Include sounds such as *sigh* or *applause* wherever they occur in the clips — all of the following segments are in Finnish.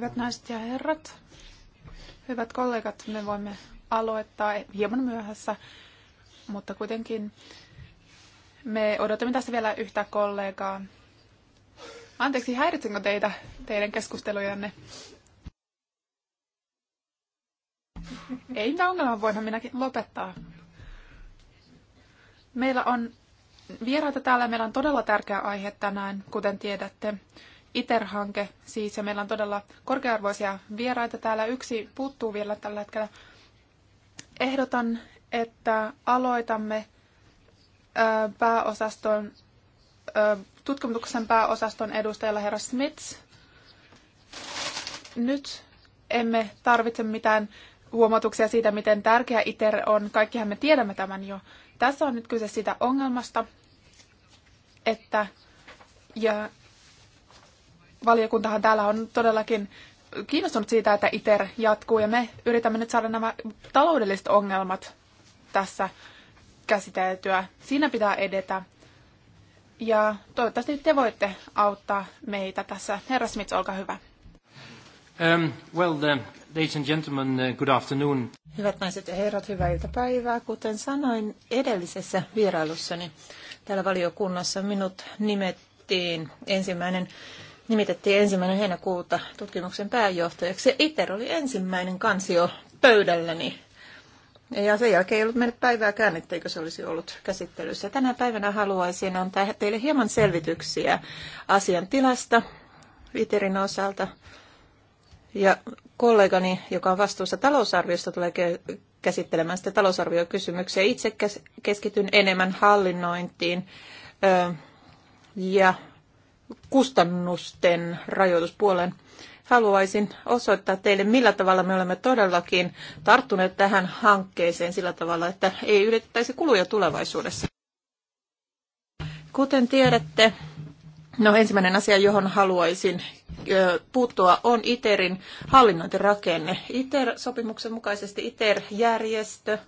Hyvät naiset ja herrat, hyvät kollegat, me voimme aloittaa hieman myöhässä, mutta kuitenkin me odotamme tässä vielä yhtä kollegaa. Anteeksi, häiritsenkö teitä, teidän keskustelujanne? Ei mitään ongelmaa, voinhan minäkin lopettaa. Meillä on vieraita täällä. Meillä on todella tärkeä aihe tänään, kuten tiedätte. ITER-hanke siis, ja meillä on todella korkearvoisia vieraita täällä. Yksi puuttuu vielä tällä hetkellä. Ehdotan, että aloitamme pääosaston, tutkimuksen pääosaston edustajalla herra Smits. Nyt emme tarvitse mitään huomautuksia siitä, miten tärkeä ITER on. Kaikkihan me tiedämme tämän jo. Tässä on nyt kyse siitä ongelmasta, että ja valiokuntahan täällä on todellakin kiinnostunut siitä, että ITER jatkuu ja me yritämme nyt saada nämä taloudelliset ongelmat tässä käsiteltyä. Siinä pitää edetä. Ja toivottavasti te voitte auttaa meitä tässä. Herra Smith, olkaa hyvä. Um, well, the, ladies and gentlemen, uh, good afternoon. Hyvät naiset ja herrat, hyvää iltapäivää. Kuten sanoin edellisessä vierailussani täällä valiokunnassa, minut nimettiin ensimmäinen nimitettiin ensimmäinen heinäkuuta tutkimuksen pääjohtajaksi. Ja ITER oli ensimmäinen kansio pöydälläni. Ja sen jälkeen ei ollut mennyt päivääkään, etteikö se olisi ollut käsittelyssä. Tänä päivänä haluaisin antaa teille hieman selvityksiä asian tilasta ITERin osalta. Ja kollegani, joka on vastuussa talousarviosta, tulee käsittelemään sitä talousarviokysymyksiä. Itse keskityn enemmän hallinnointiin ja kustannusten rajoituspuolen haluaisin osoittaa teille, millä tavalla me olemme todellakin tarttuneet tähän hankkeeseen sillä tavalla, että ei yritettäisi kuluja tulevaisuudessa. Kuten tiedätte, no ensimmäinen asia, johon haluaisin puuttua, on ITERin hallinnointirakenne. ITER-sopimuksen mukaisesti ITER-järjestö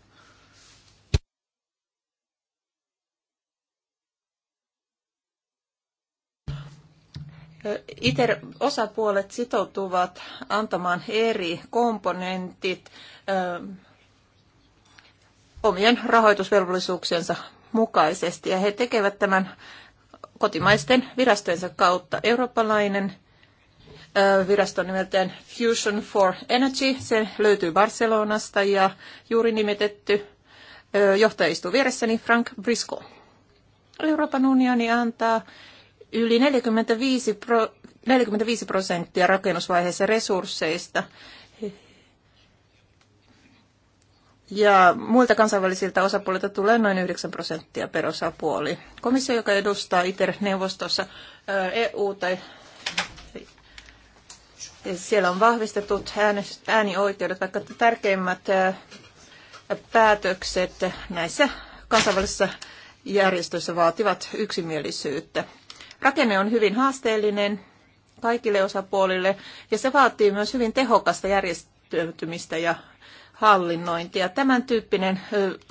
ITER-osapuolet sitoutuvat antamaan eri komponentit omien rahoitusvelvollisuuksiensa mukaisesti ja he tekevät tämän kotimaisten virastojensa kautta. Eurooppalainen virasto nimeltään Fusion for Energy, se löytyy Barcelonasta ja juuri nimetetty johtaja istuu vieressäni Frank Brisco. Euroopan unioni antaa Yli 45, pro, 45 prosenttia rakennusvaiheessa resursseista ja muilta kansainvälisiltä osapuolilta tulee noin 9 prosenttia per osapuoli. Komissio, joka edustaa ITER-neuvostossa EU tai siellä on vahvistetut äänioikeudet, vaikka tärkeimmät päätökset näissä kansainvälisissä järjestöissä vaativat yksimielisyyttä. Rakenne on hyvin haasteellinen kaikille osapuolille ja se vaatii myös hyvin tehokasta järjestäytymistä ja hallinnointia. Tämän tyyppinen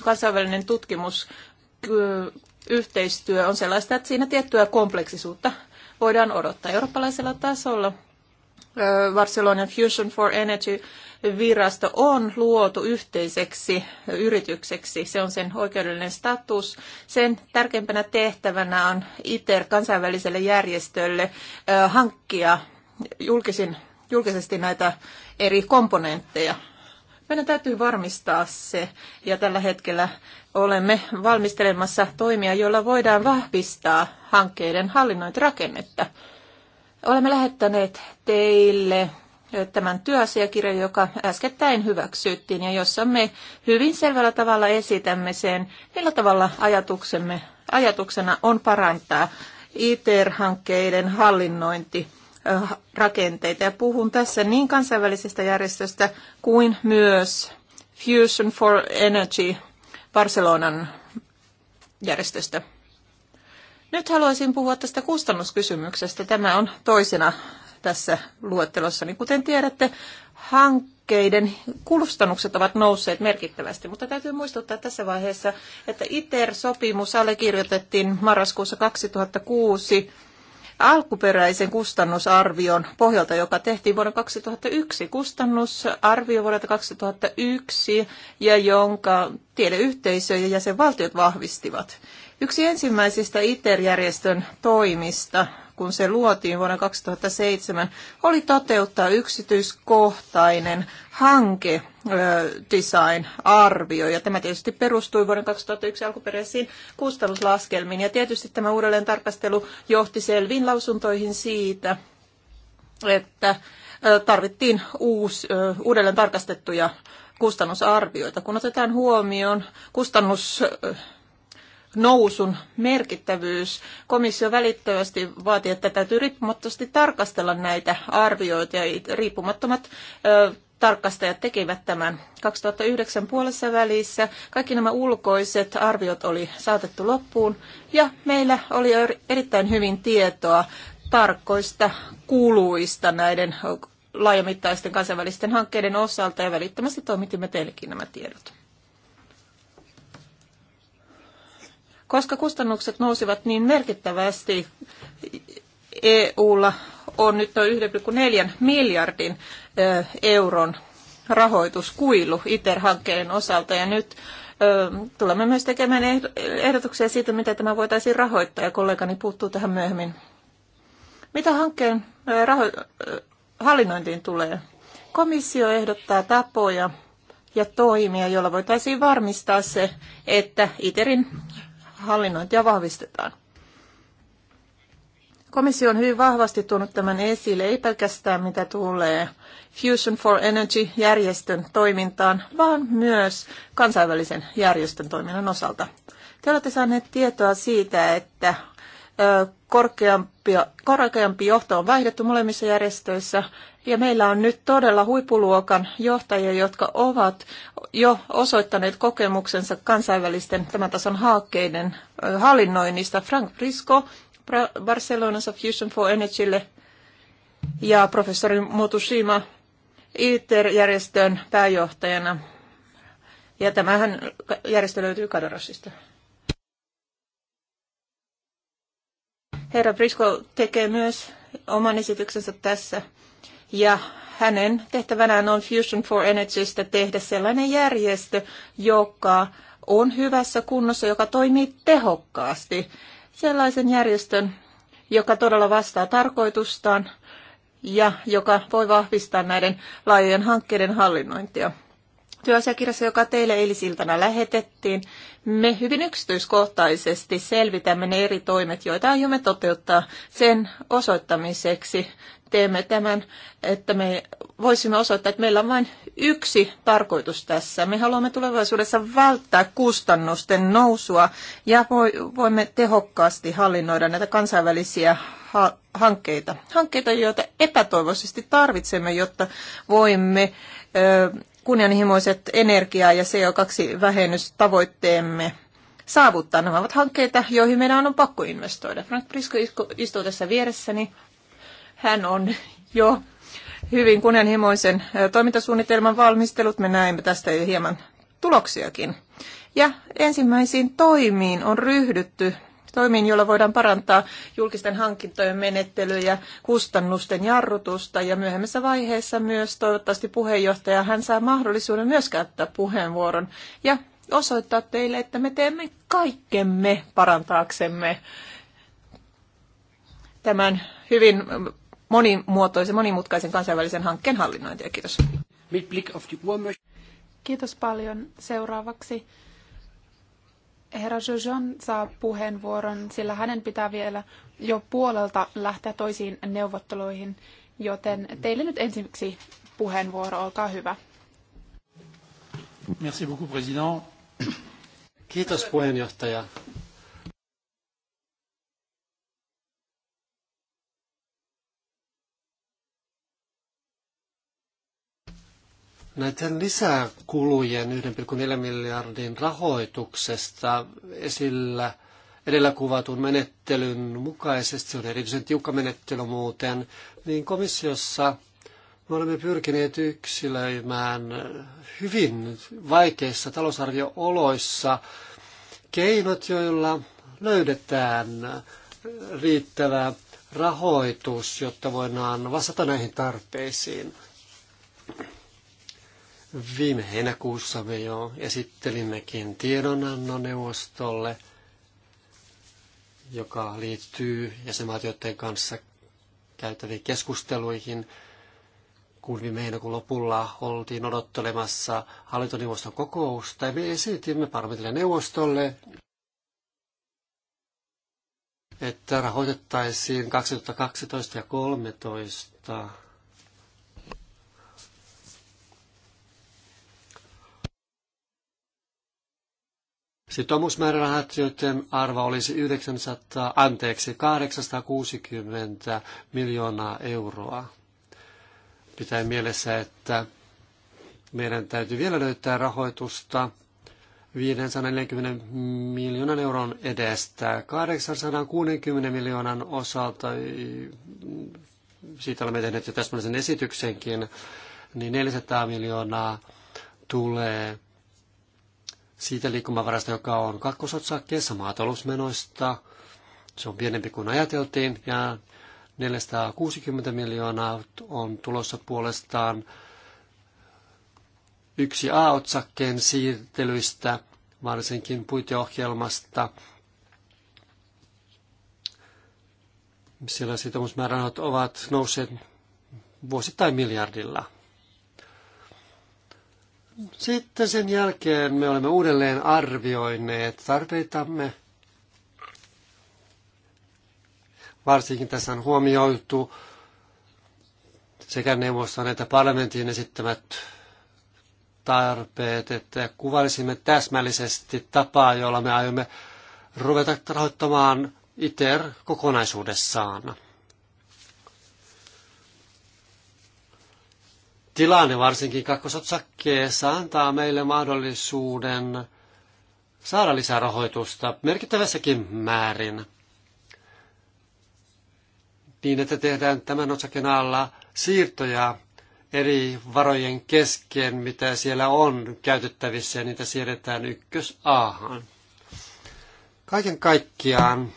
kansainvälinen tutkimusyhteistyö on sellaista, että siinä tiettyä kompleksisuutta voidaan odottaa eurooppalaisella tasolla. Barcelona Fusion for Energy virasto on luotu yhteiseksi yritykseksi. Se on sen oikeudellinen status. Sen tärkeimpänä tehtävänä on ITER kansainväliselle järjestölle hankkia julkisin, julkisesti näitä eri komponentteja meidän täytyy varmistaa se. Ja tällä hetkellä olemme valmistelemassa toimia, joilla voidaan vahvistaa hankkeiden hallinnointirakennetta. Olemme lähettäneet teille tämän työasiakirjan, joka äskettäin hyväksyttiin ja jossa me hyvin selvällä tavalla esitämme sen, millä tavalla ajatuksemme, ajatuksena on parantaa ITER-hankkeiden hallinnointi rakenteita. Ja puhun tässä niin kansainvälisestä järjestöstä kuin myös Fusion for Energy Barcelonan järjestöstä. Nyt haluaisin puhua tästä kustannuskysymyksestä. Tämä on toisena tässä luettelossa. Niin kuten tiedätte, hankkeiden kustannukset ovat nousseet merkittävästi, mutta täytyy muistuttaa tässä vaiheessa, että ITER-sopimus allekirjoitettiin marraskuussa 2006 alkuperäisen kustannusarvion pohjalta, joka tehtiin vuonna 2001, kustannusarvio vuodelta 2001, ja jonka tiedeyhteisö ja jäsenvaltiot vahvistivat. Yksi ensimmäisistä ITER-järjestön toimista kun se luotiin vuonna 2007, oli toteuttaa yksityiskohtainen hanke design-arvio. Ja tämä tietysti perustui vuoden 2001 alkuperäisiin kustannuslaskelmiin. Ja tietysti tämä uudelleen tarkastelu johti selviin lausuntoihin siitä, että tarvittiin uusi, uudelleen tarkastettuja kustannusarvioita. Kun otetaan huomioon kustannus nousun merkittävyys. Komissio välittömästi vaatii, että täytyy riippumattomasti tarkastella näitä arvioita ja riippumattomat ö, tarkastajat tekivät tämän 2009 puolessa välissä. Kaikki nämä ulkoiset arviot oli saatettu loppuun ja meillä oli er- erittäin hyvin tietoa tarkoista kuluista näiden laajamittaisten kansainvälisten hankkeiden osalta ja välittömästi toimitimme teillekin nämä tiedot. Koska kustannukset nousivat niin merkittävästi, EUlla on nyt noin 1,4 miljardin euron rahoituskuilu ITER-hankkeen osalta ja nyt tulemme myös tekemään ehdotuksia siitä, miten tämä voitaisiin rahoittaa ja kollegani puuttuu tähän myöhemmin. Mitä hankkeen raho- hallinnointiin tulee? Komissio ehdottaa tapoja ja toimia, joilla voitaisiin varmistaa se, että ITERin hallinnointia vahvistetaan. Komissio on hyvin vahvasti tuonut tämän esille, ei pelkästään mitä tulee Fusion for Energy-järjestön toimintaan, vaan myös kansainvälisen järjestön toiminnan osalta. Te olette saaneet tietoa siitä, että korkeampi, korkeampi johto on vaihdettu molemmissa järjestöissä ja meillä on nyt todella huipuluokan johtajia, jotka ovat jo osoittaneet kokemuksensa kansainvälisten tämän tason haakkeiden hallinnoinnista. Frank Frisco Barcelonassa Fusion for Energylle ja professori Motushima ITER-järjestön pääjohtajana. Ja tämähän järjestö löytyy Kadarosista. Herra Frisco tekee myös oman esityksensä tässä ja hänen tehtävänään on Fusion for Energystä tehdä sellainen järjestö, joka on hyvässä kunnossa, joka toimii tehokkaasti. Sellaisen järjestön, joka todella vastaa tarkoitustaan ja joka voi vahvistaa näiden laajojen hankkeiden hallinnointia työasiakirjassa, joka teille eilisiltana lähetettiin, me hyvin yksityiskohtaisesti selvitämme ne eri toimet, joita aiomme toteuttaa sen osoittamiseksi. Teemme tämän, että me voisimme osoittaa, että meillä on vain yksi tarkoitus tässä. Me haluamme tulevaisuudessa välttää kustannusten nousua ja voimme tehokkaasti hallinnoida näitä kansainvälisiä hankkeita. Hankkeita, joita epätoivoisesti tarvitsemme, jotta voimme kunnianhimoiset energia- ja CO2-vähennystavoitteemme saavuttaa. Nämä ovat hankkeita, joihin meidän on pakko investoida. Frank Prisco istuu tässä vieressäni. Hän on jo hyvin kunnianhimoisen toimintasuunnitelman valmistelut. Me näemme tästä jo hieman tuloksiakin. Ja ensimmäisiin toimiin on ryhdytty toimiin, joilla voidaan parantaa julkisten hankintojen menettelyjä, kustannusten jarrutusta ja myöhemmässä vaiheessa myös toivottavasti puheenjohtaja, hän saa mahdollisuuden myös käyttää puheenvuoron ja osoittaa teille, että me teemme kaikkemme parantaaksemme tämän hyvin monimuotoisen, monimutkaisen kansainvälisen hankkeen hallinnointia. Kiitos. Kiitos paljon. Seuraavaksi Herra Jojon saa puheenvuoron, sillä hänen pitää vielä jo puolelta lähteä toisiin neuvotteluihin, joten teille nyt ensiksi puheenvuoro, olkaa hyvä. Merci beaucoup, Kiitos puheenjohtaja. Näiden lisäkulujen 1,4 miljardin rahoituksesta esillä edellä kuvatun menettelyn mukaisesti, se on erityisen tiukka menettely muuten, niin komissiossa me olemme pyrkineet yksilöimään hyvin vaikeissa talousarviooloissa keinot, joilla löydetään riittävä rahoitus, jotta voidaan vastata näihin tarpeisiin. Viime heinäkuussa me jo esittelimmekin tiedonannon neuvostolle, joka liittyy jäsenvaltioiden kanssa käytäviin keskusteluihin, kun viime heinäkuun lopulla oltiin odottelemassa hallintoneuvoston kokousta ja me esitimme parlamentille neuvostolle, että rahoitettaisiin 2012 ja 2013 Tomusmäärä joiden arvo olisi 900, anteeksi, 860 miljoonaa euroa. Pitää mielessä, että meidän täytyy vielä löytää rahoitusta 540 miljoonan euron edestä. 860 miljoonan osalta, siitä olemme tehneet jo täsmällisen esityksenkin, niin 400 miljoonaa tulee siitä liikkumavarasta, joka on kakkosotsakkeessa maatalousmenoista. Se on pienempi kuin ajateltiin ja 460 miljoonaa on tulossa puolestaan yksi A-otsakkeen siirtelyistä, varsinkin puiteohjelmasta. Sillä sitoumusmäärärahat ovat nousseet vuosittain miljardilla. Sitten sen jälkeen me olemme uudelleen arvioineet tarpeitamme. Varsinkin tässä on huomioitu sekä neuvoston että parlamentin esittämät tarpeet, että kuvailisimme täsmällisesti tapaa, jolla me aiomme ruveta rahoittamaan ITER kokonaisuudessaan. tilanne varsinkin kakkosotsakkeessa antaa meille mahdollisuuden saada lisää rahoitusta merkittävässäkin määrin niin, että tehdään tämän otsakkeen alla siirtoja eri varojen kesken, mitä siellä on käytettävissä, ja niitä siirretään ykkös aahan. Kaiken kaikkiaan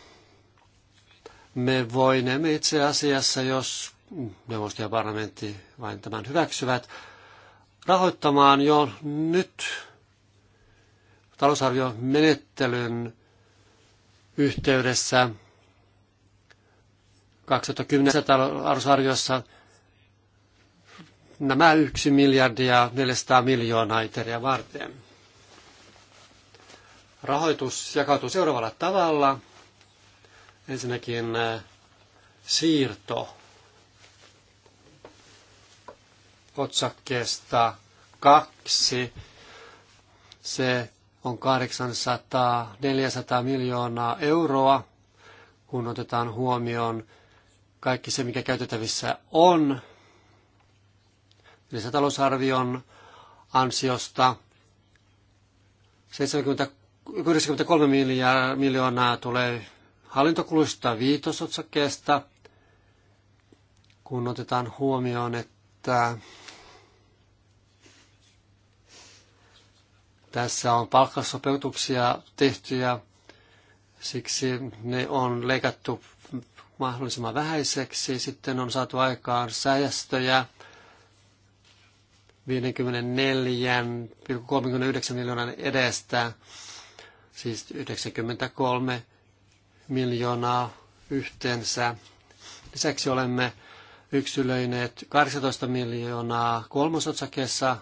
me voinemme itse asiassa, jos neuvosto ja parlamentti vain tämän hyväksyvät, rahoittamaan jo nyt talousarviomenettelyn yhteydessä 2010 talousarviossa nämä 1 miljardia 400 miljoonaa iteriä varten. Rahoitus jakautuu seuraavalla tavalla. Ensinnäkin äh, siirto otsakkeesta kaksi. Se on 800-400 miljoonaa euroa, kun otetaan huomioon kaikki se, mikä käytettävissä on lisätalousarvion ansiosta. 73 miljoonaa tulee hallintokuluista viitosotsakkeesta, kun otetaan huomioon, että Tässä on palkkasopeutuksia tehty ja siksi ne on leikattu mahdollisimman vähäiseksi. Sitten on saatu aikaan säästöjä 54,39 miljoonan edestä, siis 93 miljoonaa yhteensä. Lisäksi olemme yksilöineet 18 miljoonaa kolmosotsakkeessa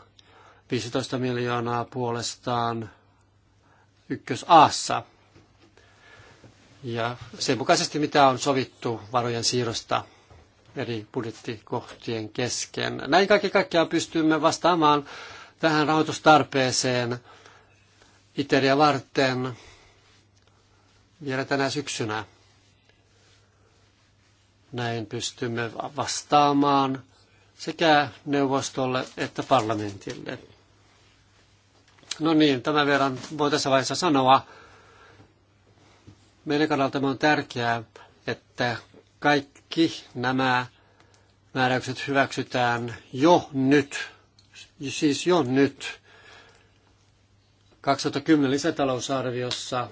15 miljoonaa puolestaan ykkösaassa. Ja sen mukaisesti, mitä on sovittu varojen siirrosta eri budjettikohtien kesken. Näin kaikki kaikkiaan pystymme vastaamaan tähän rahoitustarpeeseen Iteria varten vielä tänä syksynä. Näin pystymme vastaamaan sekä neuvostolle että parlamentille. No niin, tämän verran voi tässä vaiheessa sanoa. Meidän kannalta on tärkeää, että kaikki nämä määräykset hyväksytään jo nyt, siis jo nyt 2010 lisätalousarviossa.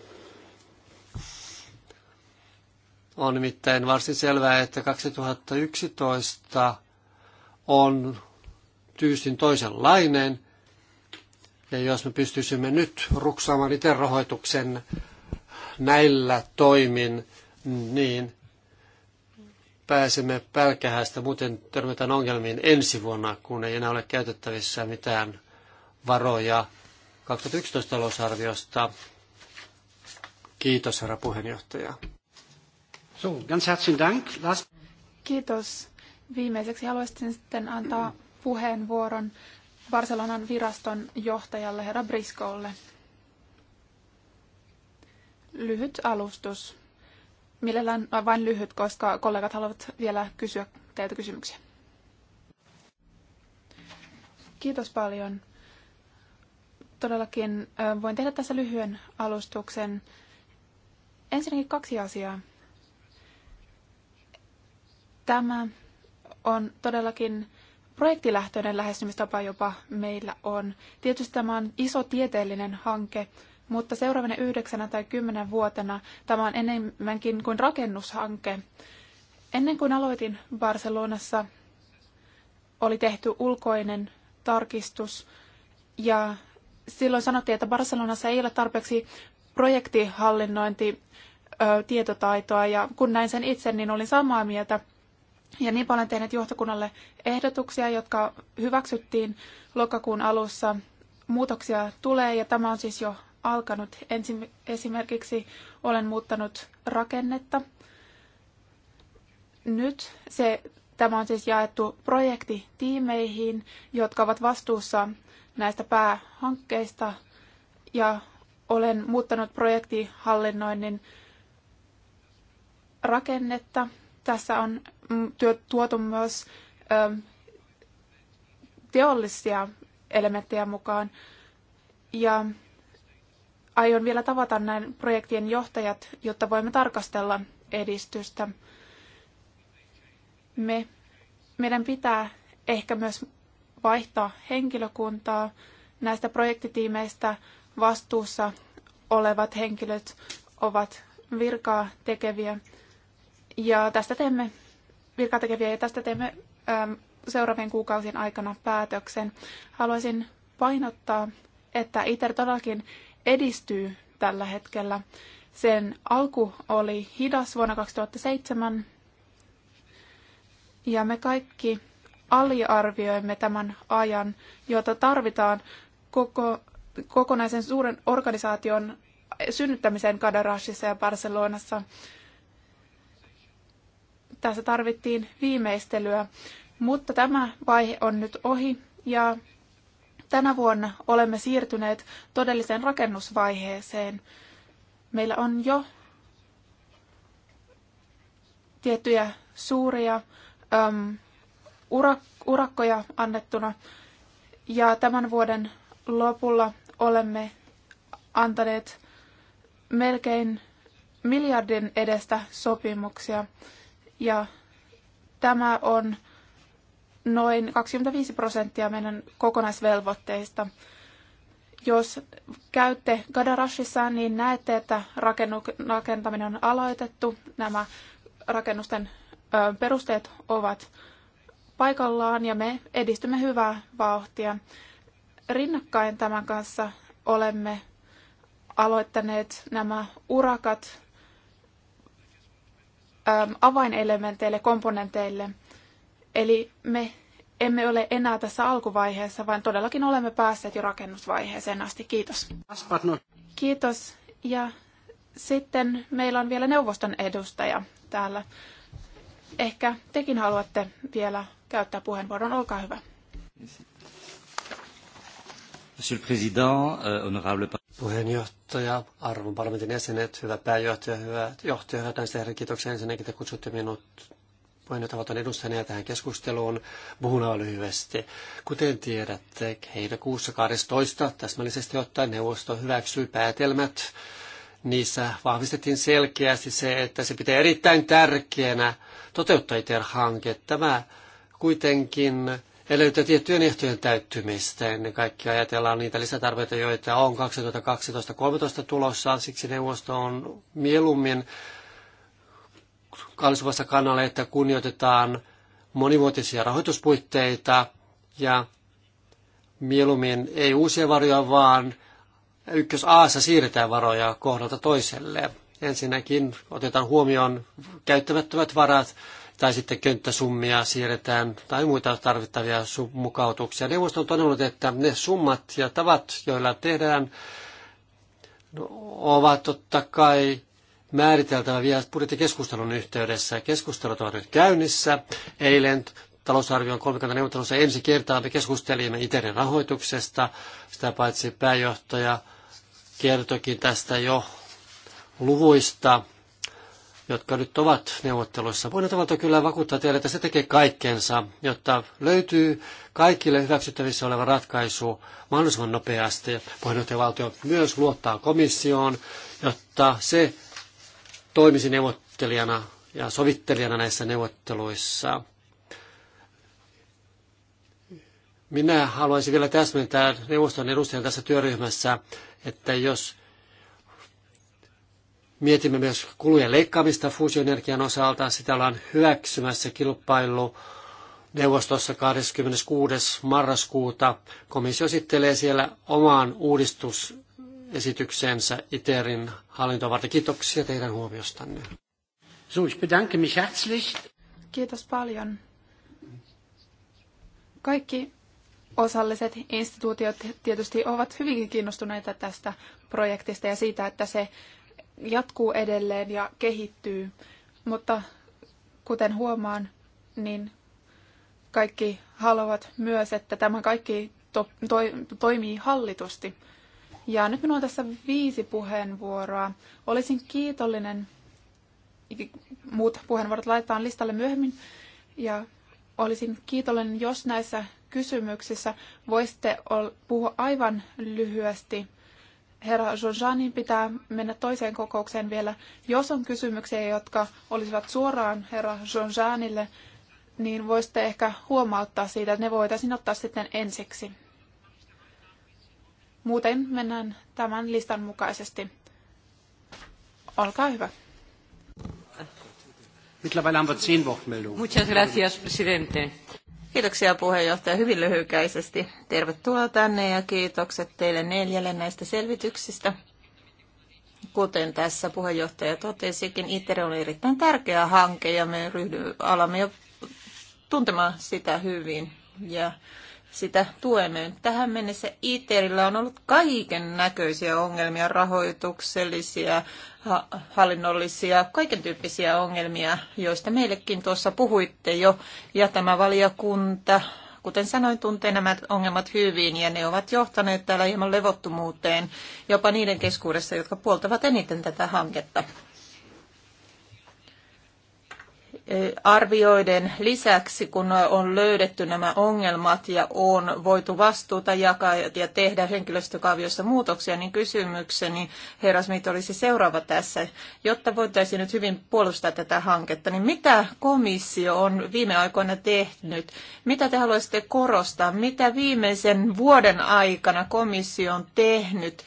On nimittäin varsin selvää, että 2011 on tyystin toisenlainen – ja jos me pystyisimme nyt ruksaamaan itse rahoituksen näillä toimin, niin pääsemme pälkähästä. Muuten törmätään ongelmiin ensi vuonna, kun ei enää ole käytettävissä mitään varoja 2011 talousarviosta. Kiitos, herra puheenjohtaja. So, ganz herzlichen Dank. Last... Kiitos. Viimeiseksi haluaisin sitten antaa puheenvuoron Barcelonan viraston johtajalle herra Briskolle. Lyhyt alustus. Mielellään vain lyhyt, koska kollegat haluavat vielä kysyä teiltä kysymyksiä. Kiitos paljon. Todellakin voin tehdä tässä lyhyen alustuksen. Ensinnäkin kaksi asiaa. Tämä on todellakin projektilähtöinen lähestymistapa jopa meillä on. Tietysti tämä on iso tieteellinen hanke, mutta seuraavana yhdeksänä tai kymmenen vuotena tämä on enemmänkin kuin rakennushanke. Ennen kuin aloitin Barcelonassa, oli tehty ulkoinen tarkistus ja silloin sanottiin, että Barcelonassa ei ole tarpeeksi projektihallinnointi tietotaitoa ja kun näin sen itse, niin olin samaa mieltä. Ja niin olen tehnyt johtokunnalle ehdotuksia, jotka hyväksyttiin lokakuun alussa. Muutoksia tulee ja tämä on siis jo alkanut. Ensi, esimerkiksi olen muuttanut rakennetta. Nyt se, tämä on siis jaettu projektitiimeihin, jotka ovat vastuussa näistä päähankkeista ja olen muuttanut projektihallinnoinnin rakennetta. Tässä on Mm, tuotu myös teollisia elementtejä mukaan. Ja aion vielä tavata näin projektien johtajat, jotta voimme tarkastella edistystä. Me, meidän pitää ehkä myös vaihtaa henkilökuntaa. Näistä projektitiimeistä vastuussa olevat henkilöt ovat virkaa tekeviä. Ja tästä teemme virkatekeviä ja tästä teemme seuraavien kuukausien aikana päätöksen. Haluaisin painottaa, että ITER todellakin edistyy tällä hetkellä. Sen alku oli hidas vuonna 2007 ja me kaikki aliarvioimme tämän ajan, jota tarvitaan koko, kokonaisen suuren organisaation synnyttämiseen Kadarashissa ja Barcelonassa tässä tarvittiin viimeistelyä, mutta tämä vaihe on nyt ohi ja tänä vuonna olemme siirtyneet todelliseen rakennusvaiheeseen. Meillä on jo tiettyjä suuria um, urak- urakkoja annettuna ja tämän vuoden lopulla olemme antaneet melkein miljardin edestä sopimuksia. Ja tämä on noin 25 prosenttia meidän kokonaisvelvoitteista. Jos käytte Gadarashissa, niin näette, että rakentaminen on aloitettu. Nämä rakennusten perusteet ovat paikallaan ja me edistymme hyvää vauhtia. Rinnakkain tämän kanssa olemme aloittaneet nämä urakat avainelementeille, komponenteille. Eli me emme ole enää tässä alkuvaiheessa, vaan todellakin olemme päässeet jo rakennusvaiheeseen asti. Kiitos. Kiitos. Ja sitten meillä on vielä neuvoston edustaja täällä. Ehkä tekin haluatte vielä käyttää puheenvuoron. Olkaa hyvä. Monsieur le Président, euh, honorable... Puheenjohtaja, arvon parlamentin jäsenet, hyvä pääjohtaja, hyvä johtaja, hyvät ja herrat, kiitoksia ensinnäkin, että kutsutte minut puheenjohtajavaltion edustajana tähän keskusteluun. Puhun lyhyesti. Kuten tiedätte, heinäkuussa 12. täsmällisesti ottaen neuvosto hyväksyi päätelmät. Niissä vahvistettiin selkeästi se, että se pitää erittäin tärkeänä toteuttaa ITER-hanke. Tämä kuitenkin edellyttää tiettyjen ehtojen täyttymistä. Ennen kaikkea ajatellaan niitä lisätarpeita, joita on 2012-2013 tulossa. Siksi neuvosto on mieluummin kallisuvassa kannalle, että kunnioitetaan monivuotisia rahoituspuitteita ja mieluummin ei uusia varoja, vaan ykkös Aassa siirretään varoja kohdalta toiselle. Ensinnäkin otetaan huomioon käyttämättömät varat, tai sitten könttäsummia siirretään tai muita tarvittavia mukautuksia. Neuvosto on todennut, että ne summat ja tavat, joilla tehdään, no, ovat totta kai määriteltävä vielä budjettikeskustelun yhteydessä. Keskustelut ovat nyt käynnissä. Eilen talousarvion neuvottelussa ensi kertaa me keskustelimme Iterin rahoituksesta. Sitä paitsi pääjohtaja kertoikin tästä jo luvuista jotka nyt ovat neuvotteluissa. Voin tavalta kyllä vakuuttaa teille, että se tekee kaikkensa, jotta löytyy kaikille hyväksyttävissä oleva ratkaisu mahdollisimman nopeasti. Puheenjohtajavaltio myös luottaa komissioon, jotta se toimisi neuvottelijana ja sovittelijana näissä neuvotteluissa. Minä haluaisin vielä täsmentää neuvoston edustajan tässä työryhmässä, että jos Mietimme myös kulujen leikkaamista fuusioenergian osalta. Sitä ollaan hyväksymässä kilpailu neuvostossa 26. marraskuuta. Komissio esittelee siellä omaan uudistusesityksensä ITERin hallintoa varten. Kiitoksia teidän huomiostanne. So, ich bedanke mich herzlich. Kiitos paljon. Kaikki osalliset instituutiot tietysti ovat hyvinkin kiinnostuneita tästä projektista ja siitä, että se jatkuu edelleen ja kehittyy, mutta kuten huomaan, niin kaikki haluavat myös, että tämä kaikki to, to, toimii hallitusti. Ja nyt minulla on tässä viisi puheenvuoroa. Olisin kiitollinen, muut puheenvuorot laitetaan listalle myöhemmin, ja olisin kiitollinen, jos näissä kysymyksissä voisitte puhua aivan lyhyesti herra Jojanin pitää mennä toiseen kokoukseen vielä. Jos on kysymyksiä, jotka olisivat suoraan herra Jojanille, niin voisitte ehkä huomauttaa siitä, että ne voitaisiin ottaa sitten ensiksi. Muuten mennään tämän listan mukaisesti. Olkaa hyvä. Mittlerweile haben wir zehn Wortmeldungen. Muchas gracias, presidente. Kiitoksia puheenjohtaja hyvin lyhykäisesti. Tervetuloa tänne ja kiitokset teille neljälle näistä selvityksistä. Kuten tässä puheenjohtaja totesikin, ITER on erittäin tärkeä hanke ja me ryhdy, alamme jo tuntemaan sitä hyvin. Ja sitä tuemme. Tähän mennessä ITERillä on ollut kaiken näköisiä ongelmia, rahoituksellisia, ha- hallinnollisia, kaiken tyyppisiä ongelmia, joista meillekin tuossa puhuitte jo. Ja tämä valiokunta, kuten sanoin, tuntee nämä ongelmat hyvin ja ne ovat johtaneet täällä hieman levottomuuteen jopa niiden keskuudessa, jotka puoltavat eniten tätä hanketta arvioiden lisäksi, kun on löydetty nämä ongelmat ja on voitu vastuuta jakaa ja tehdä henkilöstökaaviossa muutoksia, niin kysymykseni herrasmit olisi seuraava tässä. Jotta voitaisiin nyt hyvin puolustaa tätä hanketta, niin mitä komissio on viime aikoina tehnyt? Mitä te haluaisitte korostaa? Mitä viimeisen vuoden aikana komissio on tehnyt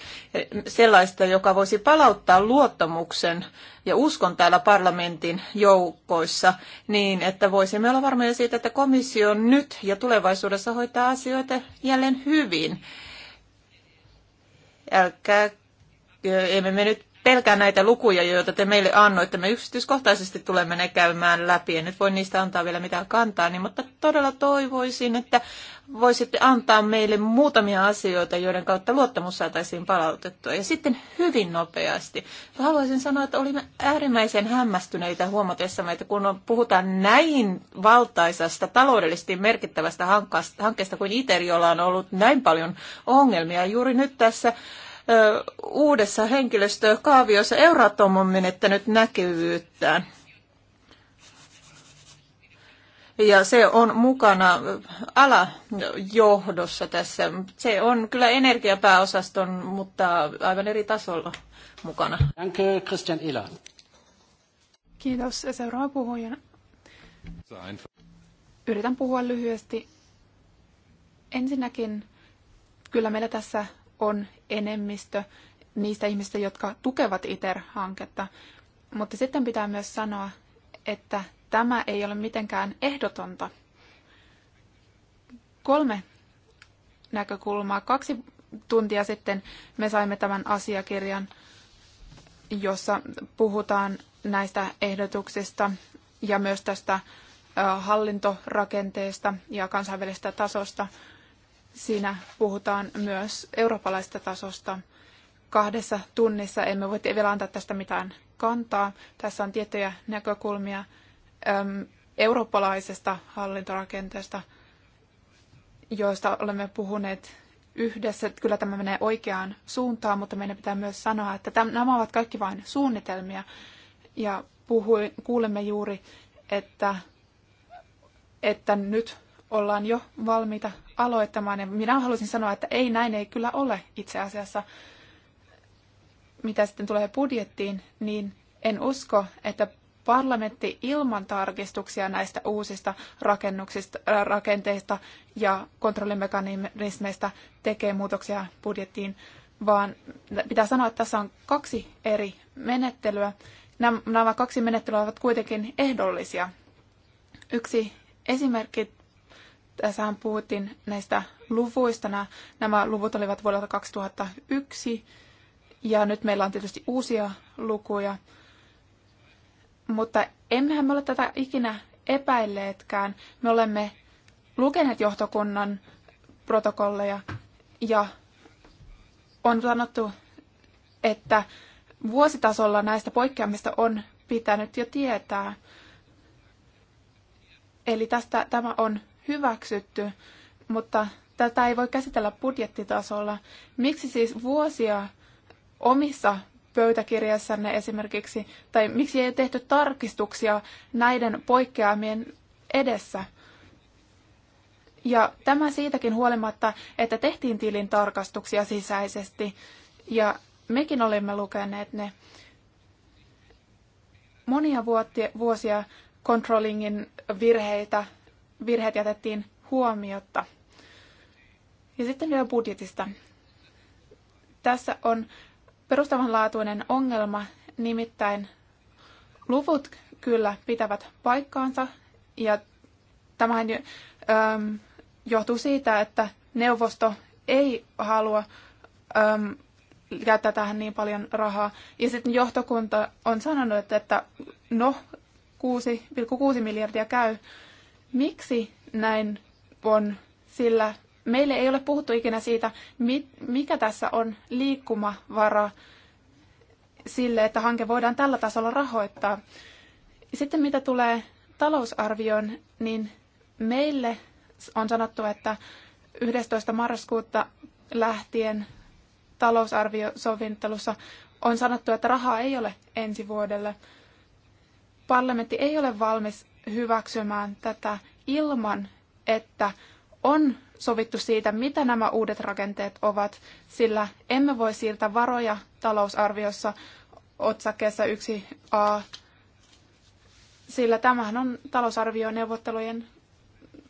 sellaista, joka voisi palauttaa luottamuksen ja uskon täällä parlamentin joukoissa niin, että voisimme olla varmoja siitä, että komissio nyt ja tulevaisuudessa hoitaa asioita jälleen hyvin. Älkää, emme me nyt pelkää näitä lukuja, joita te meille annoitte. Me yksityiskohtaisesti tulemme ne käymään läpi. En nyt voi niistä antaa vielä mitään kantaa, niin, mutta todella toivoisin, että voisitte antaa meille muutamia asioita, joiden kautta luottamus saataisiin palautettua. Ja sitten hyvin nopeasti. Haluaisin sanoa, että olimme äärimmäisen hämmästyneitä huomatessamme, että kun puhutaan näin valtaisasta, taloudellisesti merkittävästä hankkeesta kuin ITER, jolla on ollut näin paljon ongelmia, juuri nyt tässä uudessa henkilöstökaaviossa Euratom on menettänyt näkyvyyttään. Ja se on mukana alajohdossa tässä. Se on kyllä energiapääosaston, mutta aivan eri tasolla mukana. Danke, Christian Ehler. Kiitos. Seuraava puhujana. Yritän puhua lyhyesti. Ensinnäkin kyllä meillä tässä on enemmistö niistä ihmistä, jotka tukevat ITER-hanketta. Mutta sitten pitää myös sanoa, että tämä ei ole mitenkään ehdotonta. Kolme näkökulmaa. Kaksi tuntia sitten me saimme tämän asiakirjan, jossa puhutaan näistä ehdotuksista ja myös tästä hallintorakenteesta ja kansainvälisestä tasosta. Siinä puhutaan myös eurooppalaista tasosta. Kahdessa tunnissa emme voi vielä antaa tästä mitään kantaa. Tässä on tiettyjä näkökulmia äm, eurooppalaisesta hallintorakenteesta, joista olemme puhuneet yhdessä. Kyllä tämä menee oikeaan suuntaan, mutta meidän pitää myös sanoa, että täm, nämä ovat kaikki vain suunnitelmia. Ja puhuin, kuulemme juuri, että, että nyt ollaan jo valmiita aloittamaan. Ja minä haluaisin sanoa, että ei, näin ei kyllä ole itse asiassa. Mitä sitten tulee budjettiin, niin en usko, että parlamentti ilman tarkistuksia näistä uusista rakennuksista, äh, rakenteista ja kontrollimekanismeista tekee muutoksia budjettiin, vaan pitää sanoa, että tässä on kaksi eri menettelyä. Nämä kaksi menettelyä ovat kuitenkin ehdollisia. Yksi esimerkki Tässähän puhuttiin näistä luvuista. Nämä luvut olivat vuodelta 2001 ja nyt meillä on tietysti uusia lukuja. Mutta emmehän me ole tätä ikinä epäilleetkään. Me olemme lukeneet johtokunnan protokolleja ja on sanottu, että vuositasolla näistä poikkeamista on pitänyt jo tietää. Eli tästä tämä on hyväksytty, mutta tätä ei voi käsitellä budjettitasolla. Miksi siis vuosia omissa pöytäkirjassanne esimerkiksi, tai miksi ei tehty tarkistuksia näiden poikkeamien edessä? Ja tämä siitäkin huolimatta, että tehtiin tilin tarkastuksia sisäisesti, ja mekin olimme lukeneet ne monia vuotia, vuosia controllingin virheitä virheet jätettiin huomiotta. Ja sitten vielä budjetista. Tässä on perustavanlaatuinen ongelma, nimittäin luvut kyllä pitävät paikkaansa, ja tämähän äm, johtuu siitä, että neuvosto ei halua äm, käyttää tähän niin paljon rahaa. Ja sitten johtokunta on sanonut, että no, 6,6 miljardia käy Miksi näin on? Sillä meille ei ole puhuttu ikinä siitä, mikä tässä on liikkumavara sille, että hanke voidaan tällä tasolla rahoittaa. Sitten mitä tulee talousarvioon, niin meille on sanottu, että 11. marraskuuta lähtien talousarviosovintelussa on sanottu, että rahaa ei ole ensi vuodelle. Parlamentti ei ole valmis hyväksymään tätä ilman, että on sovittu siitä, mitä nämä uudet rakenteet ovat, sillä emme voi siirtää varoja talousarviossa otsakkeessa 1a, sillä tämähän on talousarvioneuvottelujen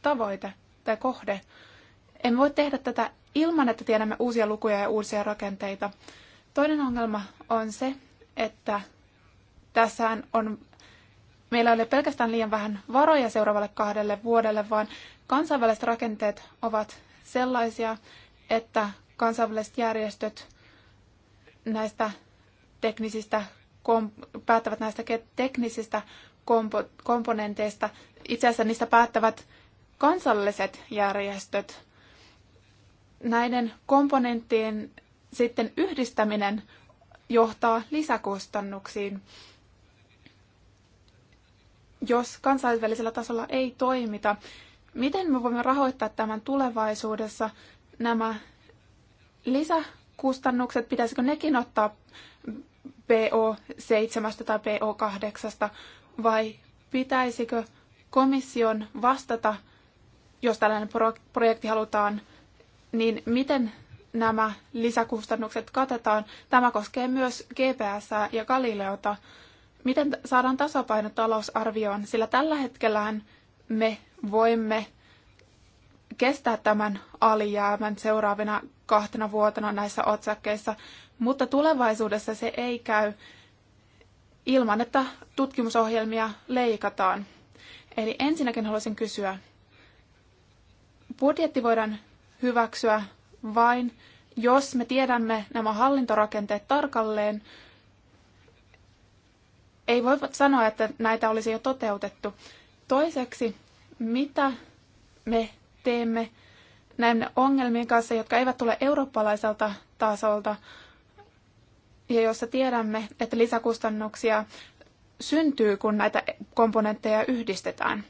tavoite tai kohde. Emme voi tehdä tätä ilman, että tiedämme uusia lukuja ja uusia rakenteita. Toinen ongelma on se, että tässä on meillä ei ole pelkästään liian vähän varoja seuraavalle kahdelle vuodelle, vaan kansainväliset rakenteet ovat sellaisia, että kansainväliset järjestöt näistä teknisistä päättävät näistä teknisistä kompo- komponenteista. Itse asiassa niistä päättävät kansalliset järjestöt. Näiden komponenttien sitten yhdistäminen johtaa lisäkustannuksiin jos kansainvälisellä tasolla ei toimita. Miten me voimme rahoittaa tämän tulevaisuudessa? Nämä lisäkustannukset, pitäisikö nekin ottaa PO7 tai PO8 vai pitäisikö komission vastata, jos tällainen projekti halutaan, niin miten nämä lisäkustannukset katetaan? Tämä koskee myös GPS ja Galileota miten saadaan tasapaino talousarvioon, sillä tällä hetkellähän me voimme kestää tämän alijäämän seuraavina kahtena vuotena näissä otsakkeissa, mutta tulevaisuudessa se ei käy ilman, että tutkimusohjelmia leikataan. Eli ensinnäkin haluaisin kysyä, budjetti voidaan hyväksyä vain, jos me tiedämme nämä hallintorakenteet tarkalleen ei voi sanoa, että näitä olisi jo toteutettu. Toiseksi, mitä me teemme näiden ongelmien kanssa, jotka eivät tule eurooppalaiselta tasolta, ja jossa tiedämme, että lisäkustannuksia syntyy, kun näitä komponentteja yhdistetään.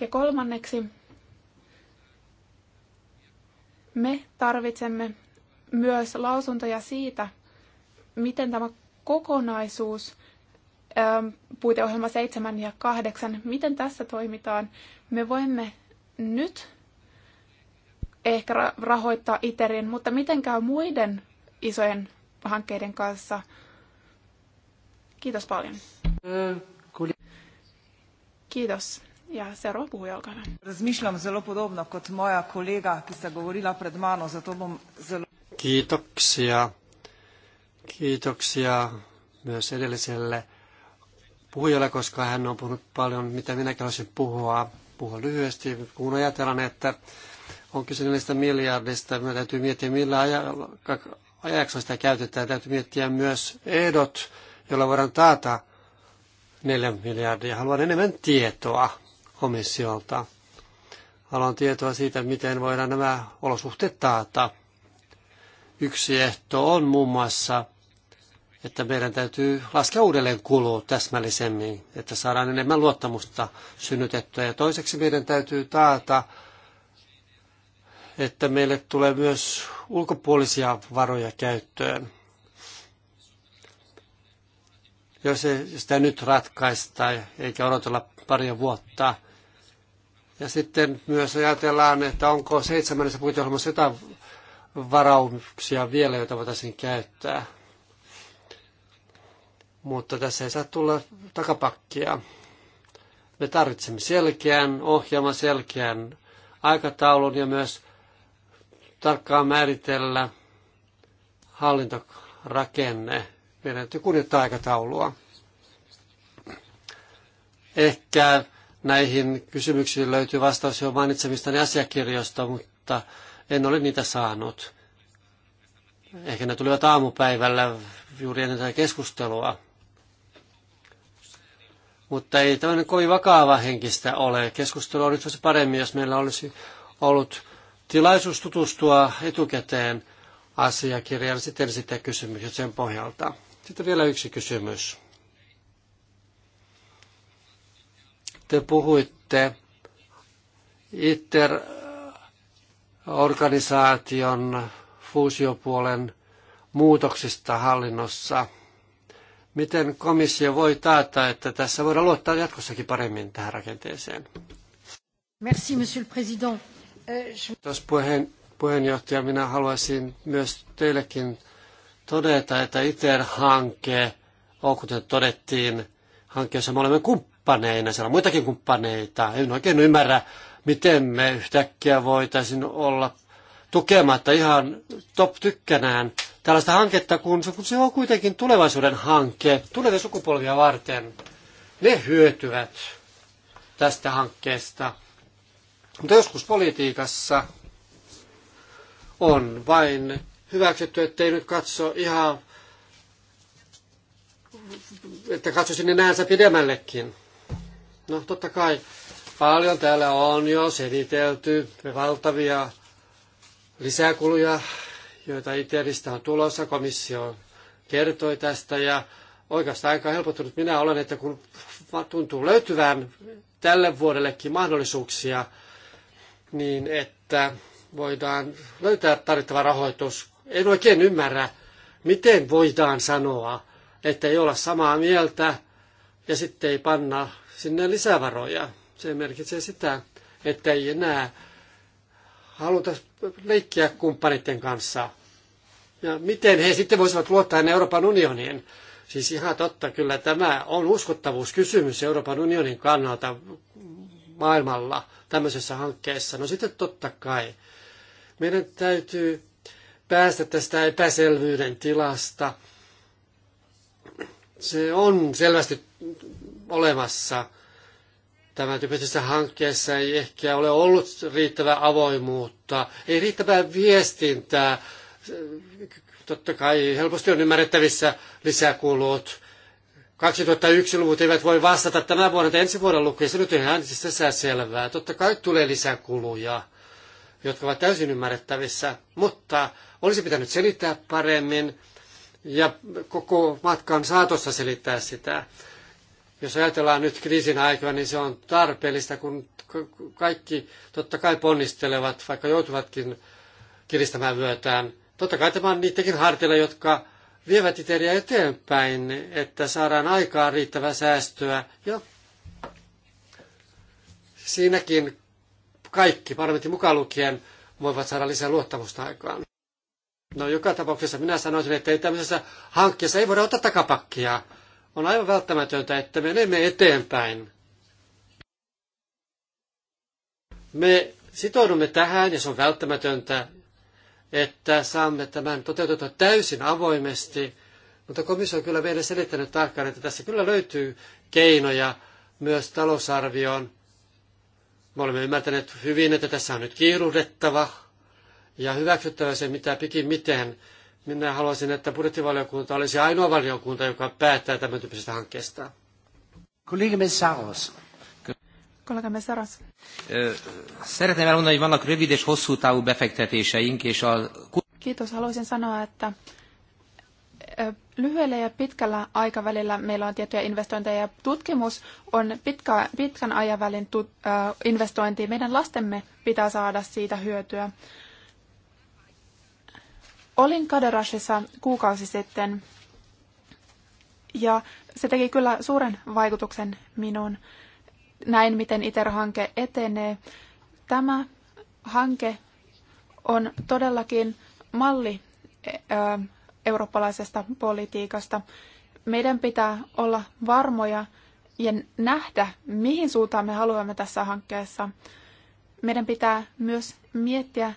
Ja kolmanneksi, me tarvitsemme myös lausuntoja siitä, miten tämä kokonaisuus puiteohjelma 7 ja 8. Miten tässä toimitaan? Me voimme nyt ehkä rahoittaa ITERin, mutta miten käy muiden isojen hankkeiden kanssa? Kiitos paljon. Kiitos. Ja se puhuu jalkana. hyvä. Razmišljam zelo podobno kot moja kolega, ki sta govorila pred mano, zato bom zelo... Kiitoksia. Kiitoksia myös edelliselle puhujalle, koska hän on puhunut paljon, mitä minäkin haluaisin puhua. Puhua lyhyesti, kun ajatellaan, että on kyse niistä miljardista, me täytyy miettiä, millä ajaksi sitä käytetään. Täytyy miettiä myös ehdot, joilla voidaan taata neljä miljardia. Haluan enemmän tietoa komissiolta. Haluan tietoa siitä, miten voidaan nämä olosuhteet taata. Yksi ehto on muun muassa että meidän täytyy laskea uudelleen kuluu täsmällisemmin, että saadaan enemmän luottamusta synnytettyä. Ja toiseksi meidän täytyy taata, että meille tulee myös ulkopuolisia varoja käyttöön. Jos ei sitä nyt ratkaista eikä odotella paria vuotta. Ja sitten myös ajatellaan, että onko seitsemännessä puiteohjelmassa jotain varauksia vielä, joita voitaisiin käyttää mutta tässä ei saa tulla takapakkia. Me tarvitsemme selkeän ohjelman, selkeän aikataulun ja myös tarkkaan määritellä hallintorakenne. Meidän täytyy kunnioittaa aikataulua. Ehkä näihin kysymyksiin löytyy vastaus jo mainitsemistani asiakirjoista, mutta en ole niitä saanut. Ehkä ne tulivat aamupäivällä juuri ennen tätä keskustelua. Mutta ei tämmöinen kovin vakava henkistä ole. Keskustelu olisi se paremmin, jos meillä olisi ollut tilaisuus tutustua etukäteen asiakirjaan, sitten sitä kysymykset sen pohjalta. Sitten vielä yksi kysymys. Te puhuitte ITER-organisaation fuusiopuolen muutoksista hallinnossa – Miten komissio voi taata, että tässä voidaan luottaa jatkossakin paremmin tähän rakenteeseen? Merci, monsieur le président. Euh, Kiitos puheen, puheenjohtaja. Minä haluaisin myös teillekin todeta, että ITER-hanke on, kuten todettiin, hanke, jossa me olemme kumppaneina. Siellä on muitakin kumppaneita. En oikein ymmärrä, miten me yhtäkkiä voitaisiin olla tukematta ihan top tykkänään tällaista hanketta, kun se, kun se on kuitenkin tulevaisuuden hanke, tulevia sukupolvia varten. Ne hyötyvät tästä hankkeesta. Mutta joskus politiikassa on vain hyväksytty, ettei nyt katso ihan, että katso sinne näänsä pidemmällekin. No totta kai paljon täällä on jo selitelty valtavia lisäkuluja joita ITERistä on tulossa. Komissio kertoi tästä ja oikeastaan aika helpottunut minä olen, että kun tuntuu löytyvän tälle vuodellekin mahdollisuuksia, niin että voidaan löytää tarvittava rahoitus. En oikein ymmärrä, miten voidaan sanoa, että ei olla samaa mieltä ja sitten ei panna sinne lisävaroja. Se merkitsee sitä, että ei enää haluta leikkiä kumppaneiden kanssa. Ja miten he sitten voisivat luottaa Euroopan unioniin? Siis ihan totta, kyllä tämä on uskottavuuskysymys Euroopan unionin kannalta maailmalla tämmöisessä hankkeessa. No sitten totta kai. Meidän täytyy päästä tästä epäselvyyden tilasta. Se on selvästi olemassa tämän tyyppisessä hankkeessa ei ehkä ole ollut riittävää avoimuutta, ei riittävää viestintää. Totta kai helposti on ymmärrettävissä lisäkulut. 2001-luvut eivät voi vastata tämän vuoden tai ensi vuoden lukuja, se nyt on ihan itsestään siis selvää. Totta kai tulee lisäkuluja, jotka ovat täysin ymmärrettävissä, mutta olisi pitänyt selittää paremmin ja koko matkan saatossa selittää sitä. Jos ajatellaan nyt kriisin aikaa, niin se on tarpeellista, kun kaikki totta kai ponnistelevat, vaikka joutuvatkin kiristämään vyötään. Totta kai tämä on niidenkin harteilla, jotka vievät iteriä eteenpäin, että saadaan aikaan riittävää säästöä. Ja siinäkin kaikki, parlamentin mukaan lukien, voivat saada lisää luottamusta aikaan. No joka tapauksessa minä sanoisin, että ei tämmöisessä hankkeessa ei voida ottaa takapakkia. On aivan välttämätöntä, että menemme eteenpäin. Me sitoudumme tähän, ja se on välttämätöntä, että saamme tämän toteutettua täysin avoimesti, mutta komissio on kyllä meille selittänyt tarkkaan, että tässä kyllä löytyy keinoja myös talousarvioon. Me olemme ymmärtäneet hyvin, että tässä on nyt kiiruhdettava ja hyväksyttävä se mitä pikin miten, minä haluaisin, että budjettivaliokunta olisi ainoa valiokunta, joka päättää tämän tyyppisestä hankkeesta. Kollega Messaros. Kollega Messaros. Szeretném elmondani, hogy vannak rövid és hosszú távú befektetéseink, és a... Kiitos. Haluaisin sanoa, että lyhyellä ja pitkällä aikavälillä meillä on tiettyjä investointeja ja tutkimus on pitkä, pitkän aikavälin tut, äh, investointi. Meidän lastemme pitää saada siitä hyötyä. Olin Kaderashissa kuukausi sitten ja se teki kyllä suuren vaikutuksen minuun. Näin, miten ITER-hanke etenee. Tämä hanke on todellakin malli eurooppalaisesta politiikasta. Meidän pitää olla varmoja ja nähdä, mihin suuntaan me haluamme tässä hankkeessa. Meidän pitää myös miettiä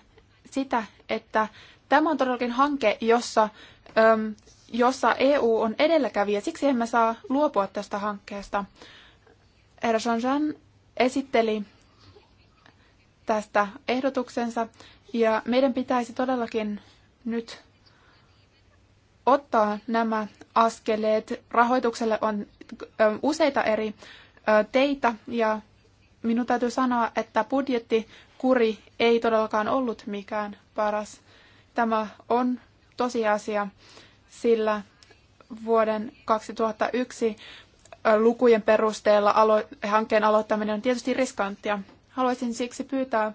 sitä, että Tämä on todellakin hanke, jossa, äm, jossa EU on edelläkävijä. Siksi emme saa luopua tästä hankkeesta. Herra Jean esitteli tästä ehdotuksensa ja meidän pitäisi todellakin nyt ottaa nämä askeleet. Rahoitukselle on useita eri teitä ja minun täytyy sanoa, että budjettikuri ei todellakaan ollut mikään paras Tämä on tosiasia, sillä vuoden 2001 lukujen perusteella alo- hankkeen aloittaminen on tietysti riskanttia. Haluaisin siksi pyytää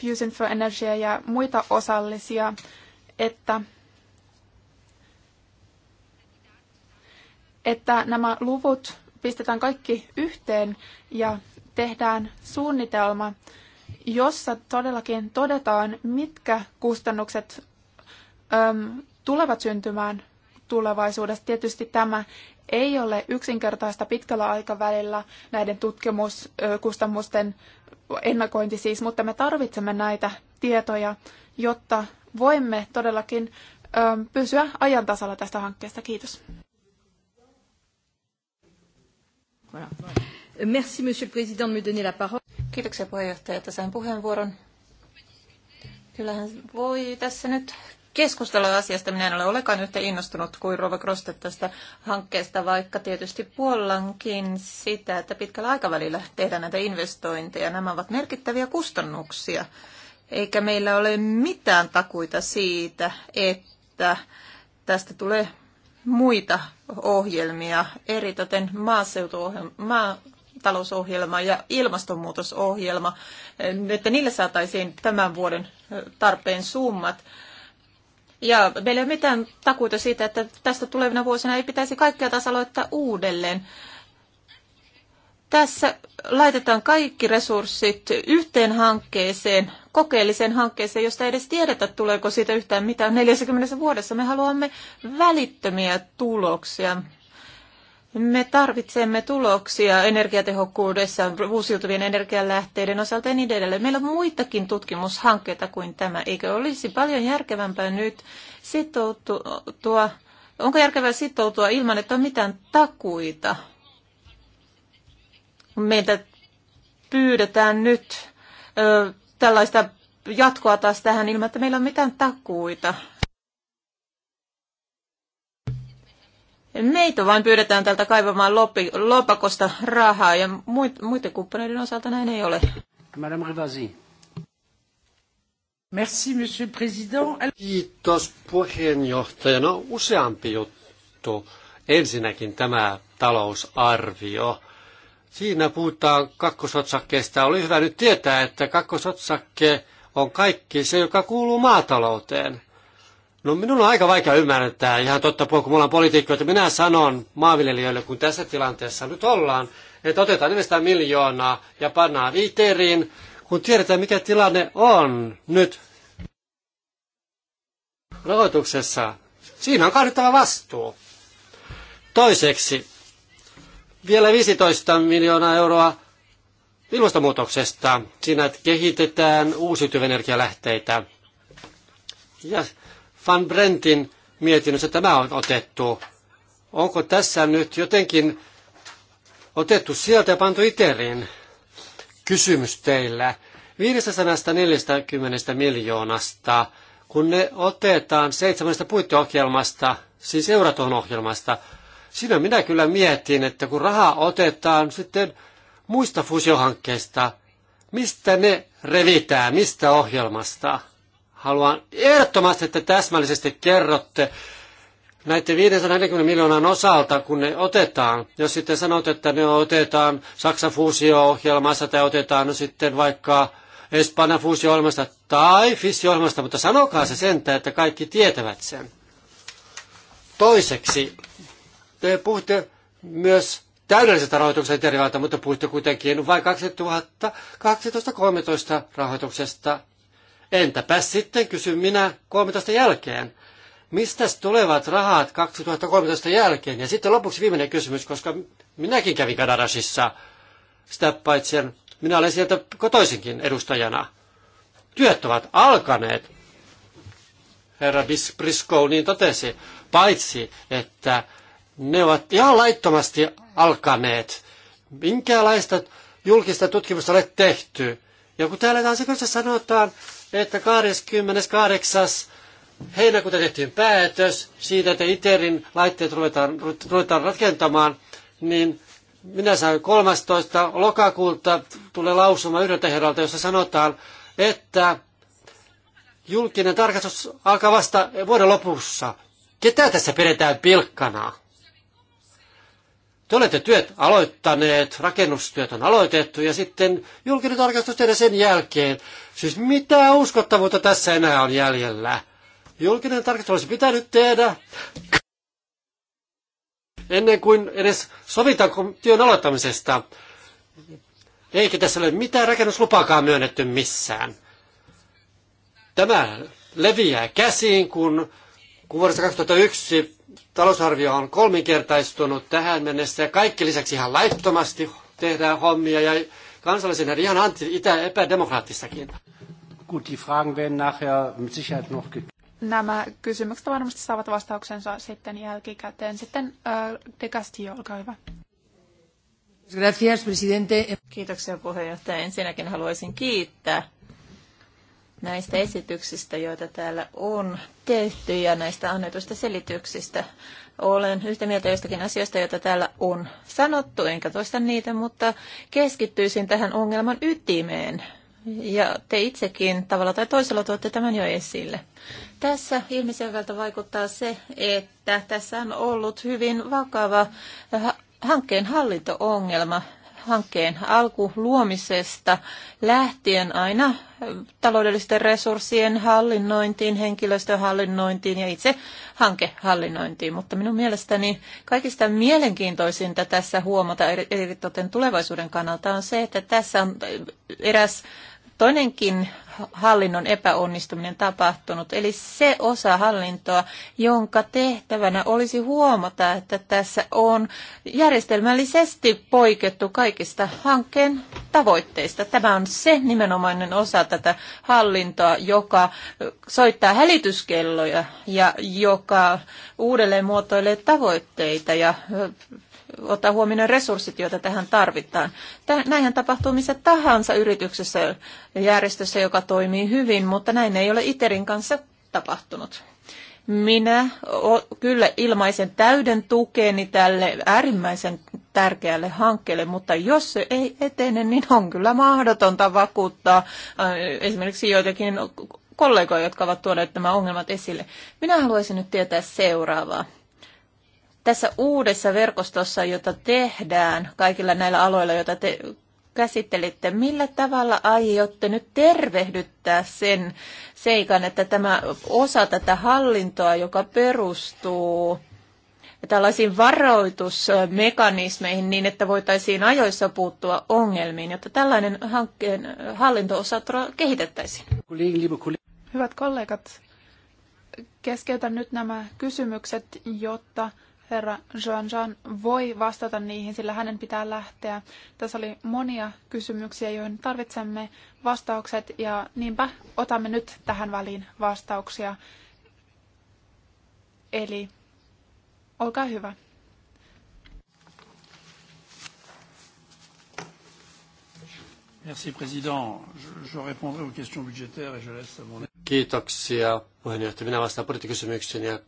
Fusion for Energy ja muita osallisia, että, että nämä luvut pistetään kaikki yhteen ja tehdään suunnitelma jossa todellakin todetaan, mitkä kustannukset äm, tulevat syntymään tulevaisuudessa. Tietysti tämä ei ole yksinkertaista pitkällä aikavälillä näiden tutkimuskustannusten ennakointi siis, mutta me tarvitsemme näitä tietoja, jotta voimme todellakin pysyä ajan tasalla tästä hankkeesta. Kiitos. Merci, monsieur le président, de me donner la parole. Kiitoksia puheenjohtaja, että sain puheenvuoron. Kyllähän voi tässä nyt keskustella asiasta. Minä en ole olekaan yhtä innostunut kuin Rova Kroste tästä hankkeesta, vaikka tietysti puollankin sitä, että pitkällä aikavälillä tehdään näitä investointeja. Nämä ovat merkittäviä kustannuksia, eikä meillä ole mitään takuita siitä, että tästä tulee muita ohjelmia, eritoten maaseutuohjelmia, maa, talousohjelma ja ilmastonmuutosohjelma, että niille saataisiin tämän vuoden tarpeen summat. Ja meillä ei ole mitään takuita siitä, että tästä tulevina vuosina ei pitäisi kaikkea taas aloittaa uudelleen. Tässä laitetaan kaikki resurssit yhteen hankkeeseen, kokeelliseen hankkeeseen, josta ei edes tiedetä, tuleeko siitä yhtään mitään 40 vuodessa. Me haluamme välittömiä tuloksia. Me tarvitsemme tuloksia energiatehokkuudessa, uusiutuvien energialähteiden osalta ja niin edelleen. Meillä on muitakin tutkimushankkeita kuin tämä. Eikö olisi paljon järkevämpää nyt sitoutua, onko järkevää sitoutua ilman, että on mitään takuita? Meitä pyydetään nyt ö, tällaista jatkoa taas tähän ilman, että meillä on mitään takuita. Meitä vain pyydetään tältä kaivamaan loppi, lopakosta rahaa ja muit, muiden kumppaneiden osalta näin ei ole. Madame Rivasi. Merci, monsieur le président. Kiitos puheenjohtaja. No, useampi juttu. Ensinnäkin tämä talousarvio. Siinä puhutaan kakkosotsakkeesta. Oli hyvä nyt tietää, että kakkosotsakke on kaikki se, joka kuuluu maatalouteen. No minun on aika vaikea ymmärtää, ihan totta puhua, kun me ollaan että minä sanon maanviljelijöille, kun tässä tilanteessa nyt ollaan, että otetaan 400 miljoonaa ja pannaan viiteriin, kun tiedetään mikä tilanne on nyt rahoituksessa. Siinä on kahdettava vastuu. Toiseksi, vielä 15 miljoonaa euroa ilmastonmuutoksesta. Siinä, että kehitetään uusiutuvia energialähteitä. Ja Van Brentin mietinnössä tämä on otettu. Onko tässä nyt jotenkin otettu sieltä ja pantu iteriin? Kysymys teillä. 540 miljoonasta, kun ne otetaan seitsemästä puitteohjelmasta, siis Euraton ohjelmasta, siinä minä kyllä mietin, että kun rahaa otetaan sitten muista fusiohankkeista, mistä ne revitään, mistä ohjelmasta? Haluan ehdottomasti, että täsmällisesti kerrotte näiden 540 miljoonan osalta, kun ne otetaan. Jos sitten sanot, että ne otetaan Saksan fuusio-ohjelmassa tai otetaan no sitten vaikka Espanjan fuusio-ohjelmasta tai fissio ohjelmasta mutta sanokaa se sentään, että kaikki tietävät sen. Toiseksi, te puhutte myös täydellisestä rahoituksesta derivaatio, mutta puhutte kuitenkin vain 2012-2013 rahoituksesta. Entäpä sitten, kysyn minä 13 jälkeen. Mistä tulevat rahat 2013 jälkeen? Ja sitten lopuksi viimeinen kysymys, koska minäkin kävin Kanadasissa. Sitä paitsi minä olen sieltä kotoisinkin edustajana. Työt ovat alkaneet, herra Briscoe niin totesi, paitsi että ne ovat ihan laittomasti alkaneet. Minkälaista julkista tutkimusta ole tehty? Ja kun täällä taas sanotaan, että 28. heinäkuuta tehtiin päätös siitä, että ITERin laitteet ruvetaan, ruvetaan rakentamaan, niin minä sain 13. lokakuuta tulee lausuma yhdeltä herralta, jossa sanotaan, että julkinen tarkastus alkaa vasta vuoden lopussa. Ketä tässä pidetään pilkkanaan? Te olette työt aloittaneet, rakennustyöt on aloitettu ja sitten julkinen tarkastus tehdään sen jälkeen. Siis mitä uskottavuutta tässä enää on jäljellä? Julkinen tarkastus olisi pitänyt tehdä ennen kuin edes sovitaan työn aloittamisesta. Eikä tässä ole mitään rakennuslupaakaan myönnetty missään. Tämä leviää käsiin, kun vuodesta 2001 talousarvio on kolminkertaistunut tähän mennessä ja kaikki lisäksi ihan laittomasti tehdään hommia ja kansallisena ihan anti, itä, epädemokraattistakin. Gut, die Fragen werden nachher mit Sicherheit noch Nämä kysymykset varmasti saavat vastauksensa sitten jälkikäteen. Sitten äh, De Castillo, olkaa hyvä. Gracias, presidente. Kiitoksia puheenjohtaja. Ensinnäkin haluaisin kiittää näistä esityksistä, joita täällä on tehty ja näistä annetuista selityksistä. Olen yhtä mieltä jostakin asioista, joita täällä on sanottu, enkä toista niitä, mutta keskittyisin tähän ongelman ytimeen. Ja te itsekin tavalla tai toisella tuotte tämän jo esille. Tässä ilmiselvältä vaikuttaa se, että tässä on ollut hyvin vakava äh, hankkeen hallinto-ongelma hankkeen alkuluomisesta lähtien aina taloudellisten resurssien hallinnointiin, henkilöstöhallinnointiin ja itse hankehallinnointiin. Mutta minun mielestäni kaikista mielenkiintoisinta tässä huomata, eritoten tulevaisuuden kannalta, on se, että tässä on eräs toinenkin hallinnon epäonnistuminen tapahtunut. Eli se osa hallintoa, jonka tehtävänä olisi huomata, että tässä on järjestelmällisesti poikettu kaikista hankkeen tavoitteista. Tämä on se nimenomainen osa tätä hallintoa, joka soittaa hälytyskelloja ja joka uudelleen muotoilee tavoitteita ja ottaa huomioon resurssit, joita tähän tarvitaan. Näinhän tapahtuu missä tahansa yrityksessä ja järjestössä, joka toimii hyvin, mutta näin ei ole ITERin kanssa tapahtunut. Minä kyllä ilmaisen täyden tukeni tälle äärimmäisen tärkeälle hankkeelle, mutta jos se ei etene, niin on kyllä mahdotonta vakuuttaa äh, esimerkiksi joitakin kollegoja, jotka ovat tuoneet nämä ongelmat esille. Minä haluaisin nyt tietää seuraavaa tässä uudessa verkostossa, jota tehdään kaikilla näillä aloilla, joita te käsittelitte, millä tavalla aiotte nyt tervehdyttää sen seikan, että tämä osa tätä hallintoa, joka perustuu tällaisiin varoitusmekanismeihin niin, että voitaisiin ajoissa puuttua ongelmiin, jotta tällainen hankkeen hallintoosa kehitettäisiin? Hyvät kollegat, keskeytän nyt nämä kysymykset, jotta herra Jean Jean voi vastata niihin, sillä hänen pitää lähteä. Tässä oli monia kysymyksiä, joihin tarvitsemme vastaukset ja niinpä otamme nyt tähän väliin vastauksia. Eli olkaa hyvä. Merci, président. Je, je répondrai aux questions budgétaires et je laisse mon... Kiitoksia, puheenjohtaja. Minä vastaan budjettikysymyksiin ja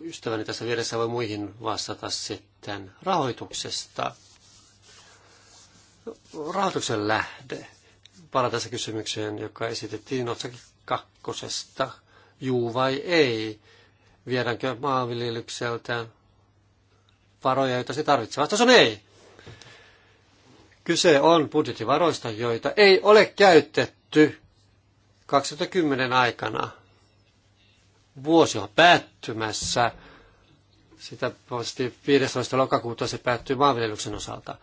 ystäväni tässä vieressä voi muihin vastata sitten rahoituksesta. Rahoituksen lähde. Palaan tässä kysymykseen, joka esitettiin otsakin kakkosesta. Juu vai ei? Viedäänkö maanviljelykseltä varoja, joita se tarvitsee? Vastaus on ei. Kyse on budjettivaroista, joita ei ole käytetty 2010 aikana vuosi on päättymässä. Sitä vasti 15. lokakuuta se päättyy maanviljelyksen osalta.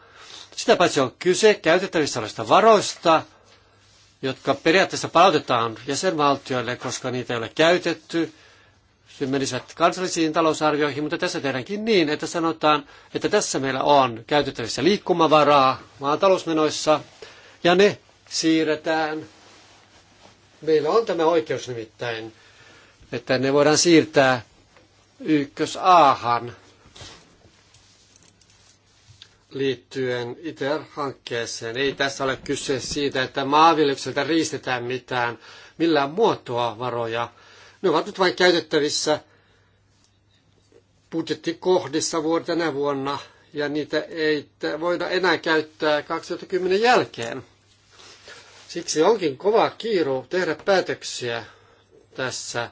Sitä paitsi on kyse käytettävissä olevista varoista, jotka periaatteessa palautetaan jäsenvaltioille, koska niitä ei ole käytetty. Se menisivät kansallisiin talousarvioihin, mutta tässä tehdäänkin niin, että sanotaan, että tässä meillä on käytettävissä liikkumavaraa maatalousmenoissa, ja ne siirretään. Meillä on tämä oikeus nimittäin että ne voidaan siirtää ykkös Ahan liittyen ITER-hankkeeseen. Ei tässä ole kyse siitä, että maanviljelykseltä riistetään mitään, millään muotoa varoja. Ne ovat nyt vain käytettävissä budjettikohdissa vuonna tänä vuonna, ja niitä ei voida enää käyttää 2010 jälkeen. Siksi onkin kova kiiru tehdä päätöksiä tässä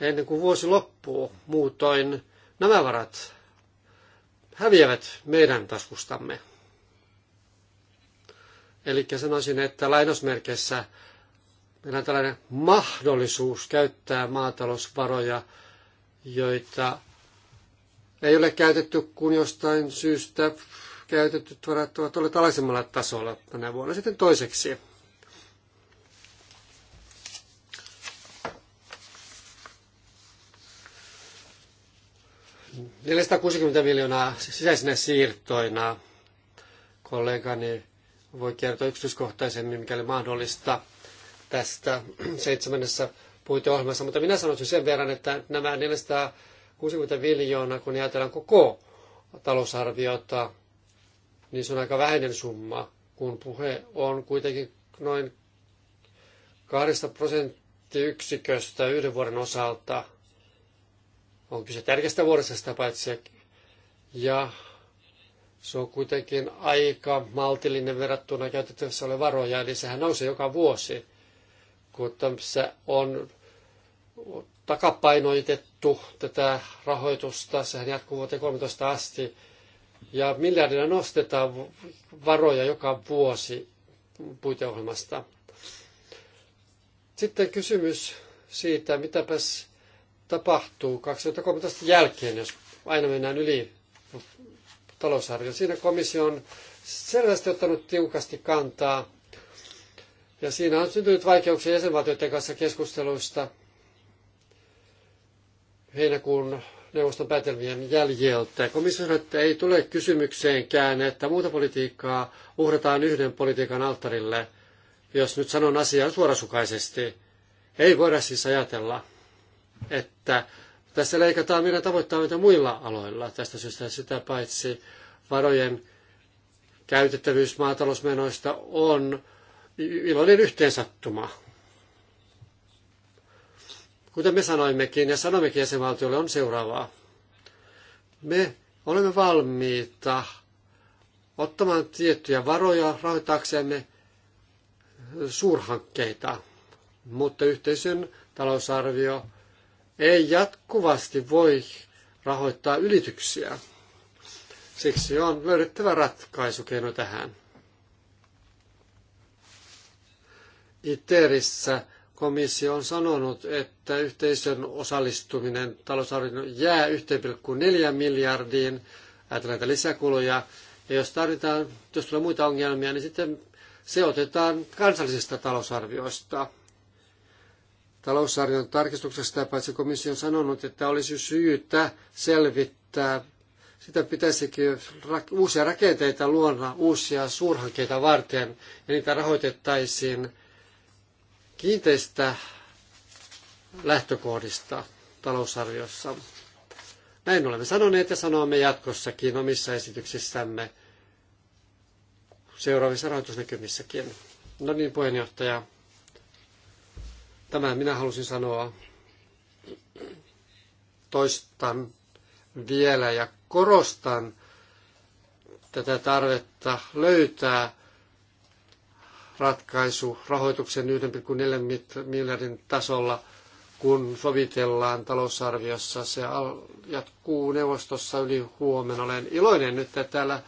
ennen kuin vuosi loppuu. Muutoin nämä varat häviävät meidän taskustamme. Eli sanoisin, että lainausmerkeissä meillä on tällainen mahdollisuus käyttää maatalousvaroja, joita ei ole käytetty, kun jostain syystä käytetyt varat ovat olleet alaisemmalla tasolla tänä vuonna. Sitten toiseksi 460 miljoonaa sisäisinä siirtoina. Kollegani voi kertoa yksityiskohtaisemmin, mikäli mahdollista, tästä seitsemännessä puiteohjelmassa. Mutta minä sanoisin sen verran, että nämä 460 miljoonaa, kun ajatellaan koko talousarviota, niin se on aika vähäinen summa, kun puhe on kuitenkin noin kahdesta prosenttiyksiköstä yhden vuoden osalta – on kyse tärkeästä vuodesta paitsi. Ja se on kuitenkin aika maltillinen verrattuna käytettävissä ole varoja, eli sehän nousee joka vuosi, kun se on takapainoitettu tätä rahoitusta, sehän jatkuu vuoteen 13 asti, ja miljardilla nostetaan varoja joka vuosi puiteohjelmasta. Sitten kysymys siitä, mitäpäs tapahtuu 2013 jälkeen, jos aina mennään yli talousarvion. Siinä komissio on selvästi ottanut tiukasti kantaa. Ja siinä on syntynyt vaikeuksia jäsenvaltioiden kanssa keskusteluista heinäkuun neuvoston päätelmien jäljiltä. Komissio sanoi, että ei tule kysymykseenkään, että muuta politiikkaa uhrataan yhden politiikan alttarille, jos nyt sanon asian suorasukaisesti. Ei voida siis ajatella, että tässä leikataan meidän tavoittamatta muilla aloilla. Tästä syystä sitä paitsi varojen käytettävyys maatalousmenoista on iloinen yhteensattuma. Kuten me sanoimmekin ja sanommekin jäsenvaltiolle on seuraavaa. Me olemme valmiita ottamaan tiettyjä varoja rahoittaaksemme suurhankkeita, mutta yhteisön talousarvio ei jatkuvasti voi rahoittaa ylityksiä. Siksi on löydettävä ratkaisukeino tähän. ITERissä komissio on sanonut, että yhteisön osallistuminen talousarvioon jää 1,4 miljardiin, ajatellaan näitä lisäkuluja, ja jos tarvitaan, jos tulee muita ongelmia, niin sitten se otetaan kansallisista talousarvioista talousarvion tarkistuksesta, paitsi komissio on sanonut, että olisi syytä selvittää, sitä pitäisikin uusia rakenteita luona uusia suurhankkeita varten, ja niitä rahoitettaisiin kiinteistä lähtökohdista talousarviossa. Näin olemme sanoneet ja sanomme jatkossakin omissa esityksissämme seuraavissa rahoitusnäkymissäkin. No niin, puheenjohtaja. Tämän minä halusin sanoa. Toistan vielä ja korostan tätä tarvetta löytää ratkaisu rahoituksen 1,4 miljardin tasolla, kun sovitellaan talousarviossa. Se jatkuu neuvostossa yli huomenna. Olen iloinen nyt, että täällä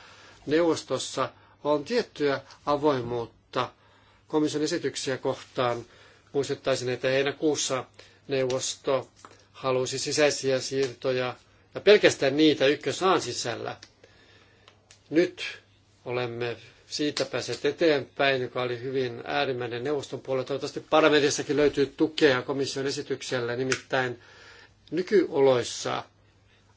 neuvostossa on tiettyä avoimuutta komission esityksiä kohtaan Muistuttaisin, että heinäkuussa neuvosto halusi sisäisiä siirtoja ja pelkästään niitä ykkösaan sisällä. Nyt olemme siitä päässeet eteenpäin, joka oli hyvin äärimmäinen neuvoston puolella. Toivottavasti parlamentissakin löytyy tukea komission esitykselle, nimittäin nykyoloissa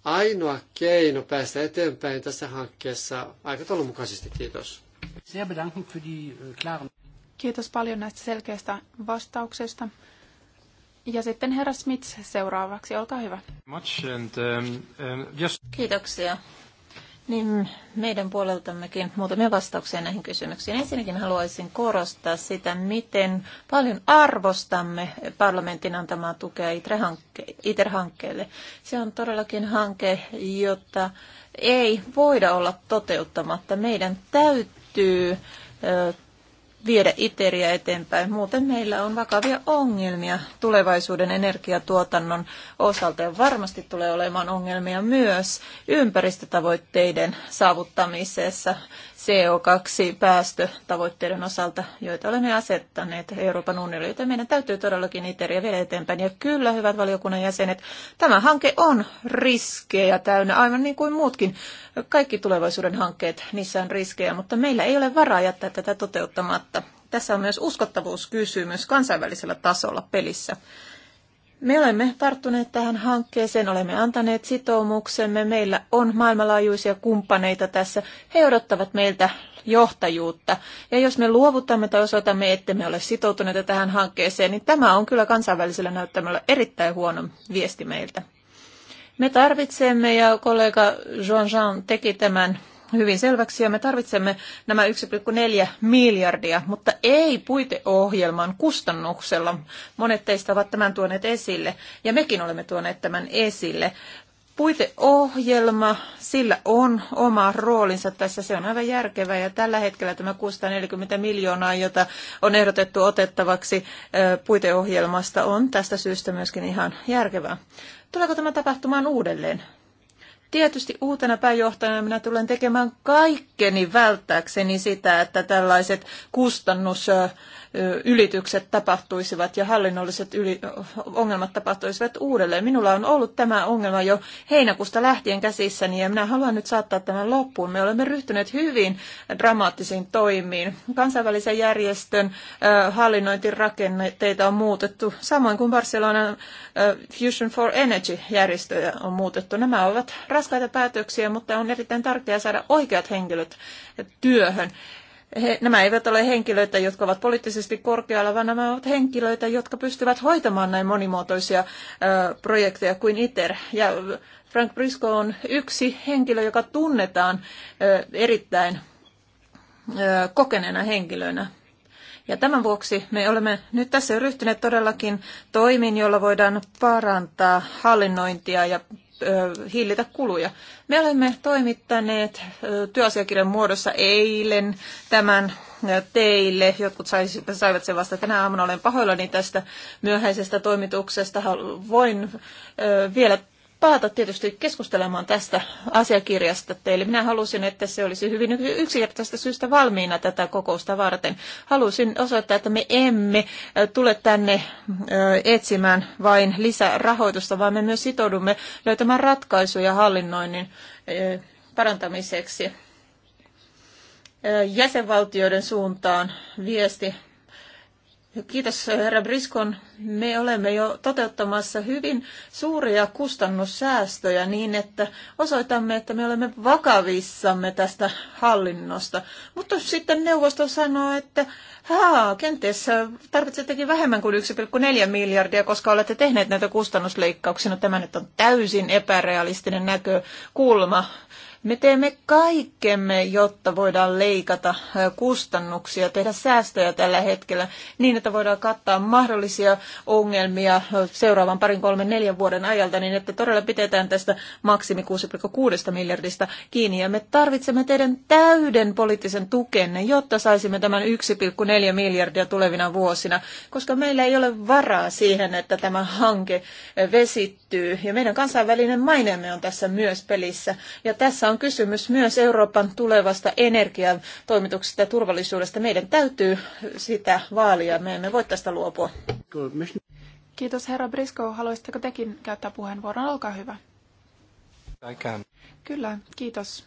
ainoa keino päästä eteenpäin tässä hankkeessa aikataulun mukaisesti. Kiitos. Kiitos paljon näistä selkeistä vastauksista. Ja sitten herra Smith seuraavaksi, olkaa hyvä. Um, um, Kiitoksia. Niin meidän puoleltammekin muutamia vastauksia näihin kysymyksiin. Ensinnäkin haluaisin korostaa sitä, miten paljon arvostamme parlamentin antamaa tukea ITER-hankkeelle. Se on todellakin hanke, jota ei voida olla toteuttamatta. Meidän täytyy viedä Iteriä eteenpäin. Muuten meillä on vakavia ongelmia tulevaisuuden energiatuotannon osalta ja varmasti tulee olemaan ongelmia myös ympäristötavoitteiden saavuttamisessa CO2-päästötavoitteiden osalta, joita olemme asettaneet Euroopan unionille, joten meidän täytyy todellakin Iteriä viedä eteenpäin. Ja kyllä, hyvät valiokunnan jäsenet, tämä hanke on riskejä täynnä, aivan niin kuin muutkin kaikki tulevaisuuden hankkeet, niissä on riskejä, mutta meillä ei ole varaa jättää tätä toteuttamatta. Tässä on myös uskottavuuskysymys kansainvälisellä tasolla pelissä. Me olemme tarttuneet tähän hankkeeseen, olemme antaneet sitoumuksemme, meillä on maailmanlaajuisia kumppaneita tässä. He odottavat meiltä johtajuutta. Ja jos me luovutamme tai osoitamme, että me ole sitoutuneita tähän hankkeeseen, niin tämä on kyllä kansainvälisellä näyttämällä erittäin huono viesti meiltä. Me tarvitsemme, ja kollega Jean-Jean teki tämän hyvin selväksi, ja me tarvitsemme nämä 1,4 miljardia, mutta ei puiteohjelman kustannuksella. Monet teistä ovat tämän tuoneet esille, ja mekin olemme tuoneet tämän esille. Puiteohjelma, sillä on oma roolinsa tässä, se on aivan järkevä ja tällä hetkellä tämä 640 miljoonaa, jota on ehdotettu otettavaksi puiteohjelmasta, on tästä syystä myöskin ihan järkevää. Tuleeko tämä tapahtumaan uudelleen? Tietysti uutena pääjohtajana minä tulen tekemään kaikkeni välttääkseni sitä, että tällaiset kustannus ylitykset tapahtuisivat ja hallinnolliset yli, ongelmat tapahtuisivat uudelleen. Minulla on ollut tämä ongelma jo heinäkuusta lähtien käsissäni ja minä haluan nyt saattaa tämän loppuun. Me olemme ryhtyneet hyvin dramaattisiin toimiin. Kansainvälisen järjestön hallinnointirakenteita on muutettu, samoin kuin Barcelonan Fusion for Energy-järjestöjä on muutettu. Nämä ovat raskaita päätöksiä, mutta on erittäin tärkeää saada oikeat henkilöt työhön he, nämä eivät ole henkilöitä, jotka ovat poliittisesti korkealla, vaan nämä ovat henkilöitä, jotka pystyvät hoitamaan näin monimuotoisia ö, projekteja kuin ITER. Ja Frank Brisco on yksi henkilö, joka tunnetaan ö, erittäin ö, kokeneena henkilönä. Ja tämän vuoksi me olemme nyt tässä ryhtyneet todellakin toimiin, jolla voidaan parantaa hallinnointia ja hillitä kuluja. Me olemme toimittaneet työasiakirjan muodossa eilen tämän teille. Jotkut saivat sen vasta tänä aamuna. Olen pahoillani tästä myöhäisestä toimituksesta. Voin vielä palata tietysti keskustelemaan tästä asiakirjasta teille. Minä halusin, että se olisi hyvin yksinkertaista syystä valmiina tätä kokousta varten. Halusin osoittaa, että me emme tule tänne etsimään vain lisärahoitusta, vaan me myös sitoudumme löytämään ratkaisuja hallinnoinnin parantamiseksi jäsenvaltioiden suuntaan viesti Kiitos herra Briskon. Me olemme jo toteuttamassa hyvin suuria kustannussäästöjä niin, että osoitamme, että me olemme vakavissamme tästä hallinnosta. Mutta sitten neuvosto sanoo, että haa, kenties tarvitsettekin vähemmän kuin 1,4 miljardia, koska olette tehneet näitä kustannusleikkauksia. No, tämä nyt on täysin epärealistinen näkökulma me teemme kaikkemme, jotta voidaan leikata kustannuksia, tehdä säästöjä tällä hetkellä niin, että voidaan kattaa mahdollisia ongelmia seuraavan parin, kolmen, neljän vuoden ajalta, niin että todella pidetään tästä maksimi 6,6 miljardista kiinni. Ja me tarvitsemme teidän täyden poliittisen tukenne, jotta saisimme tämän 1,4 miljardia tulevina vuosina, koska meillä ei ole varaa siihen, että tämä hanke vesittyy. Ja meidän kansainvälinen maineemme on tässä myös pelissä. Ja tässä on on kysymys myös Euroopan tulevasta energian toimituksesta ja turvallisuudesta. Meidän täytyy sitä vaalia. Me emme voi tästä luopua. Kiitos herra Brisko. Haluaisitteko tekin käyttää puheenvuoron? Olkaa hyvä. Kyllä, kiitos.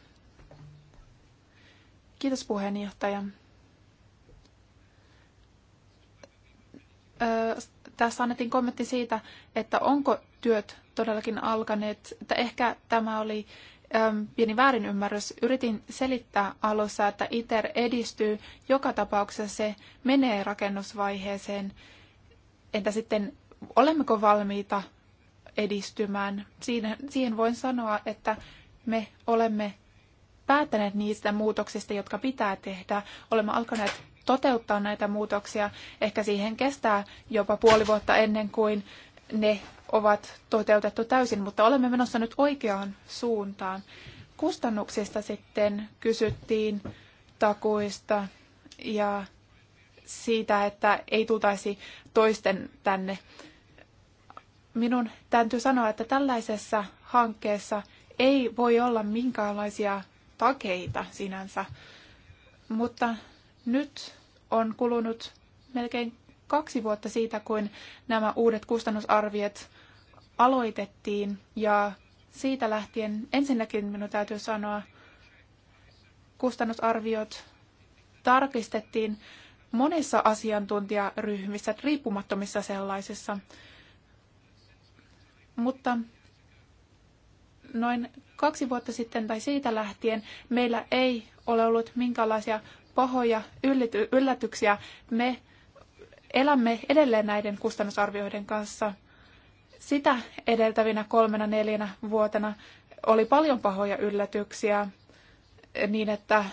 Kiitos puheenjohtaja. Ö, tässä annettiin kommentti siitä, että onko työt todellakin alkaneet. Että ehkä tämä oli pieni väärinymmärrys. Yritin selittää alussa, että ITER edistyy. Joka tapauksessa se menee rakennusvaiheeseen. Entä sitten, olemmeko valmiita edistymään? Siihen, siihen voin sanoa, että me olemme päättäneet niistä muutoksista, jotka pitää tehdä. Olemme alkaneet toteuttaa näitä muutoksia. Ehkä siihen kestää jopa puoli vuotta ennen kuin ne ovat toteutettu täysin, mutta olemme menossa nyt oikeaan suuntaan. Kustannuksista sitten kysyttiin takuista ja siitä, että ei tultaisi toisten tänne. Minun täytyy sanoa, että tällaisessa hankkeessa ei voi olla minkäänlaisia takeita sinänsä, mutta nyt on kulunut melkein kaksi vuotta siitä, kun nämä uudet kustannusarviot aloitettiin ja siitä lähtien ensinnäkin minun täytyy sanoa, kustannusarviot tarkistettiin monissa asiantuntijaryhmissä, riippumattomissa sellaisissa. Mutta noin kaksi vuotta sitten tai siitä lähtien meillä ei ole ollut minkälaisia pahoja yllätyksiä. Me elämme edelleen näiden kustannusarvioiden kanssa – sitä edeltävinä kolmena neljänä vuotena oli paljon pahoja yllätyksiä niin, että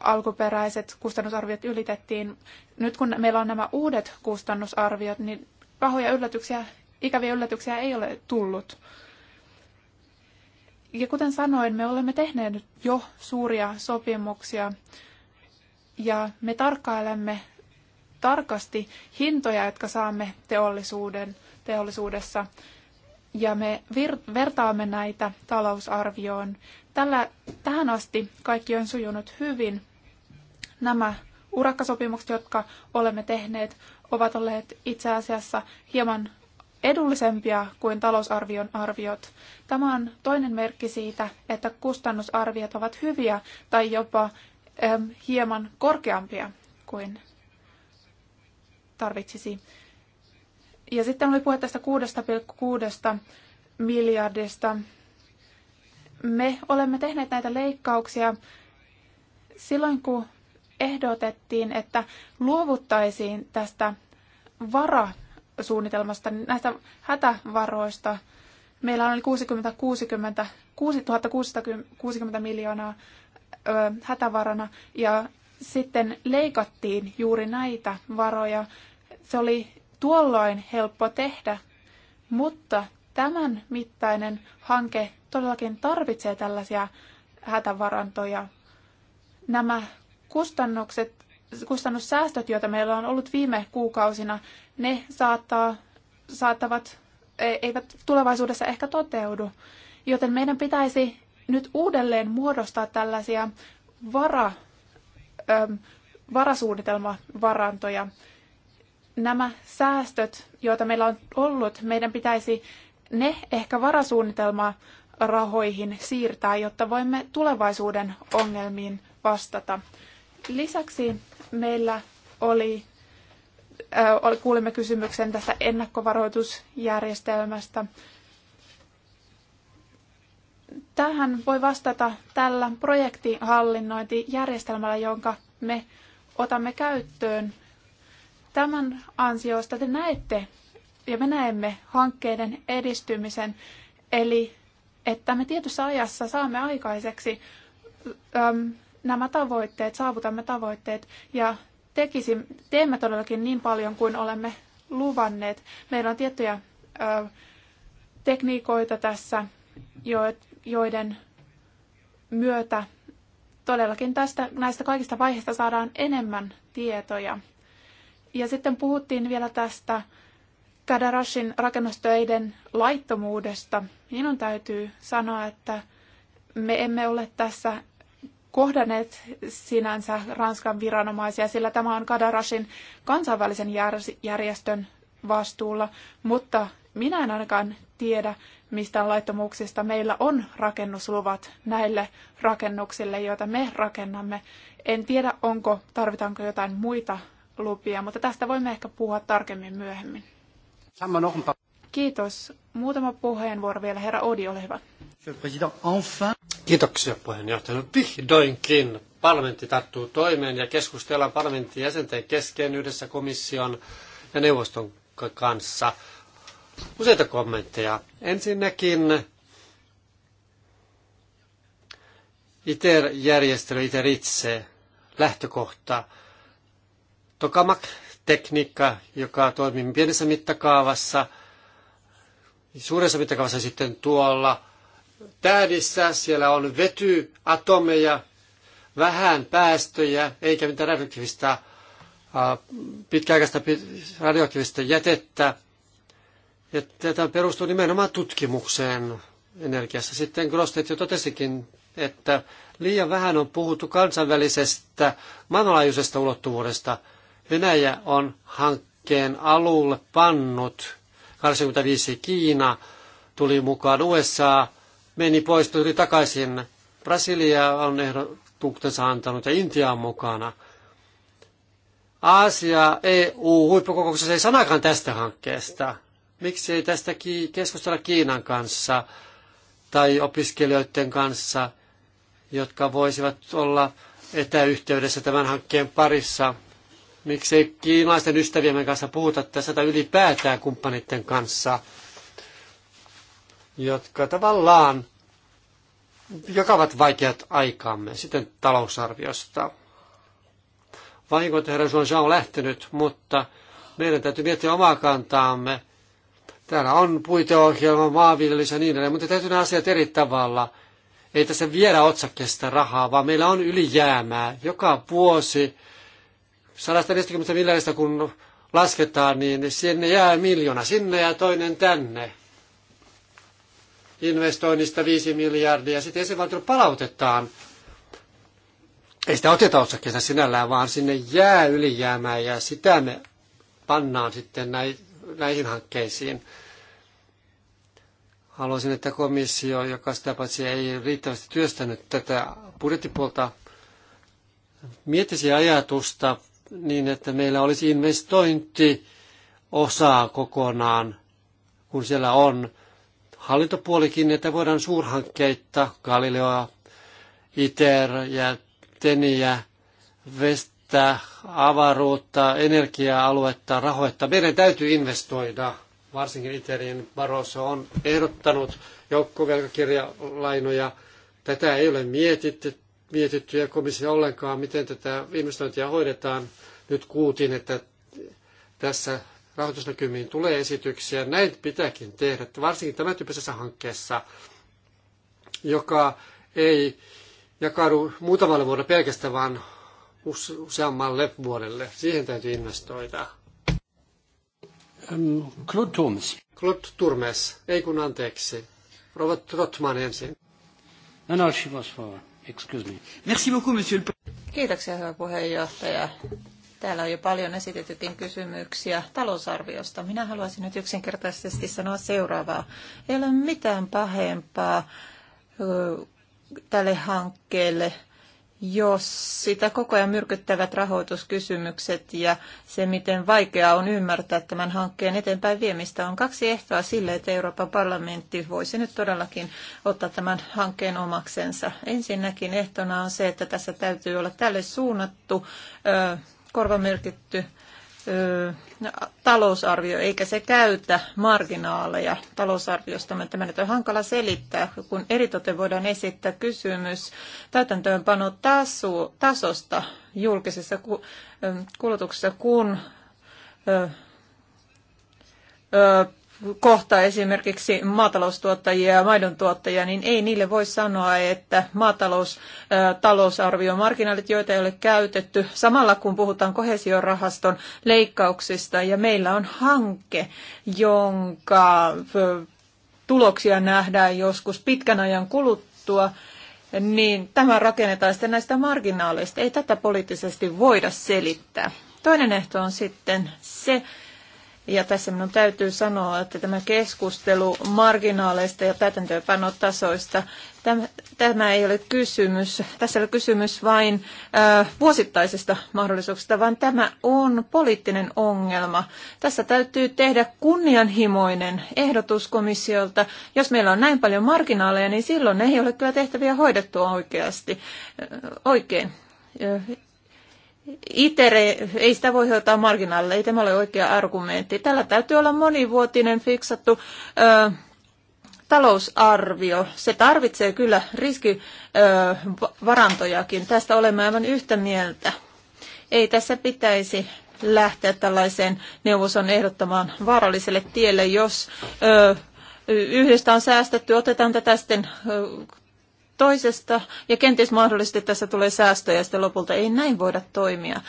alkuperäiset kustannusarviot ylitettiin. Nyt kun meillä on nämä uudet kustannusarviot, niin pahoja yllätyksiä, ikäviä yllätyksiä ei ole tullut. Ja kuten sanoin, me olemme tehneet jo suuria sopimuksia ja me tarkkailemme tarkasti hintoja, jotka saamme teollisuuden teollisuudessa ja me vir- vertaamme näitä talousarvioon. Tällä, tähän asti kaikki on sujunut hyvin. Nämä urakkasopimukset, jotka olemme tehneet, ovat olleet itse asiassa hieman edullisempia kuin talousarvion arviot. Tämä on toinen merkki siitä, että kustannusarviot ovat hyviä tai jopa äm, hieman korkeampia kuin tarvitsisi ja sitten oli puhe tästä 6,6 miljardista. Me olemme tehneet näitä leikkauksia silloin, kun ehdotettiin, että luovuttaisiin tästä varasuunnitelmasta, näistä hätävaroista. Meillä oli 60, 60, 6660 miljoonaa ö, hätävarana ja sitten leikattiin juuri näitä varoja. Se oli tuolloin helppo tehdä, mutta tämän mittainen hanke todellakin tarvitsee tällaisia hätävarantoja. Nämä kustannukset, kustannussäästöt, joita meillä on ollut viime kuukausina, ne saattaa, saattavat, e, eivät tulevaisuudessa ehkä toteudu. Joten meidän pitäisi nyt uudelleen muodostaa tällaisia vara, ö, varasuunnitelmavarantoja nämä säästöt, joita meillä on ollut, meidän pitäisi ne ehkä varasuunnitelmaa rahoihin siirtää, jotta voimme tulevaisuuden ongelmiin vastata. Lisäksi meillä oli, äh, kuulimme kysymyksen tästä ennakkovaroitusjärjestelmästä. Tähän voi vastata tällä projektihallinnointijärjestelmällä, jonka me otamme käyttöön Tämän ansiosta te näette ja me näemme hankkeiden edistymisen, eli että me tietyssä ajassa saamme aikaiseksi äm, nämä tavoitteet, saavutamme tavoitteet ja tekisi, teemme todellakin niin paljon kuin olemme luvanneet. Meillä on tiettyjä ö, tekniikoita tässä, jo, joiden myötä todellakin tästä, näistä kaikista vaiheista saadaan enemmän tietoja. Ja sitten puhuttiin vielä tästä Kadarashin rakennustöiden laittomuudesta. Minun täytyy sanoa, että me emme ole tässä kohdanneet sinänsä Ranskan viranomaisia, sillä tämä on Kadarashin kansainvälisen järjestön vastuulla, mutta minä en ainakaan tiedä mistä laittomuuksista. Meillä on rakennusluvat näille rakennuksille, joita me rakennamme. En tiedä, onko, tarvitaanko jotain muita lupia, mutta tästä voimme ehkä puhua tarkemmin myöhemmin. Kiitos. Muutama puheenvuoro vielä. Herra Odi, ole hyvä. Kiitoksia puheenjohtaja. Vihdoinkin parlamentti tarttuu toimeen ja keskustellaan parlamentin jäsenten kesken yhdessä komission ja neuvoston kanssa. Useita kommentteja. Ensinnäkin ITER-järjestely, ITER itse, lähtökohta tokamak-tekniikka, joka toimii pienessä mittakaavassa, suuressa mittakaavassa sitten tuolla tähdissä, siellä on vetyatomeja, vähän päästöjä, eikä mitään radioaktiivista, äh, pitkäaikaista radioaktiivista jätettä. Ja tätä perustuu nimenomaan tutkimukseen energiassa. Sitten Grosteet jo totesikin, että liian vähän on puhuttu kansainvälisestä maailmanlaajuisesta ulottuvuudesta – Venäjä on hankkeen alulle pannut. 85 Kiina tuli mukaan USA, meni pois, tuli takaisin. Brasilia on ehdotuksensa antanut ja Intia on mukana. Aasia EU-huippukokouksessa ei sanakaan tästä hankkeesta. Miksi ei tästä keskustella Kiinan kanssa tai opiskelijoiden kanssa, jotka voisivat olla etäyhteydessä tämän hankkeen parissa? miksei kiinalaisten ystäviemme kanssa puhuta tässä tai ylipäätään kumppaneiden kanssa, jotka tavallaan jakavat vaikeat aikaamme. Sitten talousarviosta. Vahinko, että herra Jean on lähtenyt, mutta meidän täytyy miettiä omaa kantaamme. Täällä on puiteohjelma, maanviljelys ja niin edelleen, mutta täytyy nämä asiat eri tavalla. Ei tässä viedä otsakkeesta rahaa, vaan meillä on ylijäämää. Joka vuosi 140 miljardista kun lasketaan, niin sinne jää miljoona sinne ja toinen tänne. Investoinnista 5 miljardia. Sitten jäsenvaltio palautetaan. Ei sitä oteta osakkeesta sinällään, vaan sinne jää ylijäämää ja sitä me pannaan sitten näihin hankkeisiin. Haluaisin, että komissio, joka sitä paitsi ei riittävästi työstänyt tätä budjettipuolta, miettisi ajatusta niin, että meillä olisi investointi osaa kokonaan, kun siellä on hallintopuolikin, että voidaan suurhankkeita, Galileoa, ITER ja TENIä, Vestä, avaruutta, energia-aluetta, rahoitta. Meidän täytyy investoida, varsinkin ITERin varoissa on ehdottanut joukkovelkakirjalainoja. Tätä ei ole mietitty ja komissio ollenkaan, miten tätä investointia hoidetaan. Nyt kuultiin, että tässä rahoitusnäkymiin tulee esityksiä. Näin pitääkin tehdä, varsinkin tämän tyyppisessä hankkeessa, joka ei jakaudu muutamalle vuodelle pelkästään, vaan useammalle vuodelle. Siihen täytyy investoida. Ähm, Claude Turmes. Claude Turmes, ei kun anteeksi. Robert Trotman ensin. No, no, Excuse me. Merci beaucoup, monsieur le... Kiitoksia, hyvä puheenjohtaja. Täällä on jo paljon esitettykin kysymyksiä talousarviosta. Minä haluaisin nyt yksinkertaisesti sanoa seuraavaa. Ei ole mitään pahempaa tälle hankkeelle jos sitä koko ajan myrkyttävät rahoituskysymykset ja se, miten vaikeaa on ymmärtää tämän hankkeen eteenpäin viemistä, on kaksi ehtoa sille, että Euroopan parlamentti voisi nyt todellakin ottaa tämän hankkeen omaksensa. Ensinnäkin ehtona on se, että tässä täytyy olla tälle suunnattu, korvamerkitty talousarvio, eikä se käytä marginaaleja talousarviosta. Tämä nyt on hankala selittää, kun eritoten voidaan esittää kysymys täytäntöönpano tasosta julkisessa kulutuksessa, kun kohtaa esimerkiksi maataloustuottajia ja maidontuottajia, niin ei niille voi sanoa, että maatalous, talousarvio, marginaalit, joita ei ole käytetty, samalla kun puhutaan kohesiorahaston leikkauksista, ja meillä on hanke, jonka tuloksia nähdään joskus pitkän ajan kuluttua, niin tämä rakennetaan sitten näistä marginaaleista. Ei tätä poliittisesti voida selittää. Toinen ehto on sitten se, ja tässä minun täytyy sanoa, että tämä keskustelu marginaaleista ja täytäntöönpanotasoista, tämä, tämä ei ole kysymys, tässä ei ole kysymys vain äh, vuosittaisesta mahdollisuuksista, vaan tämä on poliittinen ongelma. Tässä täytyy tehdä kunnianhimoinen ehdotus komissiolta. Jos meillä on näin paljon marginaaleja, niin silloin ne ei ole kyllä tehtäviä hoidettua oikeasti, oikein ITERE, ei sitä voi hoitaa marginaalille, ei tämä ole oikea argumentti. Tällä täytyy olla monivuotinen fiksattu ö, talousarvio. Se tarvitsee kyllä riskivarantojakin. Tästä olemme aivan yhtä mieltä. Ei tässä pitäisi lähteä tällaiseen neuvoson ehdottamaan vaaralliselle tielle, jos ö, yhdestä on säästetty, otetaan tätä sitten toisesta ja kenties mahdollisesti tässä tulee säästöjä ja sitten lopulta ei näin voida toimia.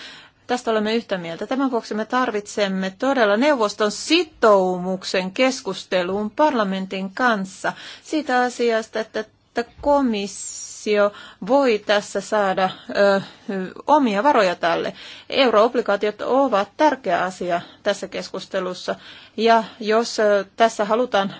Tästä olemme yhtä mieltä. Tämän vuoksi me tarvitsemme todella neuvoston sitoumuksen keskusteluun parlamentin kanssa siitä asiasta, että, että komissio komissio voi tässä saada ö, omia varoja tälle. Euroobligaatiot ovat tärkeä asia tässä keskustelussa. Ja jos ö, tässä halutaan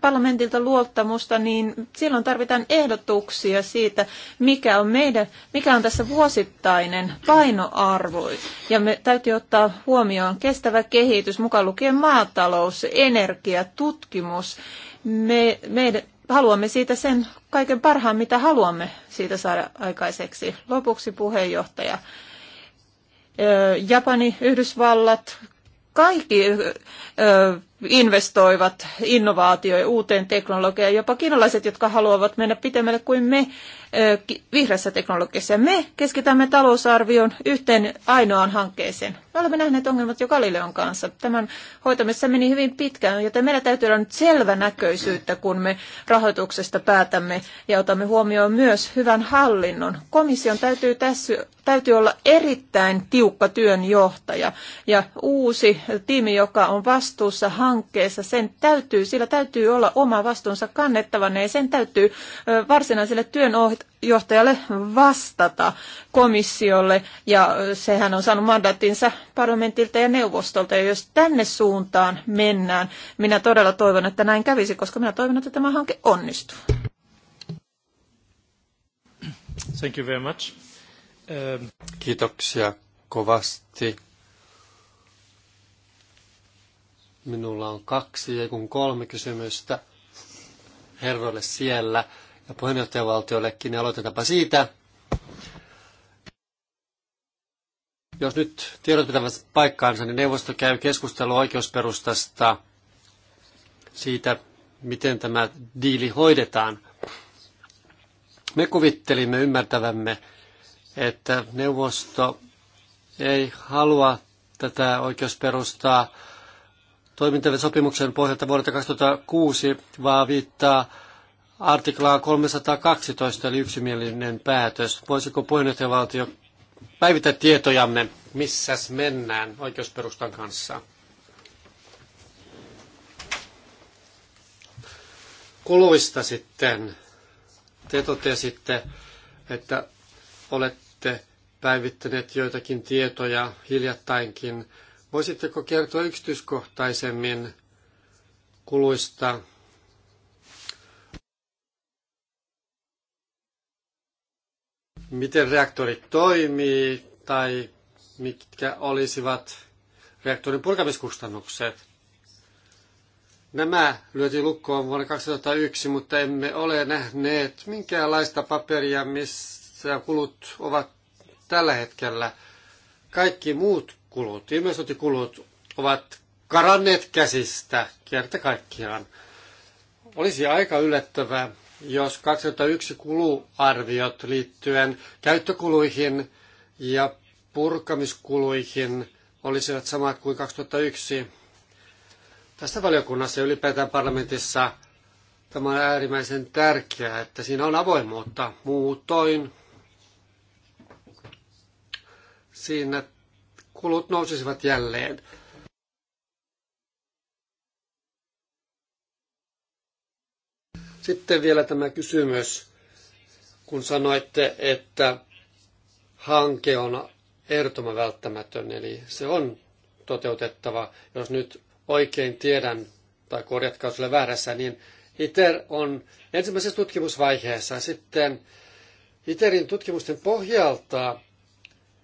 parlamentilta luottamusta, niin silloin tarvitaan ehdotuksia siitä, mikä on, meidän, mikä on tässä vuosittainen painoarvo. Ja me täytyy ottaa huomioon kestävä kehitys, mukaan lukien maatalous, energia, tutkimus. Me, meidän, haluamme siitä sen kaiken parhaan, mitä haluamme siitä saada aikaiseksi. Lopuksi puheenjohtaja. Japani, Yhdysvallat, kaikki investoivat innovaatioihin, uuteen teknologiaan, jopa kiinalaiset, jotka haluavat mennä pitemmälle kuin me vihreässä teknologiassa. Ja me keskitämme talousarvion yhteen ainoaan hankkeeseen. Me olemme nähneet ongelmat jo Galileon kanssa. Tämän hoitamisessa meni hyvin pitkään, joten meillä täytyy olla nyt selvänäköisyyttä, kun me rahoituksesta päätämme ja otamme huomioon myös hyvän hallinnon. Komission täytyy, tässä, täytyy olla erittäin tiukka työnjohtaja ja uusi tiimi, joka on vastuussa hankkeessa, sen täytyy, sillä täytyy olla oma vastuunsa kannettavana ja sen täytyy varsinaiselle työnjohtajalle vastata komissiolle ja sehän on saanut mandaattinsa parlamentilta ja neuvostolta ja jos tänne suuntaan mennään, minä todella toivon, että näin kävisi, koska minä toivon, että tämä hanke onnistuu. Thank you very much. Um... Kiitoksia kovasti. Minulla on kaksi ja kun kolme kysymystä herroille siellä ja puheenjohtajavaltiollekin, niin aloitetaanpa siitä. Jos nyt tiedot pitävät paikkaansa, niin neuvosto käy keskustelua oikeusperustasta siitä, miten tämä diili hoidetaan. Me kuvittelimme ymmärtävämme, että neuvosto ei halua tätä oikeusperustaa toimintasopimuksen pohjalta vuodelta 2006, vaan viittaa artiklaa 312, eli yksimielinen päätös. Voisiko puheenjohtajavaltio päivittää tietojamme, missä mennään oikeusperustan kanssa? Kuluista sitten. Te totesitte, että olette päivittäneet joitakin tietoja hiljattainkin Voisitteko kertoa yksityiskohtaisemmin kuluista? Miten reaktori toimii tai mitkä olisivat reaktorin purkamiskustannukset? Nämä lyötiin lukkoon vuonna 2001, mutta emme ole nähneet minkäänlaista paperia, missä kulut ovat tällä hetkellä. Kaikki muut kulut, investointikulut ovat karanneet käsistä kerta kaikkiaan. Olisi aika yllättävää, jos 2001 kuluarviot liittyen käyttökuluihin ja purkamiskuluihin olisivat samat kuin 2001. Tässä valiokunnassa ja ylipäätään parlamentissa tämä on äärimmäisen tärkeää, että siinä on avoimuutta. Muutoin siinä kulut nousisivat jälleen. Sitten vielä tämä kysymys, kun sanoitte, että hanke on ehdottoman välttämätön, eli se on toteutettava. Jos nyt oikein tiedän, tai korjatkaa sille väärässä, niin ITER on ensimmäisessä tutkimusvaiheessa. Sitten ITERin tutkimusten pohjalta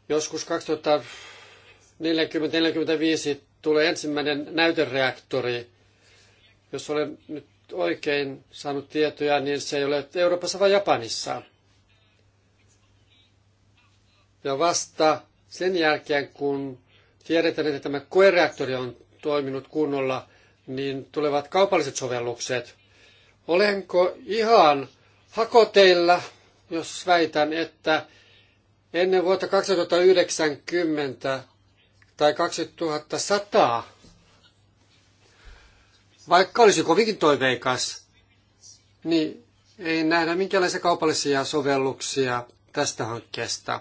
joskus 2005 40-45 tulee ensimmäinen näytereaktori. Jos olen nyt oikein saanut tietoja, niin se ei ole Euroopassa vaan Japanissa. Ja vasta sen jälkeen, kun tiedetään, että tämä koereaktori on toiminut kunnolla, niin tulevat kaupalliset sovellukset. Olenko ihan hakoteilla, jos väitän, että ennen vuotta 2090 tai 2100, vaikka olisi kovinkin toiveikas, niin ei nähdä minkälaisia kaupallisia sovelluksia tästä hankkeesta.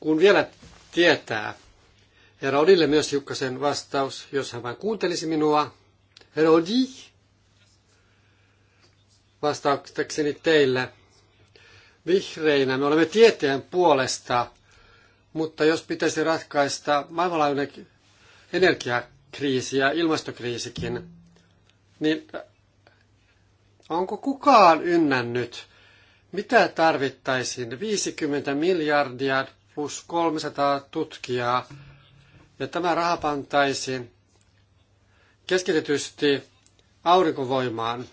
Kun vielä tietää, herra Odille myös hiukkasen vastaus, jos hän vain kuuntelisi minua. Herra Odi, vastauksekseni teille. Vihreinä me olemme tieteen puolesta mutta jos pitäisi ratkaista maailmanlaajuinen energiakriisi ja ilmastokriisikin, niin äh, onko kukaan ynnännyt, mitä tarvittaisiin 50 miljardia plus 300 tutkijaa, ja tämä raha pantaisiin keskitetysti aurinkovoimaan,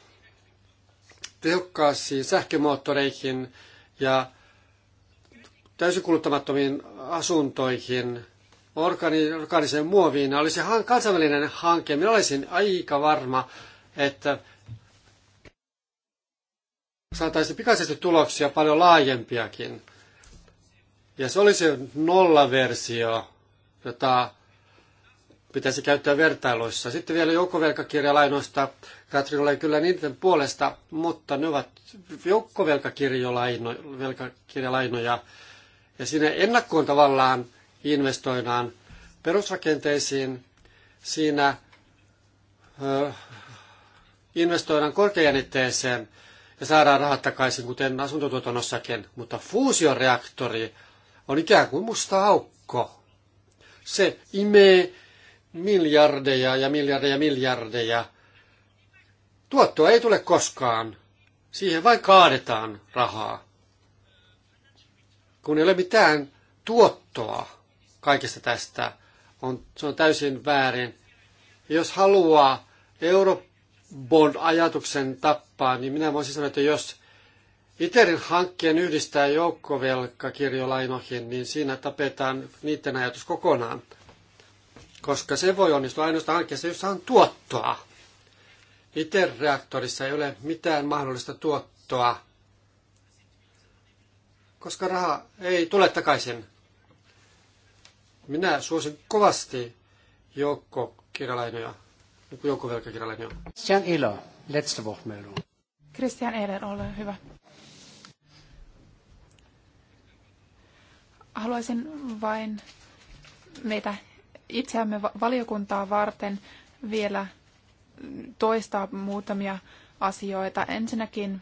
tehokkaisiin sähkömoottoreihin ja täysin kuluttamattomiin asuntoihin, organi- organiseen muoviin, olisi kansainvälinen hanke. Minä olisin aika varma, että saataisiin pikaisesti tuloksia paljon laajempiakin. Ja se olisi nollaversio, jota pitäisi käyttää vertailuissa. Sitten vielä joukkovelkakirjalainoista. Katrin oli kyllä niiden puolesta, mutta ne ovat joukkovelkakirjalainoja, ja siinä ennakkoon tavallaan investoidaan perusrakenteisiin, siinä investoidaan korkeajännitteeseen ja saadaan rahat takaisin, kuten asuntotuotannossakin. Mutta fuusioreaktori on ikään kuin musta aukko. Se imee miljardeja ja miljardeja miljardeja. Tuottoa ei tule koskaan. Siihen vain kaadetaan rahaa kun ei ole mitään tuottoa kaikesta tästä, on, se on täysin väärin. Ja jos haluaa Eurobond-ajatuksen tappaa, niin minä voisin sanoa, että jos ITERin hankkeen yhdistää joukkovelkakirjolainoihin, niin siinä tapetaan niiden ajatus kokonaan. Koska se voi onnistua ainoastaan hankkeessa, jossa on tuottoa. ITER-reaktorissa ei ole mitään mahdollista tuottoa koska raha ei tule takaisin. Minä suosin kovasti joukkokirjalainoja, niin joukkovelkakirjalainoja. Christian Ilo, letzte Wortmeldung. Christian Ehler, ole hyvä. Haluaisin vain meitä itseämme valiokuntaa varten vielä toistaa muutamia asioita. Ensinnäkin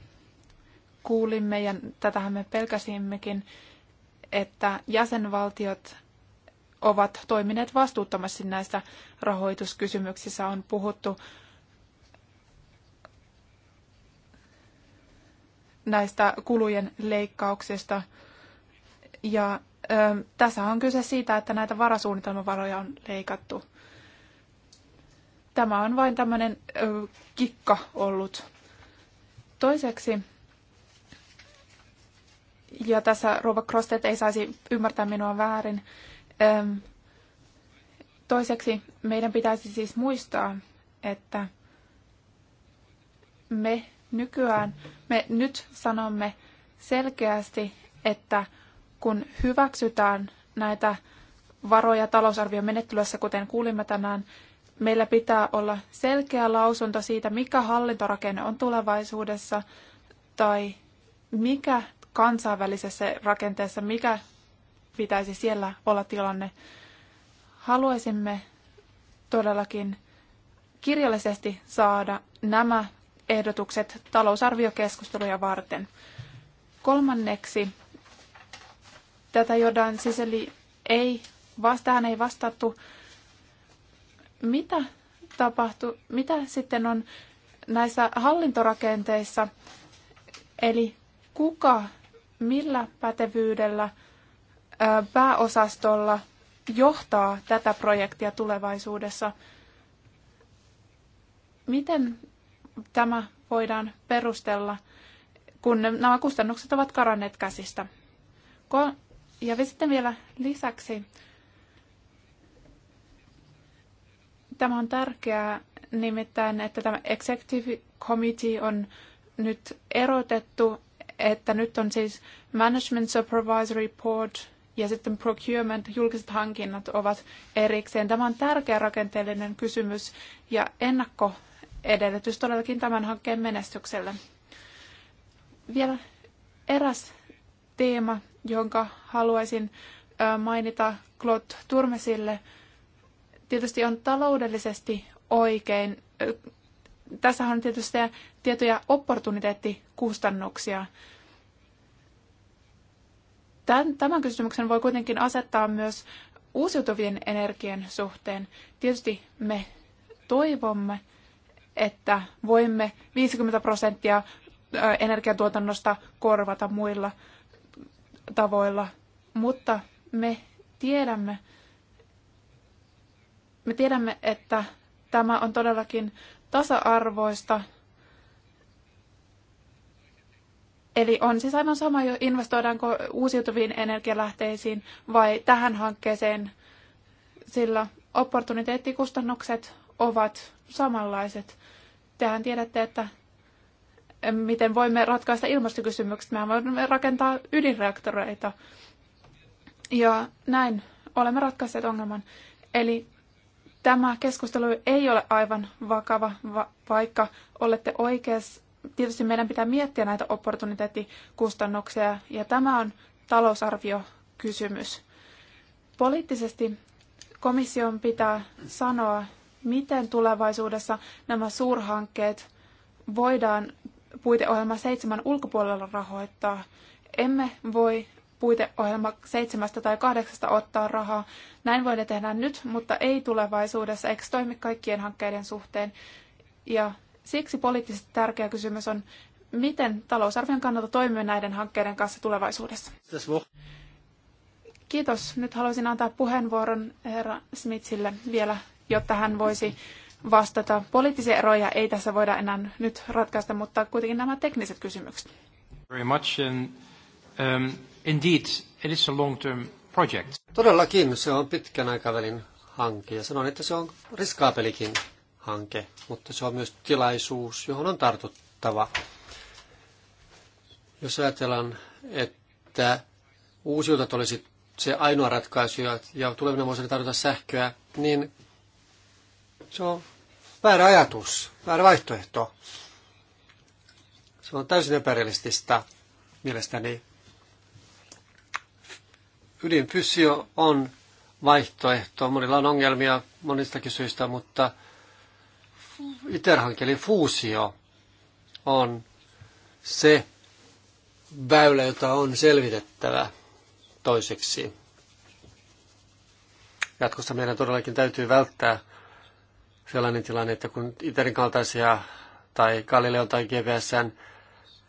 kuulimme, ja tätähän me pelkäsimmekin, että jäsenvaltiot ovat toimineet vastuuttomasti näistä rahoituskysymyksissä. On puhuttu näistä kulujen leikkauksista. Ja ö, tässä on kyse siitä, että näitä varasuunnitelmavaroja on leikattu. Tämä on vain tämmöinen ö, kikka ollut. Toiseksi ja tässä Rova Crostet ei saisi ymmärtää minua väärin. Toiseksi meidän pitäisi siis muistaa, että me nykyään, me nyt sanomme selkeästi, että kun hyväksytään näitä varoja talousarvion menettelyssä, kuten kuulimme tänään, meillä pitää olla selkeä lausunto siitä, mikä hallintorakenne on tulevaisuudessa tai mikä kansainvälisessä rakenteessa, mikä pitäisi siellä olla tilanne. Haluaisimme todellakin kirjallisesti saada nämä ehdotukset talousarviokeskusteluja varten. Kolmanneksi, tätä Jordan siseli ei, tähän ei vastattu. Mitä tapahtui, mitä sitten on näissä hallintorakenteissa, eli kuka millä pätevyydellä pääosastolla johtaa tätä projektia tulevaisuudessa? Miten tämä voidaan perustella, kun nämä kustannukset ovat karanneet käsistä? Ja sitten vielä lisäksi, tämä on tärkeää nimittäin, että tämä Executive Committee on nyt erotettu että nyt on siis Management Supervisory Board ja sitten procurement, julkiset hankinnat ovat erikseen. Tämä on tärkeä rakenteellinen kysymys ja ennakkoedellytys todellakin tämän hankkeen menestykselle. Vielä eräs teema, jonka haluaisin mainita Claude Turmesille. Tietysti on taloudellisesti oikein tässä on tietysti tietoja opportuniteettikustannuksia. Tämän kysymyksen voi kuitenkin asettaa myös uusiutuvien energian suhteen. Tietysti me toivomme, että voimme 50 prosenttia energiatuotannosta korvata muilla tavoilla, mutta me tiedämme, me tiedämme, että tämä on todellakin tasa-arvoista. Eli on siis aivan sama, jo investoidaanko uusiutuviin energialähteisiin vai tähän hankkeeseen, sillä opportuniteettikustannukset ovat samanlaiset. Tehän tiedätte, että miten voimme ratkaista ilmastokysymykset. Mehän voimme rakentaa ydinreaktoreita. Ja näin olemme ratkaisseet ongelman. Eli Tämä keskustelu ei ole aivan vakava, vaikka olette oikeassa. Tietysti meidän pitää miettiä näitä opportuniteettikustannuksia, ja tämä on talousarviokysymys. Poliittisesti komission pitää sanoa, miten tulevaisuudessa nämä suurhankkeet voidaan puiteohjelma seitsemän ulkopuolella rahoittaa. Emme voi puiteohjelma seitsemästä tai kahdeksasta ottaa rahaa. Näin ne tehdä nyt, mutta ei tulevaisuudessa, eikö toimi kaikkien hankkeiden suhteen. Ja siksi poliittisesti tärkeä kysymys on, miten talousarvion kannalta toimii näiden hankkeiden kanssa tulevaisuudessa. Kiitos. Nyt haluaisin antaa puheenvuoron herra Smitsille vielä, jotta hän voisi vastata. Poliittisia eroja ei tässä voida enää nyt ratkaista, mutta kuitenkin nämä tekniset kysymykset. Very much and, um... Indeed, it is a long-term project. Todellakin se on pitkän aikavälin hanke ja sanon, että se on riskaapelikin hanke, mutta se on myös tilaisuus, johon on tartuttava. Jos ajatellaan, että uusiutat olisi se ainoa ratkaisu ja tulevina vuosina tarjota sähköä, niin se on väärä ajatus, väärä vaihtoehto. Se on täysin epärealistista mielestäni Ydinfysio on vaihtoehto. Monilla on ongelmia monistakin syistä, mutta ITER-hanke eli fuusio on se väylä, jota on selvitettävä toiseksi. Jatkossa meidän todellakin täytyy välttää sellainen tilanne, että kun ITERin kaltaisia tai Galileon tai GPSn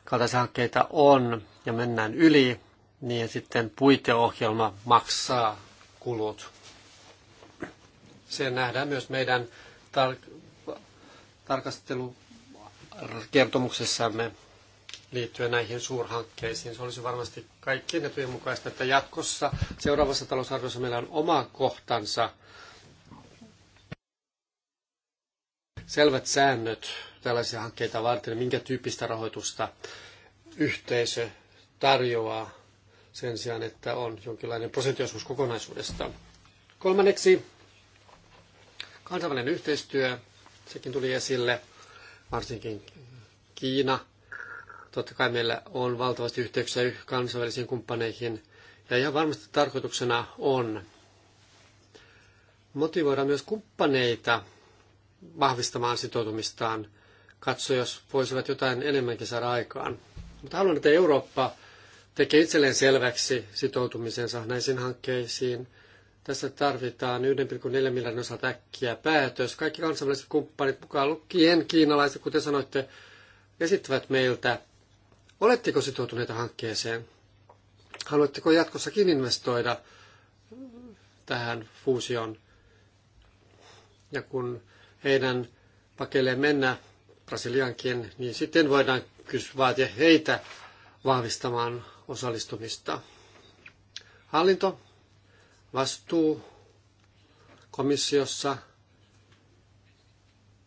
kaltaisia hankkeita on ja mennään yli, niin sitten puiteohjelma maksaa kulut. Se nähdään myös meidän tar- tarkastelukertomuksessamme liittyen näihin suurhankkeisiin. Se olisi varmasti kaikkien etujen mukaista, että jatkossa seuraavassa talousarviossa meillä on oma kohtansa selvät säännöt tällaisia hankkeita varten, minkä tyyppistä rahoitusta yhteisö tarjoaa sen sijaan, että on jonkinlainen prosenttiosuus kokonaisuudesta. Kolmanneksi kansainvälinen yhteistyö, sekin tuli esille, varsinkin Kiina. Totta kai meillä on valtavasti yhteyksiä kansainvälisiin kumppaneihin, ja ihan varmasti tarkoituksena on motivoida myös kumppaneita vahvistamaan sitoutumistaan, katso jos voisivat jotain enemmänkin saada aikaan. Mutta haluan, että Eurooppa tekee itselleen selväksi sitoutumisensa näisiin hankkeisiin. Tässä tarvitaan 1,4 miljardin osalta äkkiä päätös. Kaikki kansainväliset kumppanit, mukaan lukien kiinalaiset, kuten sanoitte, esittävät meiltä, oletteko sitoutuneita hankkeeseen? Haluatteko jatkossakin investoida tähän fuusioon? Ja kun heidän pakelee mennä Brasiliankin, niin sitten voidaan vaatia heitä vahvistamaan osallistumista. Hallinto, vastuu komissiossa.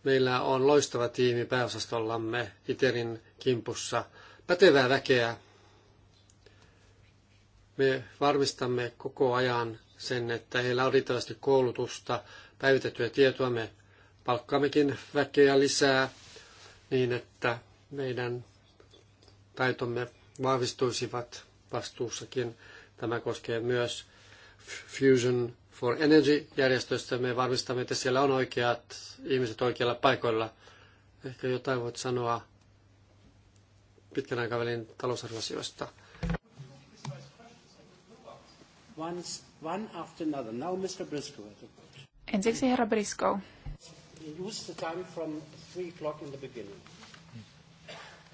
Meillä on loistava tiimi pääosastollamme ITERin kimpussa. Pätevää väkeä. Me varmistamme koko ajan sen, että heillä on riittävästi koulutusta, päivitettyä tietoa. Me palkkaammekin väkeä lisää niin, että meidän taitomme vahvistuisivat vastuussakin. Tämä koskee myös Fusion for Energy-järjestöstä. Me varmistamme, että siellä on oikeat ihmiset oikeilla paikoilla. Ehkä jotain voit sanoa pitkän aikavälin talousarvoasioista. Ensiksi herra Briscoe.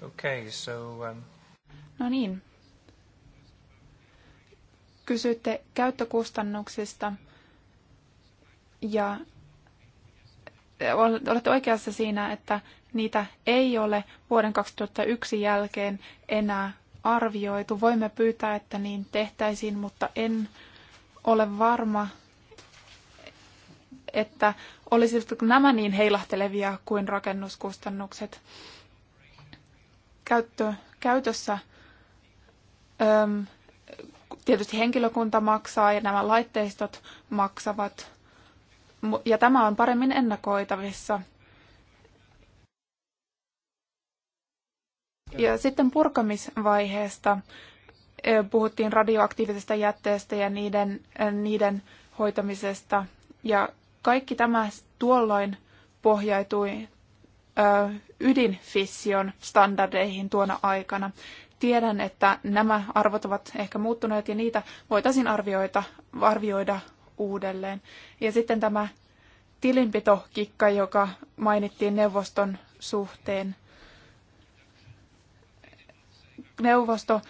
Okay, so um, No niin. Kysyitte käyttökustannuksista ja olette oikeassa siinä, että niitä ei ole vuoden 2001 jälkeen enää arvioitu. Voimme pyytää, että niin tehtäisiin, mutta en ole varma, että olisivatko nämä niin heilahtelevia kuin rakennuskustannukset. Käyttö, käytössä Öm, tietysti henkilökunta maksaa ja nämä laitteistot maksavat. Ja tämä on paremmin ennakoitavissa. Ja sitten purkamisvaiheesta puhuttiin radioaktiivisesta jätteestä ja niiden, niiden hoitamisesta. Ja kaikki tämä tuolloin pohjautui ydinfission standardeihin tuona aikana. Tiedän, että nämä arvot ovat ehkä muuttuneet ja niitä voitaisiin arvioida, arvioida uudelleen. Ja sitten tämä tilinpitokikka, joka mainittiin neuvoston suhteen. Neuvosto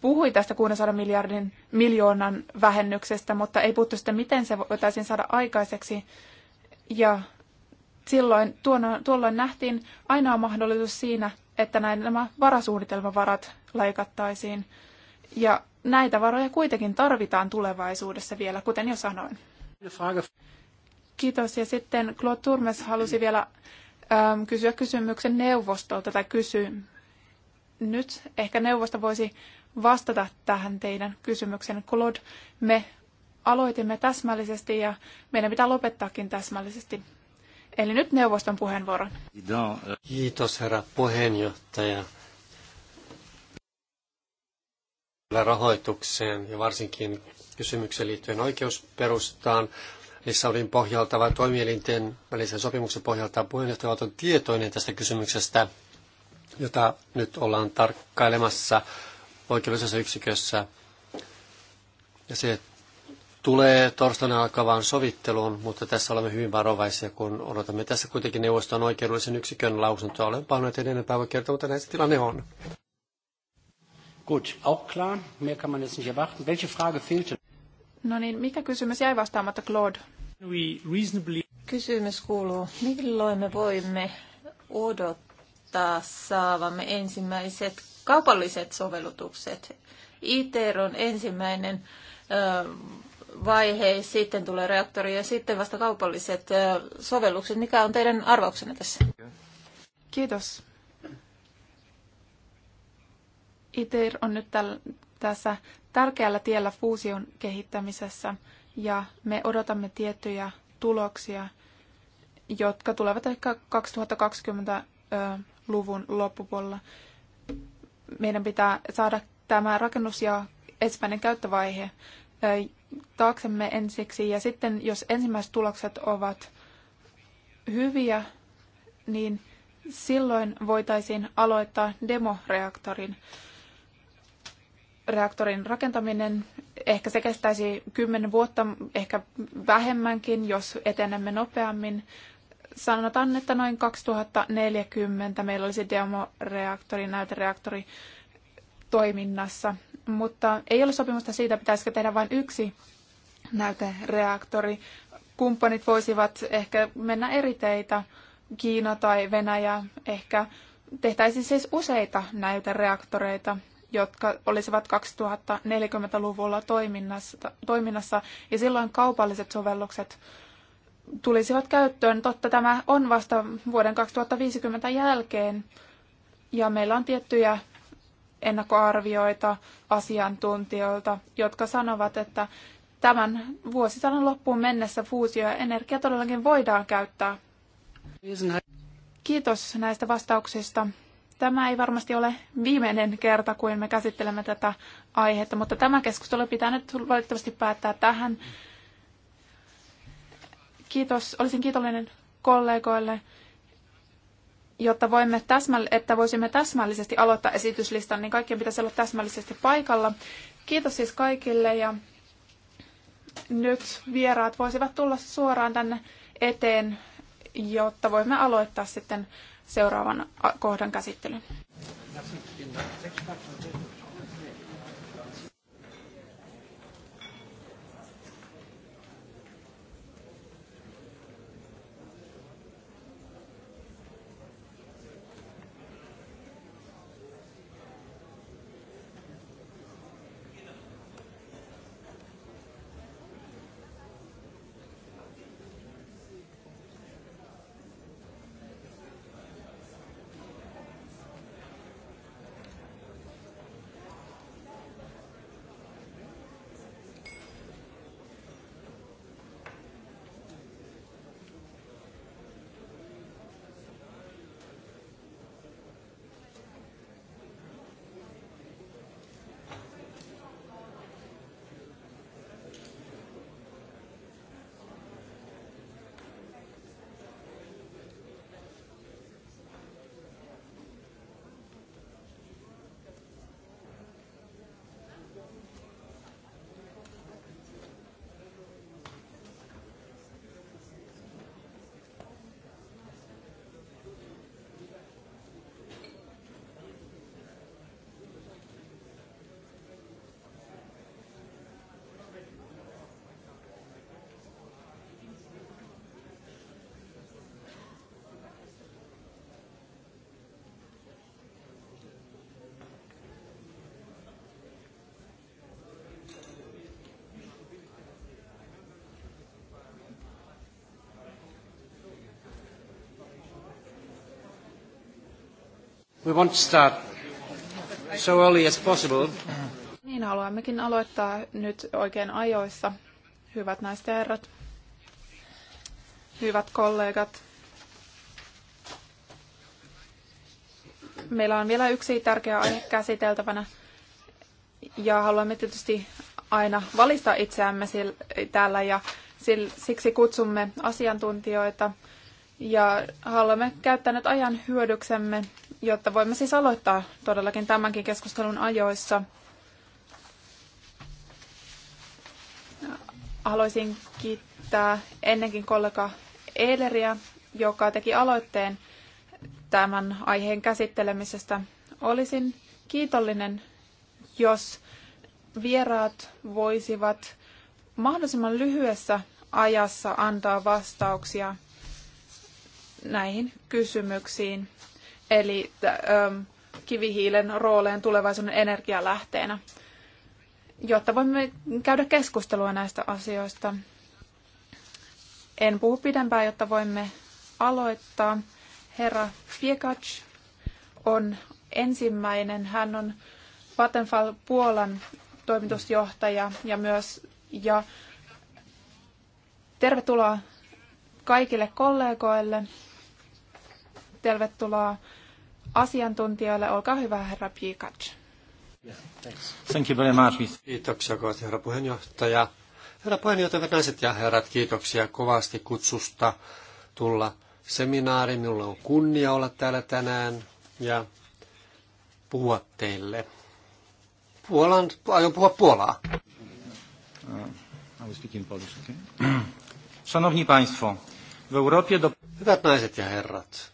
puhui tästä 600 miljardin miljoonan vähennyksestä, mutta ei puhuttu sitä, miten se voitaisiin saada aikaiseksi. Ja silloin, tuona, tuolloin nähtiin ainoa mahdollisuus siinä, että näin nämä varasuunnitelmavarat leikattaisiin. Ja näitä varoja kuitenkin tarvitaan tulevaisuudessa vielä, kuten jo sanoin. Kiitos. Ja sitten Claude Turmes halusi vielä äm, kysyä kysymyksen neuvostolta tai kysy. Nyt ehkä neuvosto voisi vastata tähän teidän kysymykseen. Claude, me aloitimme täsmällisesti ja meidän pitää lopettaakin täsmällisesti. Eli nyt neuvoston puheenvuoron. Kiitos herra puheenjohtaja. Rahoitukseen ja varsinkin kysymykseen liittyen oikeusperustaan Lissabonin pohjalta vai toimielinten välisen sopimuksen pohjalta puheenjohtaja on tietoinen tästä kysymyksestä, jota nyt ollaan tarkkailemassa oikeudellisessa yksikössä. Ja se, tulee torstaina alkavaan sovitteluun, mutta tässä olemme hyvin varovaisia, kun odotamme tässä kuitenkin neuvoston oikeudellisen yksikön lausuntoa. Olen pahoin, että en enempää voi kertoa, mutta näin se tilanne on. Gut, auch klar. Mehr kann man jetzt nicht erwarten. Welche Frage fehlte? No niin, mikä kysymys jäi vastaamatta, Claude? We reasonably... Kysymys kuuluu, milloin me voimme odottaa saavamme ensimmäiset kaupalliset sovellutukset? ITER on ensimmäinen vaihe, sitten tulee reaktori ja sitten vasta kaupalliset sovellukset. Mikä on teidän arvauksenne tässä? Kiitos. ITER on nyt täl- tässä tärkeällä tiellä fuusion kehittämisessä ja me odotamme tiettyjä tuloksia, jotka tulevat ehkä 2020-luvun loppupuolella. Meidän pitää saada tämä rakennus ja ensimmäinen käyttövaihe taaksemme ensiksi. Ja sitten, jos ensimmäiset tulokset ovat hyviä, niin silloin voitaisiin aloittaa demoreaktorin reaktorin rakentaminen. Ehkä se kestäisi kymmenen vuotta, ehkä vähemmänkin, jos etenemme nopeammin. Sanotaan, että noin 2040 meillä olisi demoreaktori, näytereaktori toiminnassa, mutta ei ole sopimusta siitä, pitäisikö tehdä vain yksi näytereaktori. Kumppanit voisivat ehkä mennä eri teitä, Kiina tai Venäjä, ehkä tehtäisiin siis useita näytereaktoreita, jotka olisivat 2040-luvulla toiminnassa, toiminnassa, ja silloin kaupalliset sovellukset tulisivat käyttöön. Totta tämä on vasta vuoden 2050 jälkeen, ja meillä on tiettyjä ennakkoarvioita asiantuntijoilta, jotka sanovat, että tämän vuosisadan loppuun mennessä fuusio ja energia todellakin voidaan käyttää. Kiitos näistä vastauksista. Tämä ei varmasti ole viimeinen kerta, kuin me käsittelemme tätä aihetta, mutta tämä keskustelu pitää nyt valitettavasti päättää tähän. Kiitos, olisin kiitollinen kollegoille jotta voimme täsmäll- että voisimme täsmällisesti aloittaa esityslistan, niin kaikkien pitäisi olla täsmällisesti paikalla. Kiitos siis kaikille ja nyt vieraat voisivat tulla suoraan tänne eteen, jotta voimme aloittaa sitten seuraavan kohdan käsittelyn. We want to start so early as possible. Niin haluammekin aloittaa nyt oikein ajoissa. Hyvät naiset ja herrat, hyvät kollegat. Meillä on vielä yksi tärkeä aihe käsiteltävänä ja haluamme tietysti aina valistaa itseämme täällä ja siksi kutsumme asiantuntijoita ja haluamme käyttää nyt ajan hyödyksemme jotta voimme siis aloittaa todellakin tämänkin keskustelun ajoissa. Haluaisin kiittää ennenkin kollega Eileriä, joka teki aloitteen tämän aiheen käsittelemisestä. Olisin kiitollinen, jos vieraat voisivat mahdollisimman lyhyessä ajassa antaa vastauksia näihin kysymyksiin eli ähm, kivihiilen rooleen tulevaisuuden energialähteenä, jotta voimme käydä keskustelua näistä asioista. En puhu pidempään, jotta voimme aloittaa. Herra Fiekac on ensimmäinen. Hän on Vattenfall Puolan toimitusjohtaja ja myös ja tervetuloa kaikille kollegoille. Tervetuloa asiantuntijoille. Olkaa hyvä, herra Pikac. Thank you very much. Kiitoksia kovasti, herra puheenjohtaja. Herra puheenjohtaja, naiset ja herrat, kiitoksia kovasti kutsusta tulla seminaariin. Minulla on kunnia olla täällä tänään ja puhua teille. Puolan, aion puhua Puolaa. Uh, *clears throat* Szanowni Państwo, w Europie do... Hyvät naiset ja herrat,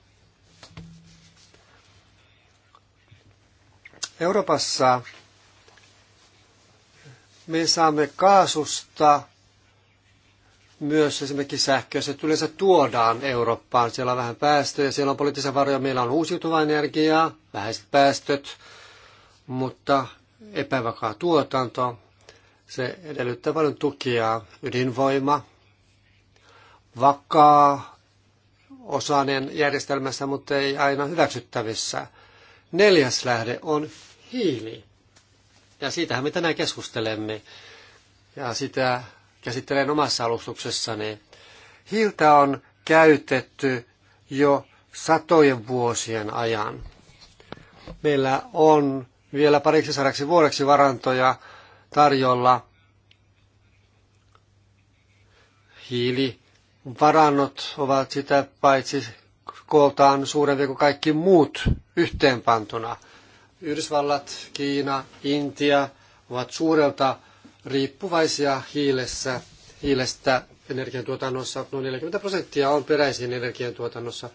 Euroopassa me saamme kaasusta myös esimerkiksi se yleensä tuodaan Eurooppaan. Siellä on vähän päästöjä, siellä on poliittisia varoja, meillä on uusiutuvaa energiaa, vähäiset päästöt, mutta epävakaa tuotanto. Se edellyttää paljon tukia, ydinvoima, vakaa osainen järjestelmässä, mutta ei aina hyväksyttävissä neljäs lähde on hiili. Ja siitähän me tänään keskustelemme. Ja sitä käsittelen omassa alustuksessani. Hiiltä on käytetty jo satojen vuosien ajan. Meillä on vielä pariksi sadaksi vuodeksi varantoja tarjolla. Hiilivarannot ovat sitä paitsi kooltaan suurempi kuin kaikki muut yhteenpantuna. Yhdysvallat, Kiina, Intia ovat suurelta riippuvaisia hiilessä, hiilestä energiantuotannossa. Noin 40 prosenttia on peräisin energiantuotannossa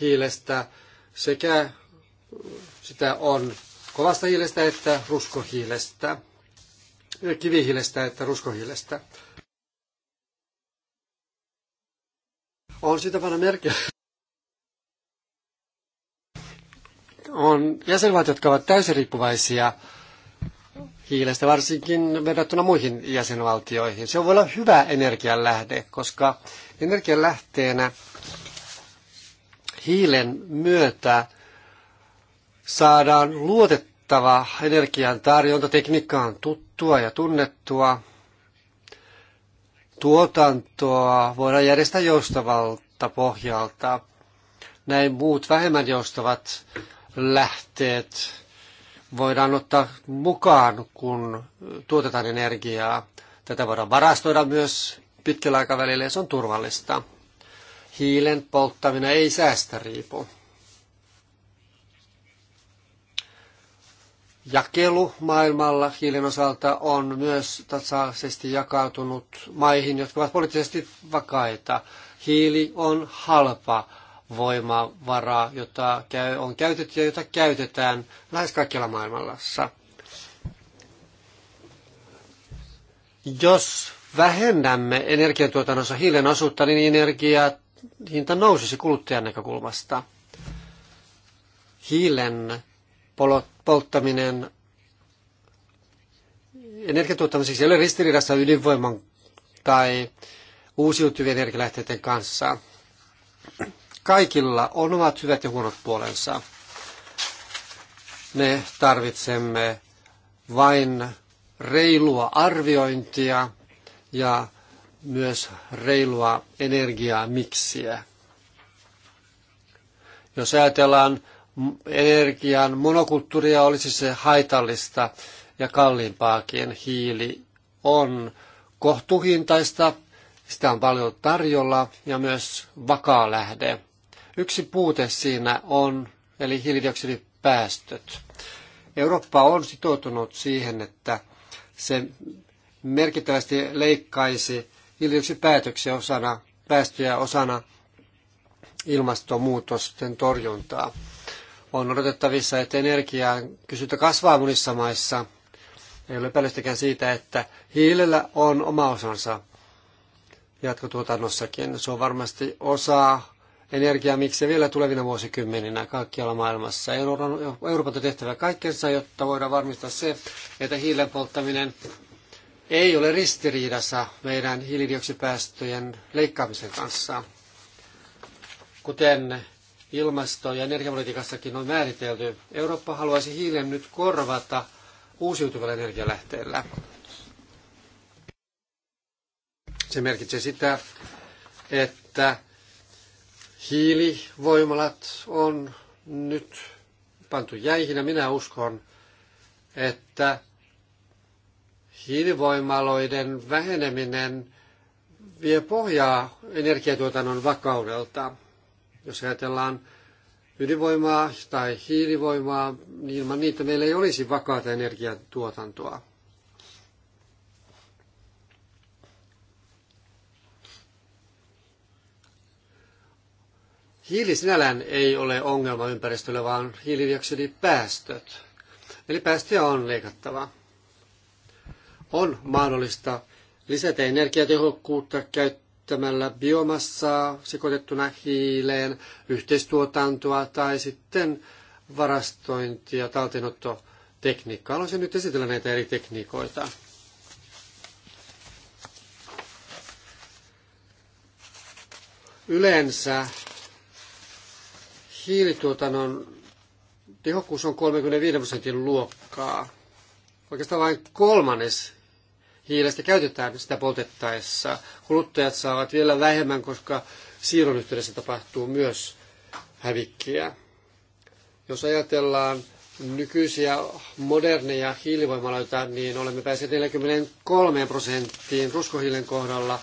hiilestä sekä sitä on kovasta hiilestä että ruskohiilestä, kivihiilestä että ruskohiilestä. On sitä vain merkille, on jäsenvaltiot, jotka ovat täysin riippuvaisia hiilestä, varsinkin verrattuna muihin jäsenvaltioihin. Se voi olla hyvä energianlähde, koska energianlähteenä hiilen myötä saadaan luotettava energian tarjonta. Tekniikka on tuttua ja tunnettua. Tuotantoa voidaan järjestää joustavalta pohjalta. Näin muut vähemmän joustavat lähteet voidaan ottaa mukaan, kun tuotetaan energiaa. Tätä voidaan varastoida myös pitkällä aikavälillä ja se on turvallista. Hiilen polttaminen ei säästä riipu. Jakelu maailmalla hiilen osalta on myös tasaisesti jakautunut maihin, jotka ovat poliittisesti vakaita. Hiili on halpa voimavaraa, jota on käytetty ja jota käytetään lähes kaikkialla maailmassa. Jos vähennämme energiantuotannossa hiilen osuutta, niin energia hinta nousisi kuluttajan näkökulmasta. Hiilen polttaminen energiatuottamiseksi ei ole ristiriidassa ydinvoiman tai uusiutuvien energialähteiden kanssa. Kaikilla on omat hyvät ja huonot puolensa. Me tarvitsemme vain reilua arviointia ja myös reilua energiaa miksiä. Jos ajatellaan energian monokulttuuria, olisi se haitallista ja kalliimpaakin. Hiili on kohtuhintaista, sitä on paljon tarjolla ja myös vakaa lähde. Yksi puute siinä on, eli hiilidioksidipäästöt. Eurooppa on sitoutunut siihen, että se merkittävästi leikkaisi hiilidioksidipäätöksiä osana päästöjä osana ilmastonmuutosten torjuntaa. On odotettavissa, että energian kysyntä kasvaa monissa maissa. Ei ole epäilystäkään siitä, että hiilellä on oma osansa jatkotuotannossakin. Se on varmasti osa energiamiksiä vielä tulevina vuosikymmeninä kaikkialla maailmassa. Euroopan, Euroopan on tehtävä kaikkensa, jotta voidaan varmistaa se, että hiilen polttaminen ei ole ristiriidassa meidän hiilidioksipäästöjen leikkaamisen kanssa. Kuten ilmasto- ja energiapolitiikassakin on määritelty, Eurooppa haluaisi hiilen nyt korvata uusiutuvalla energialähteellä. Se merkitsee sitä, että Hiilivoimalat on nyt pantu jäihin ja minä uskon, että hiilivoimaloiden väheneminen vie pohjaa energiatuotannon vakaudelta. Jos ajatellaan ydinvoimaa tai hiilivoimaa, niin ilman niitä meillä ei olisi vakaata energiatuotantoa. Hiili sinällään ei ole ongelma ympäristölle, vaan hiilidioksidipäästöt. Eli päästöjä on leikattava. On mahdollista lisätä energiatehokkuutta käyttämällä biomassaa sekoitettuna hiileen, yhteistuotantoa tai sitten varastointi- ja talteenottotekniikkaa. Haluaisin nyt esitellä näitä eri tekniikoita. Yleensä hiilituotannon tehokkuus on 35 prosentin luokkaa. Oikeastaan vain kolmannes hiilestä käytetään sitä poltettaessa. Kuluttajat saavat vielä vähemmän, koska siirron yhteydessä tapahtuu myös hävikkiä. Jos ajatellaan nykyisiä moderneja hiilivoimaloita, niin olemme päässeet 43 prosenttiin ruskohiilen kohdalla,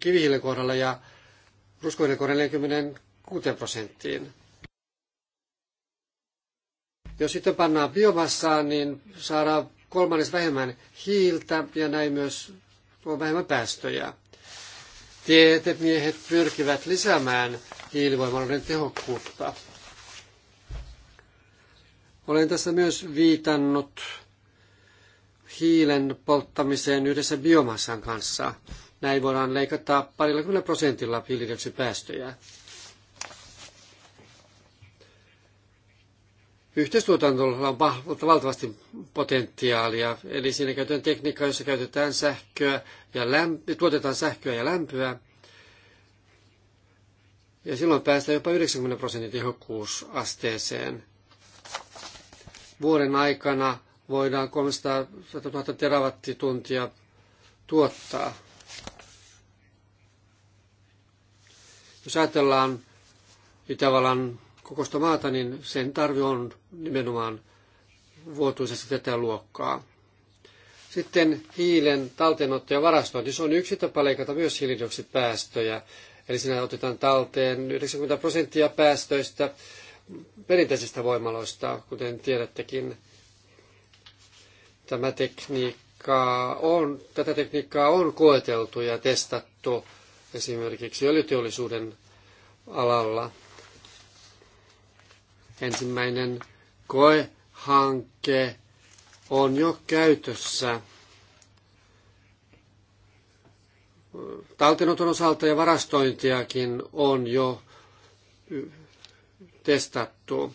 kivihiilen kohdalla ja ruskohiilen kohdalla 6 prosenttiin. Jos sitten pannaan biomassaa, niin saadaan kolmannes vähemmän hiiltä ja näin myös on vähemmän päästöjä. Tietemiehet pyrkivät lisäämään hiilivoimaloiden tehokkuutta. Olen tässä myös viitannut hiilen polttamiseen yhdessä biomassan kanssa. Näin voidaan leikata parilla prosentilla hiilidioksidipäästöjä. päästöjä. Yhteistuotannolla on valtavasti potentiaalia, eli siinä käytetään tekniikkaa, jossa käytetään sähköä ja lämpöä. tuotetaan sähköä ja lämpöä. Ja silloin päästään jopa 90 prosentin tehokkuusasteeseen. Vuoden aikana voidaan 300 000 terawattituntia tuottaa. Jos ajatellaan Itävallan kokoista maata, niin sen tarve on nimenomaan vuotuisesti tätä luokkaa. Sitten hiilen talteenotto ja varastointi. Se on yksi tapa leikata myös hiilidioksidipäästöjä. Eli siinä otetaan talteen 90 prosenttia päästöistä perinteisistä voimaloista, kuten tiedättekin. Tämä tekniikka on, tätä tekniikkaa on koeteltu ja testattu esimerkiksi öljyteollisuuden alalla. Ensimmäinen koehanke on jo käytössä talteenoton osalta ja varastointiakin on jo testattu.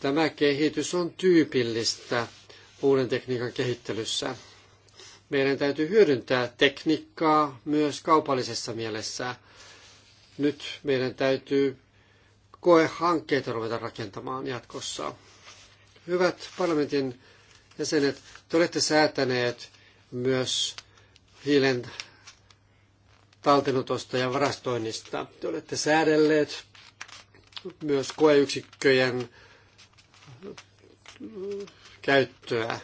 Tämä kehitys on tyypillistä uuden tekniikan kehittelyssä. Meidän täytyy hyödyntää tekniikkaa myös kaupallisessa mielessä. Nyt meidän täytyy koehankkeita ruveta rakentamaan jatkossa. Hyvät parlamentin jäsenet, te olette säätäneet myös hiilen taltenutosta ja varastoinnista. Te olette säädelleet myös koeyksikköjen käyttöä.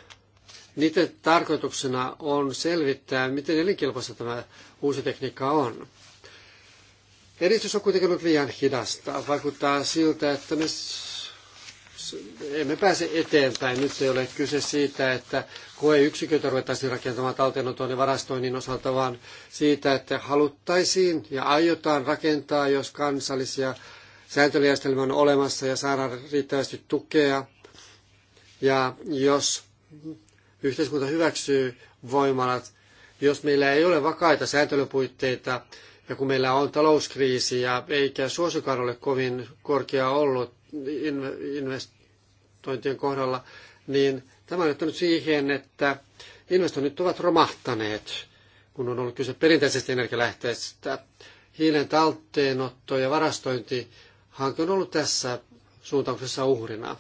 Niiden tarkoituksena on selvittää, miten elinkelpoista tämä uusi tekniikka on. Edistys on kuitenkin ollut liian hidasta. Vaikuttaa siltä, että me emme pääse eteenpäin. Nyt ei ole kyse siitä, että koeyksiköitä ruvettaisiin rakentamaan talteenoton ja varastoinnin osalta, vaan siitä, että haluttaisiin ja aiotaan rakentaa, jos kansallisia sääntelyjärjestelmiä on olemassa ja saadaan riittävästi tukea. Ja jos yhteiskunta hyväksyy voimalat, jos meillä ei ole vakaita sääntelypuitteita, ja kun meillä on talouskriisi ja eikä suosikaan ole kovin korkea ollut investointien kohdalla, niin tämä on johtanut siihen, että investoinnit ovat romahtaneet, kun on ollut kyse perinteisestä energialähteestä. Hiilen talteenotto ja varastointi on ollut tässä suuntauksessa uhrina.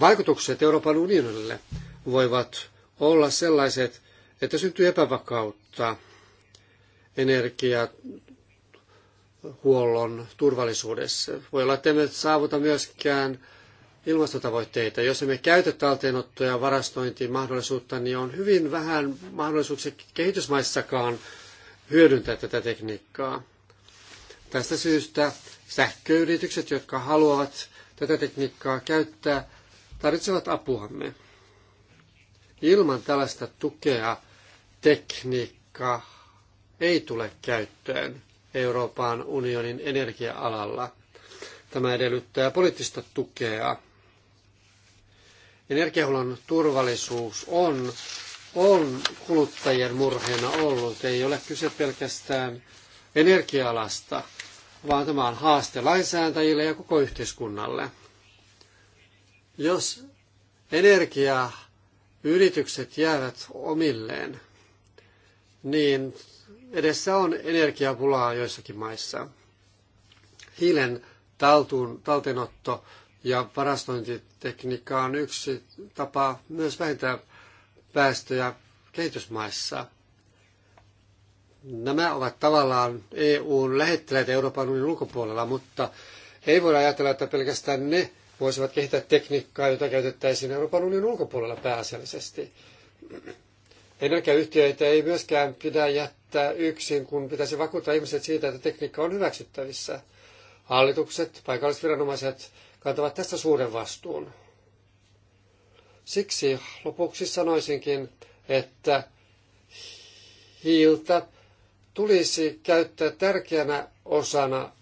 Vaikutukset Euroopan unionille voivat olla sellaiset, että syntyy epävakautta energiahuollon turvallisuudessa. Voi olla, että emme saavuta myöskään ilmastotavoitteita. Jos emme käytä talteenottoa ja varastointimahdollisuutta, mahdollisuutta, niin on hyvin vähän mahdollisuuksia kehitysmaissakaan hyödyntää tätä tekniikkaa. Tästä syystä sähköyritykset, jotka haluavat tätä tekniikkaa käyttää, tarvitsevat apuamme. Ilman tällaista tukea tekniikka ei tule käyttöön Euroopan unionin energia-alalla. Tämä edellyttää poliittista tukea. Energiahuollon turvallisuus on, on kuluttajien murheena ollut. Ei ole kyse pelkästään energia-alasta, vaan tämä on haaste lainsäätäjille ja koko yhteiskunnalle. Jos energiayritykset jäävät omilleen, niin edessä on energiapulaa joissakin maissa. Hiilen taltuun, talteenotto ja varastointitekniikka on yksi tapa myös vähentää päästöjä kehitysmaissa. Nämä ovat tavallaan EUn lähettiläitä Euroopan unionin ulkopuolella, mutta ei voida ajatella, että pelkästään ne voisivat kehittää tekniikkaa, jota käytettäisiin Euroopan unionin ulkopuolella pääasiallisesti. Energiayhtiöitä ei myöskään pidä jättää yksin, kun pitäisi vakuuttaa ihmiset siitä, että tekniikka on hyväksyttävissä. Hallitukset, paikallisviranomaiset kantavat tästä suuren vastuun. Siksi lopuksi sanoisinkin, että hiiltä tulisi käyttää tärkeänä osana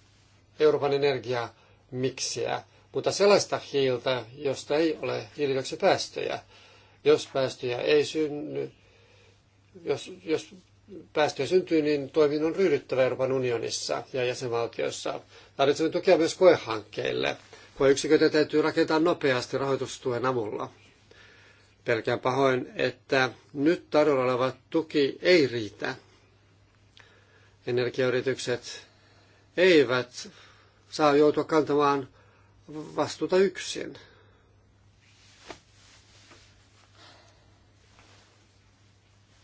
Euroopan energiamiksiä, mutta sellaista hiiltä, josta ei ole hiilidioksidipäästöjä. Jos päästöjä ei synny, jos, jos päästöjä syntyy, niin toimin on ryhdyttävä Euroopan unionissa ja jäsenvaltioissa. Tarvitsemme tukea myös koehankkeille. Koeyksiköitä täytyy rakentaa nopeasti rahoitustuen avulla. Pelkään pahoin, että nyt tarjolla oleva tuki ei riitä. Energiayritykset eivät saa joutua kantamaan vastuuta yksin.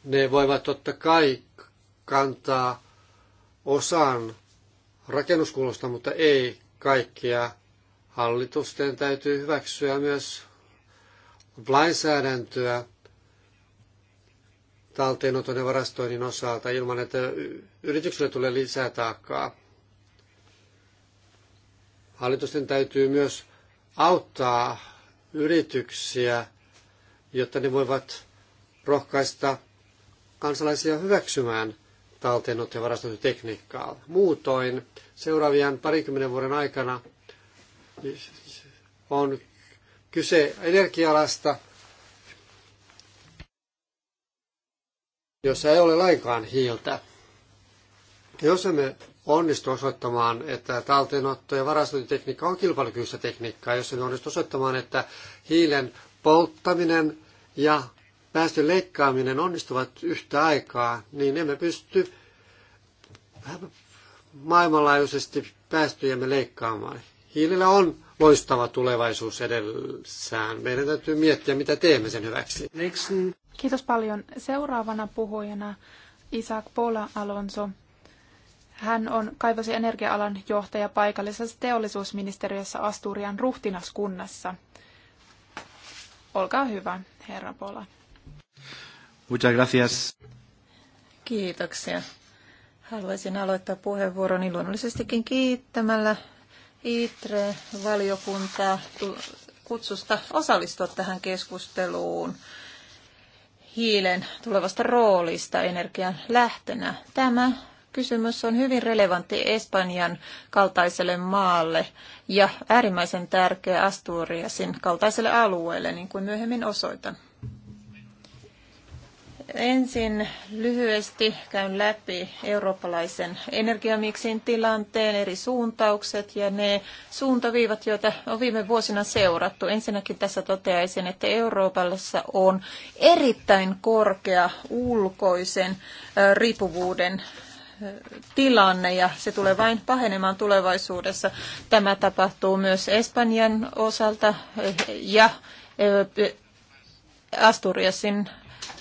ne voivat totta kai kantaa osan rakennuskulusta, mutta ei kaikkia. Hallitusten täytyy hyväksyä myös lainsäädäntöä talteenoton ja varastoinnin osalta ilman, että yritykselle tulee lisää taakkaa. Hallitusten täytyy myös auttaa yrityksiä, jotta ne voivat rohkaista kansalaisia hyväksymään talteenotto- ja varastointitekniikkaa. Muutoin seuraavien parikymmenen vuoden aikana on kyse energialasta, jossa ei ole lainkaan hiiltä. Jos emme onnistu osoittamaan, että talteenotto- ja varastointitekniikka on kilpailukykyistä tekniikkaa, jos emme onnistu osoittamaan, että hiilen polttaminen ja päästön leikkaaminen onnistuvat yhtä aikaa, niin emme pysty maailmanlaajuisesti päästöjämme leikkaamaan. Hiilillä on loistava tulevaisuus edessään. Meidän täytyy miettiä, mitä teemme sen hyväksi. Kiitos paljon. Seuraavana puhujana Isaac Pola Alonso. Hän on kaivos- ja energia-alan johtaja paikallisessa teollisuusministeriössä Asturian ruhtinaskunnassa. Olkaa hyvä, herra Pola. Muchas gracias. Kiitoksia. Haluaisin aloittaa puheenvuoroni luonnollisestikin kiittämällä ITRE-valiokuntaa kutsusta osallistua tähän keskusteluun hiilen tulevasta roolista energian lähteenä. Tämä kysymys on hyvin relevantti Espanjan kaltaiselle maalle ja äärimmäisen tärkeä Asturiasin kaltaiselle alueelle, niin kuin myöhemmin osoitan. Ensin lyhyesti käyn läpi eurooppalaisen energiamiksin tilanteen eri suuntaukset ja ne suuntaviivat, joita on viime vuosina seurattu. Ensinnäkin tässä toteaisin, että Euroopassa on erittäin korkea ulkoisen riippuvuuden tilanne ja se tulee vain pahenemaan tulevaisuudessa. Tämä tapahtuu myös Espanjan osalta ja Asturiasin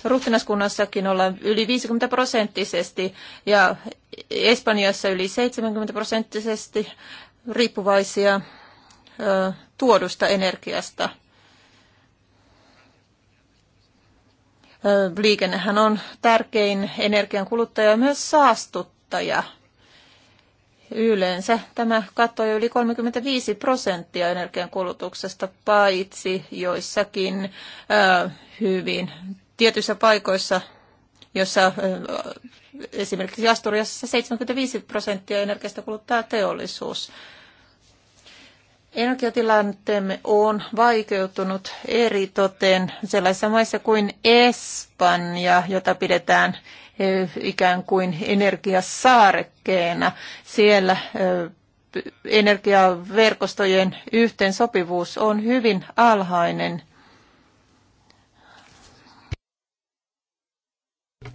ruhtinaskunnassakin ollaan yli 50 prosenttisesti ja Espanjassa yli 70 prosenttisesti riippuvaisia ö, tuodusta energiasta. Ö, liikennehän on tärkein energian kuluttaja ja myös saastuttaja. Yleensä tämä kattoi yli 35 prosenttia energiankulutuksesta, paitsi joissakin ö, hyvin tietyissä paikoissa, jossa esimerkiksi Asturiassa 75 prosenttia energiasta kuluttaa teollisuus. Energiatilanteemme on vaikeutunut eri toteen sellaisissa maissa kuin Espanja, jota pidetään ikään kuin energiasaarekkeena. Siellä energiaverkostojen yhteensopivuus on hyvin alhainen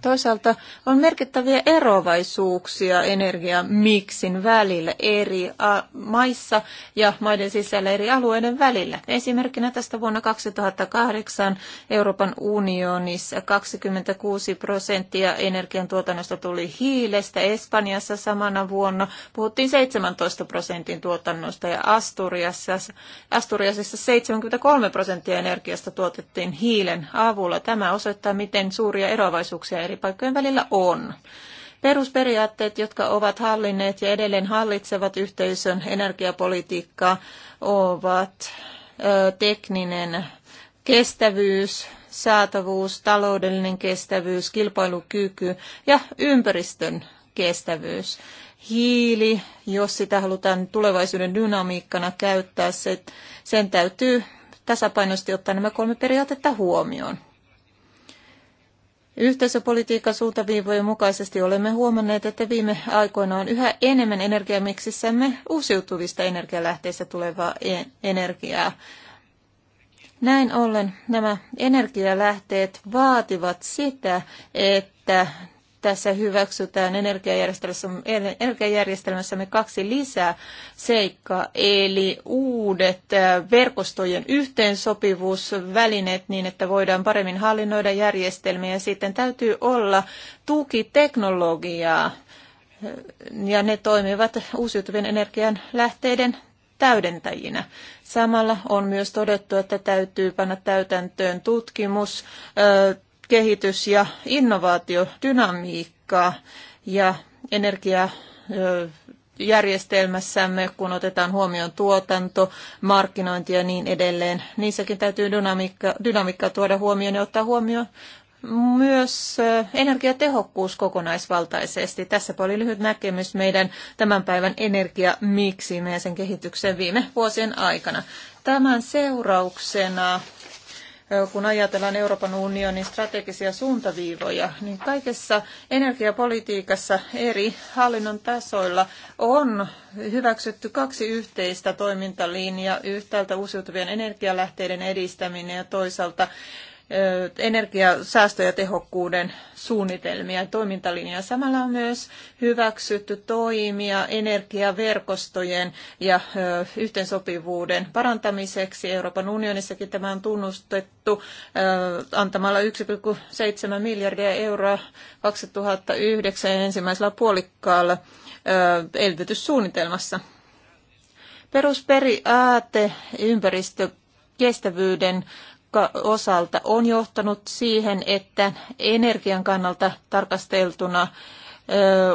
Toisaalta on merkittäviä eroavaisuuksia energiamiksin välillä eri maissa ja maiden sisällä eri alueiden välillä. Esimerkkinä tästä vuonna 2008 Euroopan unionissa 26 prosenttia energiantuotannosta tuli hiilestä. Espanjassa samana vuonna puhuttiin 17 prosentin tuotannosta ja Asturiassa, Asturiasissa 73 prosenttia energiasta tuotettiin hiilen avulla. Tämä osoittaa, miten suuria eroavaisuuksia eri paikkojen välillä on. Perusperiaatteet, jotka ovat hallinneet ja edelleen hallitsevat yhteisön energiapolitiikkaa, ovat tekninen kestävyys, saatavuus, taloudellinen kestävyys, kilpailukyky ja ympäristön kestävyys. Hiili, jos sitä halutaan tulevaisuuden dynamiikkana käyttää, sen täytyy tasapainoisesti ottaa nämä kolme periaatetta huomioon. Yhteisöpolitiikan suuntaviivojen mukaisesti olemme huomanneet, että viime aikoina on yhä enemmän energiamiksissämme uusiutuvista energialähteistä tulevaa e- energiaa. Näin ollen nämä energialähteet vaativat sitä, että tässä hyväksytään energiajärjestelmässämme kaksi lisää seikkaa, eli uudet äh, verkostojen yhteensopivuusvälineet niin, että voidaan paremmin hallinnoida järjestelmiä ja sitten täytyy olla tukiteknologiaa ja ne toimivat uusiutuvien energian lähteiden täydentäjinä. Samalla on myös todettu, että täytyy panna täytäntöön tutkimus, kehitys- ja innovaatiodynamiikkaa ja energiajärjestelmässämme, kun otetaan huomioon tuotanto, markkinointi ja niin edelleen. Niissäkin täytyy dynamiikka, dynamiikkaa tuoda huomioon ja ottaa huomioon myös energiatehokkuus kokonaisvaltaisesti. Tässä oli lyhyt näkemys meidän tämän päivän energia ja sen kehitykseen viime vuosien aikana. Tämän seurauksena kun ajatellaan Euroopan unionin strategisia suuntaviivoja, niin kaikessa energiapolitiikassa eri hallinnon tasoilla on hyväksytty kaksi yhteistä toimintalinjaa, yhtäältä uusiutuvien energialähteiden edistäminen ja toisaalta energiasäästö- ja tehokkuuden suunnitelmia ja toimintalinjaa. Samalla on myös hyväksytty toimia energiaverkostojen ja yhteensopivuuden parantamiseksi. Euroopan unionissakin tämä on tunnustettu antamalla 1,7 miljardia euroa 2009 ensimmäisellä puolikkaalla elvytyssuunnitelmassa. Perusperiaate ympäristö kestävyyden osalta on johtanut siihen, että energian kannalta tarkasteltuna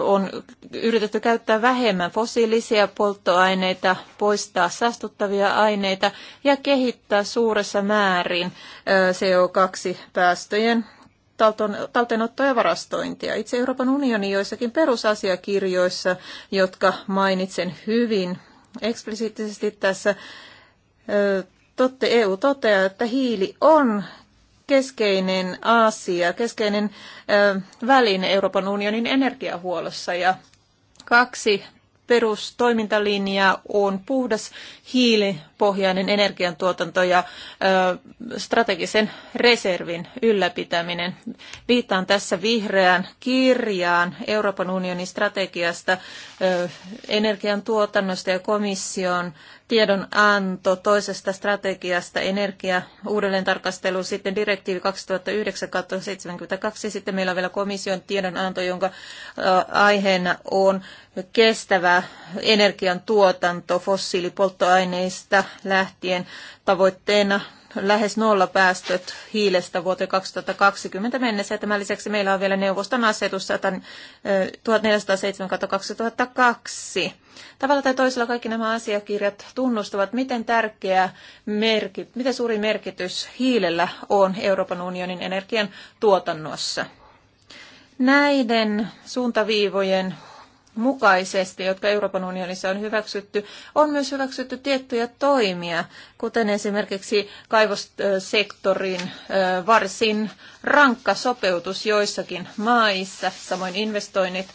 on yritetty käyttää vähemmän fossiilisia polttoaineita, poistaa saastuttavia aineita ja kehittää suuressa määrin CO2-päästöjen talteenottoa ja varastointia. Itse Euroopan unionin joissakin perusasiakirjoissa, jotka mainitsen hyvin eksplisiittisesti tässä totte, EU toteaa, että hiili on keskeinen asia, keskeinen väline Euroopan unionin energiahuollossa ja kaksi perustoimintalinjaa on puhdas hiilipohjainen energiantuotanto ja ö, strategisen reservin ylläpitäminen. Viittaan tässä vihreään kirjaan Euroopan unionin strategiasta ö, energiantuotannosta ja komission tiedonanto toisesta strategiasta energia uudelleen tarkastelu, sitten direktiivi 2009-72, sitten meillä on vielä komission tiedonanto, jonka aiheena on kestävä energian tuotanto fossiilipolttoaineista lähtien tavoitteena lähes nolla päästöt hiilestä vuoteen 2020 mennessä. Ja tämän lisäksi meillä on vielä neuvoston asetus 1407-2002. Tavalla tai toisella kaikki nämä asiakirjat tunnustavat, miten tärkeä merki, miten suuri merkitys hiilellä on Euroopan unionin energian tuotannossa. Näiden suuntaviivojen mukaisesti, jotka Euroopan unionissa on hyväksytty, on myös hyväksytty tiettyjä toimia, kuten esimerkiksi kaivossektorin varsin rankka sopeutus joissakin maissa, samoin investoinnit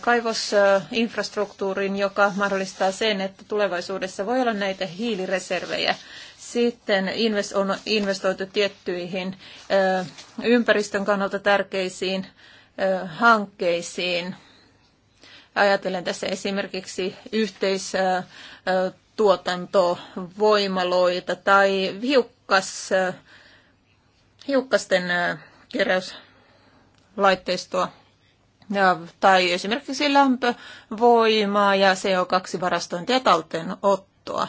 kaivosinfrastruktuuriin, joka mahdollistaa sen, että tulevaisuudessa voi olla näitä hiilireservejä. Sitten on investoitu tiettyihin ympäristön kannalta tärkeisiin hankkeisiin Ajatellen tässä esimerkiksi yhteistuotantovoimaloita tai hiukkas, hiukkasten keräyslaitteistoa ja, tai esimerkiksi lämpövoimaa ja CO2-varastointia ja talteenottoa.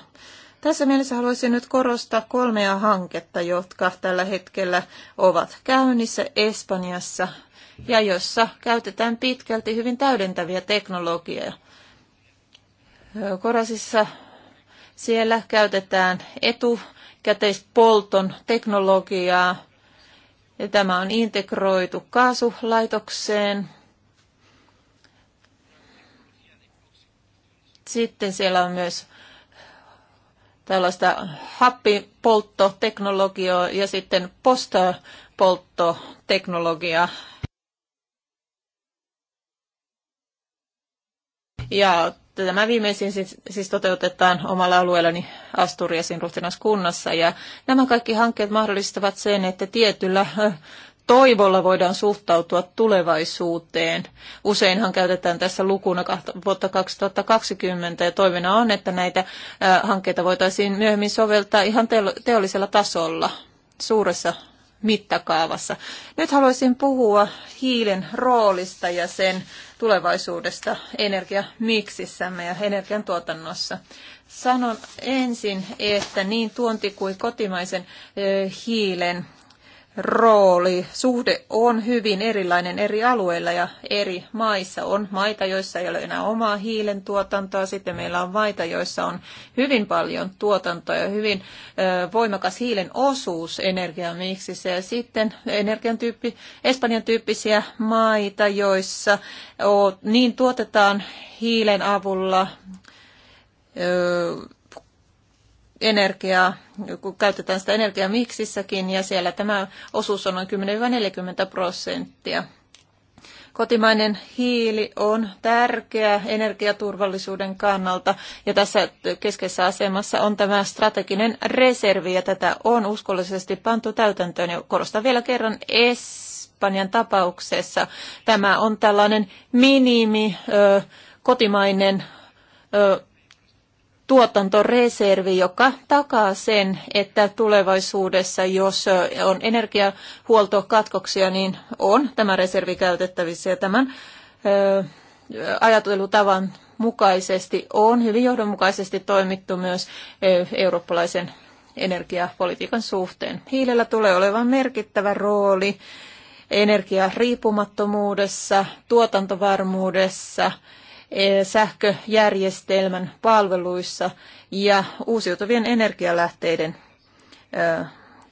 Tässä mielessä haluaisin nyt korostaa kolmea hanketta, jotka tällä hetkellä ovat käynnissä Espanjassa, ja jossa käytetään pitkälti hyvin täydentäviä teknologioita. Korasissa siellä käytetään etukäteispolton teknologiaa ja tämä on integroitu kaasulaitokseen. Sitten siellä on myös tällaista happipolttoteknologiaa ja sitten postapolttoteknologiaa. Ja tämä viimeisin siis, siis toteutetaan omalla alueellani Asturiasin ruhtinaskunnassa. Ja nämä kaikki hankkeet mahdollistavat sen, että tietyllä toivolla voidaan suhtautua tulevaisuuteen. Useinhan käytetään tässä lukuna vuotta 2020 ja toivena on, että näitä hankkeita voitaisiin myöhemmin soveltaa ihan teollisella tasolla suuressa mittakaavassa. Nyt haluaisin puhua hiilen roolista ja sen tulevaisuudesta energiamiksissämme ja energiantuotannossa. Sanon ensin, että niin tuonti kuin kotimaisen hiilen rooli, suhde on hyvin erilainen eri alueilla ja eri maissa. On maita, joissa ei ole enää omaa hiilen tuotantoa, sitten meillä on maita, joissa on hyvin paljon tuotantoa ja hyvin voimakas hiilen osuus energiamiksissä. Ja sitten energian tyyppi, Espanjan tyyppisiä maita, joissa niin tuotetaan hiilen avulla energiaa, kun käytetään sitä energiaa miksissäkin, ja siellä tämä osuus on noin 10-40 prosenttia. Kotimainen hiili on tärkeä energiaturvallisuuden kannalta ja tässä keskeisessä asemassa on tämä strateginen reservi ja tätä on uskollisesti pantu täytäntöön ja korostan vielä kerran Espanjan tapauksessa. Tämä on tällainen minimi ö, kotimainen ö, tuotantoreservi, joka takaa sen, että tulevaisuudessa, jos on energiahuoltokatkoksia, niin on tämä reservi käytettävissä. Ja tämän ajattelutavan mukaisesti on hyvin johdonmukaisesti toimittu myös eurooppalaisen energiapolitiikan suhteen. Hiilellä tulee olevan merkittävä rooli energiariippumattomuudessa, tuotantovarmuudessa, E, sähköjärjestelmän palveluissa ja uusiutuvien energialähteiden e,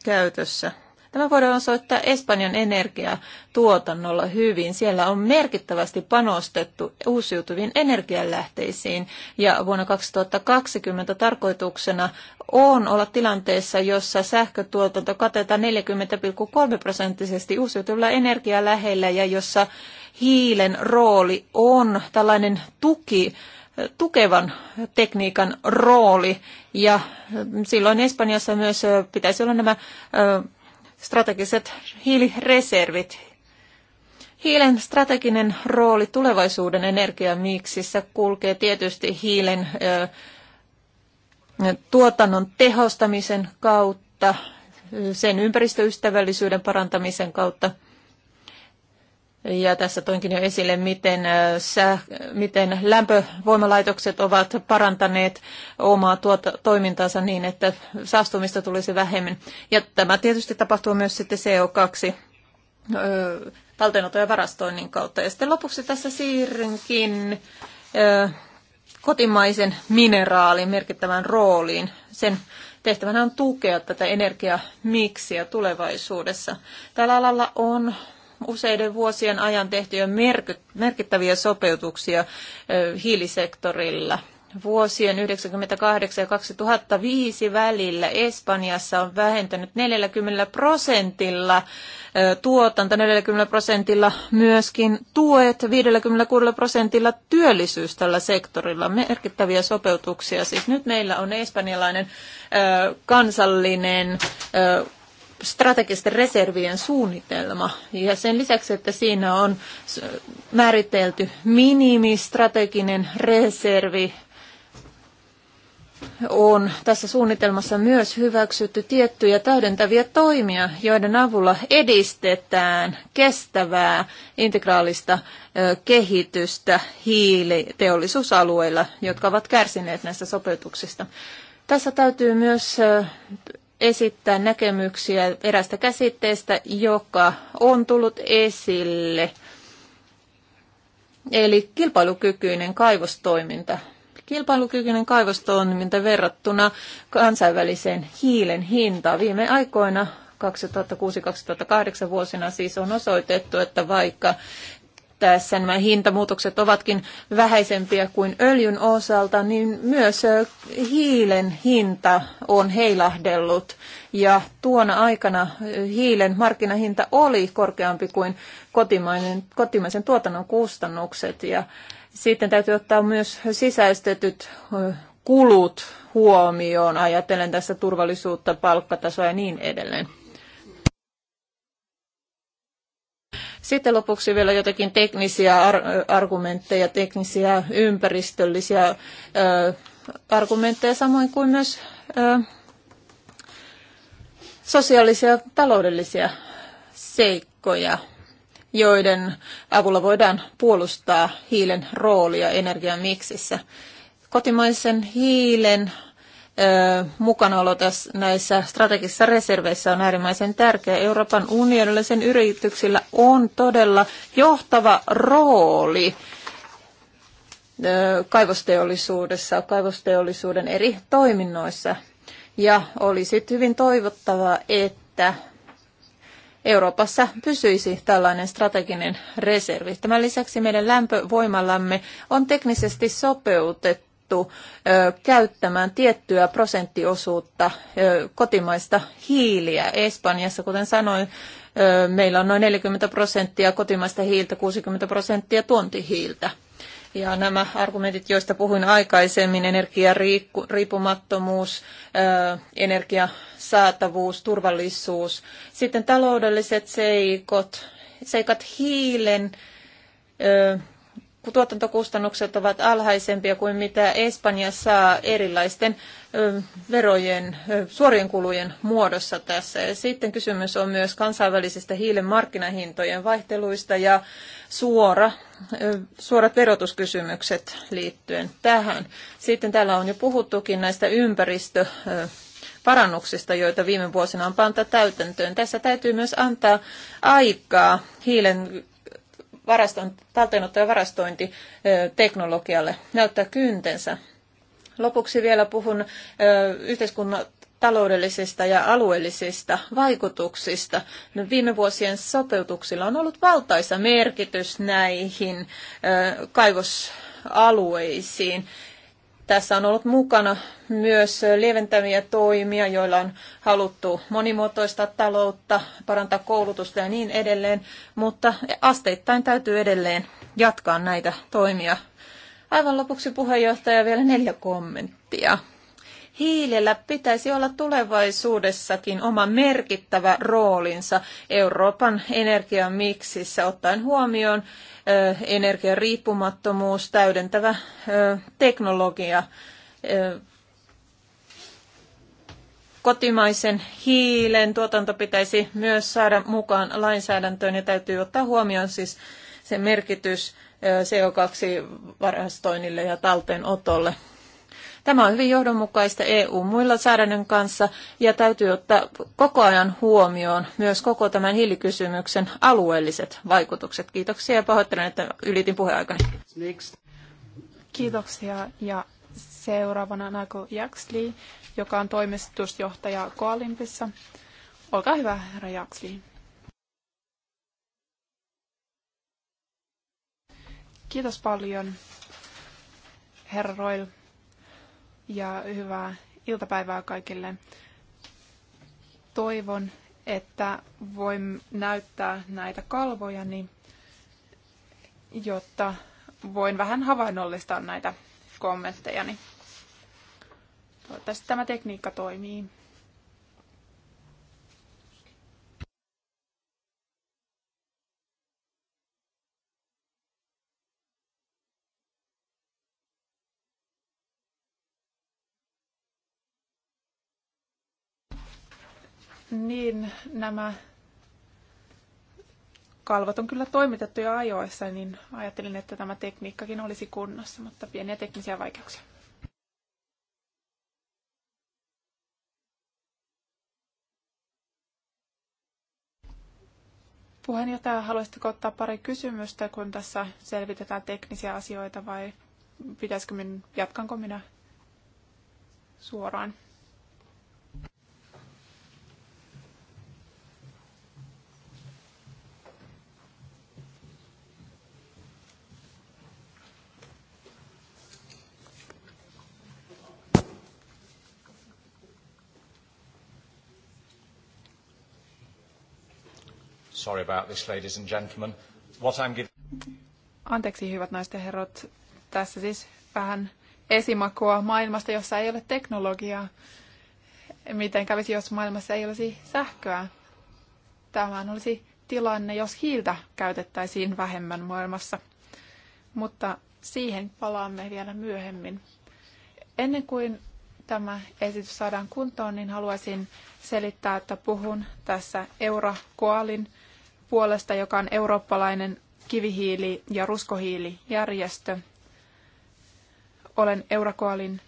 käytössä. Tämä voidaan osoittaa Espanjan energiatuotannolla hyvin. Siellä on merkittävästi panostettu uusiutuviin energialähteisiin ja vuonna 2020 tarkoituksena on olla tilanteessa, jossa sähkötuotanto katetaan 40,3 prosenttisesti uusiutuvilla energialähteillä ja jossa hiilen rooli on tällainen tuki, tukevan tekniikan rooli. Ja mm, silloin Espanjassa myös pitäisi olla nämä strategiset hiilireservit. Hiilen strateginen rooli tulevaisuuden energiamiksissä kulkee tietysti hiilen tuotannon tehostamisen kautta, sen ympäristöystävällisyyden parantamisen kautta – ja tässä toinkin jo esille, miten, sä, miten lämpövoimalaitokset ovat parantaneet omaa tuota, toimintaansa niin, että saastumista tulisi vähemmän. Ja tämä tietysti tapahtuu myös sitten CO2 talteenoton ja varastoinnin kautta. Ja sitten lopuksi tässä siirrynkin ö, kotimaisen mineraalin merkittävän rooliin. Sen tehtävänä on tukea tätä energiamiksiä tulevaisuudessa. Tällä alalla on useiden vuosien ajan tehty jo merkittäviä sopeutuksia hiilisektorilla. Vuosien 1998 ja 2005 välillä Espanjassa on vähentänyt 40 prosentilla tuotanto, 40 prosentilla myöskin tuet, 56 prosentilla työllisyys tällä sektorilla. Merkittäviä sopeutuksia. Siis nyt meillä on espanjalainen kansallinen strategisten reservien suunnitelma. Ja sen lisäksi, että siinä on määritelty minimistrateginen reservi, on tässä suunnitelmassa myös hyväksytty tiettyjä täydentäviä toimia, joiden avulla edistetään kestävää integraalista kehitystä hiiliteollisuusalueilla, jotka ovat kärsineet näistä sopeutuksista. Tässä täytyy myös esittää näkemyksiä erästä käsitteestä, joka on tullut esille. Eli kilpailukykyinen kaivostoiminta. Kilpailukykyinen kaivostoiminta verrattuna kansainväliseen hiilen hintaan. Viime aikoina 2006-2008 vuosina siis on osoitettu, että vaikka tässä nämä hintamuutokset ovatkin vähäisempiä kuin öljyn osalta, niin myös hiilen hinta on heilahdellut. Ja tuona aikana hiilen markkinahinta oli korkeampi kuin kotimainen, kotimaisen tuotannon kustannukset. Ja sitten täytyy ottaa myös sisäistetyt kulut huomioon, ajatellen tässä turvallisuutta, palkkatasoa ja niin edelleen. Sitten lopuksi vielä jotakin teknisiä argumentteja, teknisiä ympäristöllisiä argumentteja, samoin kuin myös sosiaalisia ja taloudellisia seikkoja, joiden avulla voidaan puolustaa hiilen roolia energiamiksissä. Kotimaisen hiilen mukanaolo tässä, näissä strategisissa reserveissä on äärimmäisen tärkeä. Euroopan unionilla sen yrityksillä on todella johtava rooli kaivosteollisuudessa, kaivosteollisuuden eri toiminnoissa. Ja olisi hyvin toivottavaa, että Euroopassa pysyisi tällainen strateginen reservi. Tämän lisäksi meidän lämpövoimallamme on teknisesti sopeutettu sitoutettu käyttämään tiettyä prosenttiosuutta kotimaista hiiliä. Espanjassa, kuten sanoin, meillä on noin 40 prosenttia kotimaista hiiltä, 60 prosenttia tuontihiiltä. Ja nämä argumentit, joista puhuin aikaisemmin, energiariippumattomuus, energiasaatavuus, turvallisuus, sitten taloudelliset seikot, seikat hiilen tuotantokustannukset ovat alhaisempia kuin mitä Espanja saa erilaisten verojen, suorien kulujen muodossa tässä. Ja sitten kysymys on myös kansainvälisistä hiilen markkinahintojen vaihteluista ja suora, suorat verotuskysymykset liittyen tähän. Sitten täällä on jo puhuttukin näistä ympäristö parannuksista, joita viime vuosina on panta täytäntöön. Tässä täytyy myös antaa aikaa hiilen varaston, talteenotto- ja varastointiteknologialle näyttää kyntensä. Lopuksi vielä puhun yhteiskunnan taloudellisista ja alueellisista vaikutuksista. Viime vuosien sopeutuksilla on ollut valtaisa merkitys näihin kaivosalueisiin tässä on ollut mukana myös lieventäviä toimia, joilla on haluttu monimuotoista taloutta, parantaa koulutusta ja niin edelleen, mutta asteittain täytyy edelleen jatkaa näitä toimia. Aivan lopuksi puheenjohtaja vielä neljä kommenttia. Hiilellä pitäisi olla tulevaisuudessakin oma merkittävä roolinsa Euroopan energiamiksissä, ottaen huomioon energian riippumattomuus, täydentävä teknologia, kotimaisen hiilen tuotanto pitäisi myös saada mukaan lainsäädäntöön ja täytyy ottaa huomioon siis se merkitys CO2-varastoinnille ja talteenotolle. Tämä on hyvin johdonmukaista EU muilla säädännön kanssa ja täytyy ottaa koko ajan huomioon myös koko tämän hiilikysymyksen alueelliset vaikutukset. Kiitoksia ja pahoittelen, että ylitin puheaikani. Kiitoksia ja seuraavana Naku Jaksli, joka on toimistusjohtaja Koalimpissa. Olkaa hyvä, herra Jaksli. Kiitos paljon, herra Roil, ja hyvää iltapäivää kaikille. Toivon, että voin näyttää näitä kalvoja, jotta voin vähän havainnollistaa näitä kommenttejani. Toivottavasti tämä tekniikka toimii. niin nämä kalvot on kyllä toimitettu jo ajoissa, niin ajattelin, että tämä tekniikkakin olisi kunnossa, mutta pieniä teknisiä vaikeuksia. Puheenjohtaja, haluaisitko ottaa pari kysymystä, kun tässä selvitetään teknisiä asioita vai pitäisikö minun, jatkanko minä suoraan? Sorry about this, ladies and gentlemen. What I'm giving... Anteeksi, hyvät naiset ja herrat. Tässä siis vähän esimakua maailmasta, jossa ei ole teknologiaa. Miten kävisi, jos maailmassa ei olisi sähköä? Tämä olisi tilanne, jos hiiltä käytettäisiin vähemmän maailmassa. Mutta siihen palaamme vielä myöhemmin. Ennen kuin tämä esitys saadaan kuntoon, niin haluaisin selittää, että puhun tässä Eurakoalin puolesta, joka on eurooppalainen kivihiili- ja ruskohiilijärjestö. Olen Eurokoalin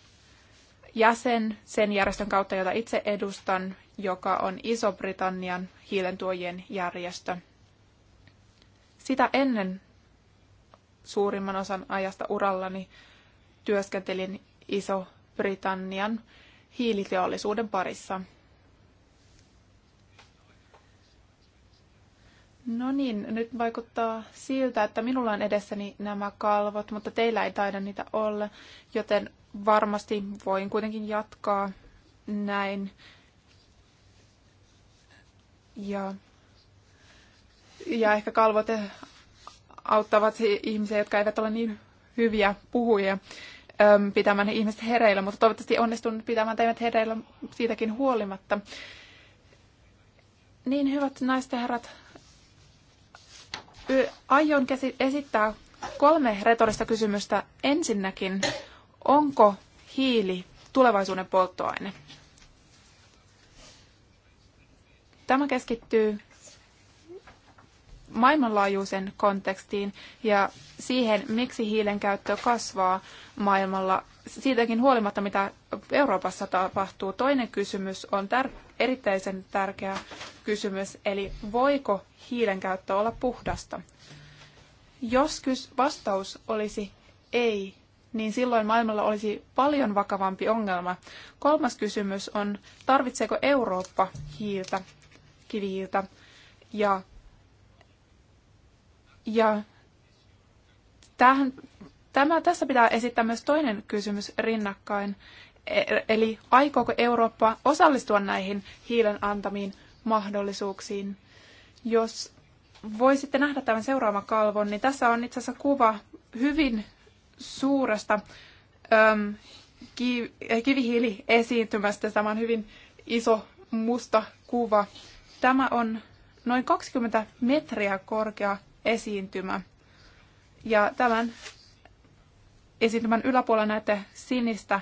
jäsen sen järjestön kautta, jota itse edustan, joka on Iso-Britannian hiilentuojien järjestö. Sitä ennen suurimman osan ajasta urallani työskentelin Iso-Britannian hiiliteollisuuden parissa – No niin, nyt vaikuttaa siltä, että minulla on edessäni nämä kalvot, mutta teillä ei taida niitä olla, joten varmasti voin kuitenkin jatkaa näin. Ja, ja ehkä kalvot auttavat ihmisiä, jotka eivät ole niin hyviä puhujia ähm, pitämään ihmiset hereillä, mutta toivottavasti onnistun pitämään teidät hereillä siitäkin huolimatta. Niin hyvät naiset ja herrat, aion esittää kolme retorista kysymystä. Ensinnäkin, onko hiili tulevaisuuden polttoaine? Tämä keskittyy maailmanlaajuisen kontekstiin ja siihen, miksi hiilen käyttö kasvaa maailmalla siitäkin huolimatta, mitä Euroopassa tapahtuu. Toinen kysymys on tär- erittäin tärkeä kysymys, eli voiko hiilen käyttö olla puhdasta? Jos vastaus olisi ei, niin silloin maailmalla olisi paljon vakavampi ongelma. Kolmas kysymys on, tarvitseeko Eurooppa hiiltä, kivihiiltä? Ja, ja tähän, Tämä, tässä pitää esittää myös toinen kysymys rinnakkain, e, eli aikooko Eurooppa osallistua näihin hiilen antamiin mahdollisuuksiin? Jos voisitte nähdä tämän seuraavan kalvon, niin tässä on itse asiassa kuva hyvin suuresta äm, ki, eh, kivihiiliesiintymästä. Tämä on hyvin iso musta kuva. Tämä on noin 20 metriä korkea esiintymä. Ja tämän esiintymän yläpuolella näette sinistä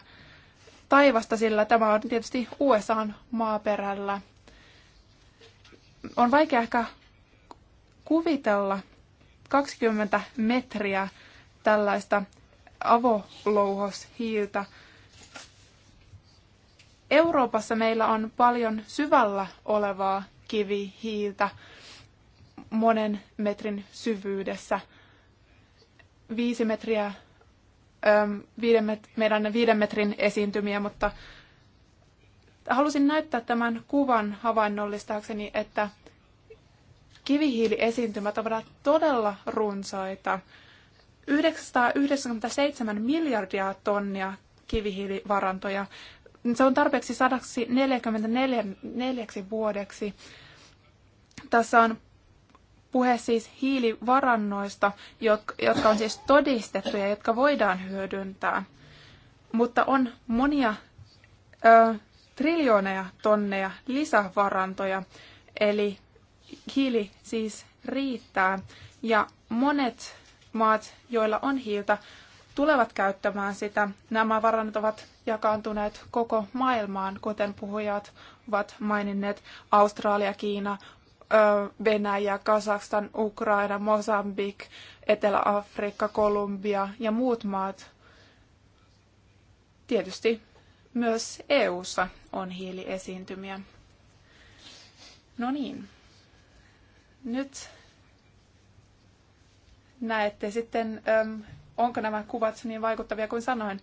taivasta, sillä tämä on tietysti USAn maaperällä. On vaikea ehkä kuvitella 20 metriä tällaista avolouhoshiiltä. Euroopassa meillä on paljon syvällä olevaa kivihiiltä monen metrin syvyydessä. Viisi metriä viiden meidän viiden metrin esiintymiä, mutta halusin näyttää tämän kuvan havainnollistaakseni, että kivihiiliesiintymät ovat todella runsaita. 997 miljardia tonnia kivihiilivarantoja. Se on tarpeeksi 144 vuodeksi. Tässä on puhe siis hiilivarannoista, jotka on siis ja jotka voidaan hyödyntää. Mutta on monia ö, triljooneja tonneja lisävarantoja, eli hiili siis riittää. Ja monet maat, joilla on hiiltä, tulevat käyttämään sitä. Nämä varannot ovat jakaantuneet koko maailmaan, kuten puhujat ovat maininneet. Australia, Kiina, Venäjä, Kazakstan, Ukraina, Mosambik, Etelä-Afrikka, Kolumbia ja muut maat. Tietysti myös EU:ssa on hiiliesiintymiä. No niin. Nyt näette sitten, onko nämä kuvat niin vaikuttavia kuin sanoin.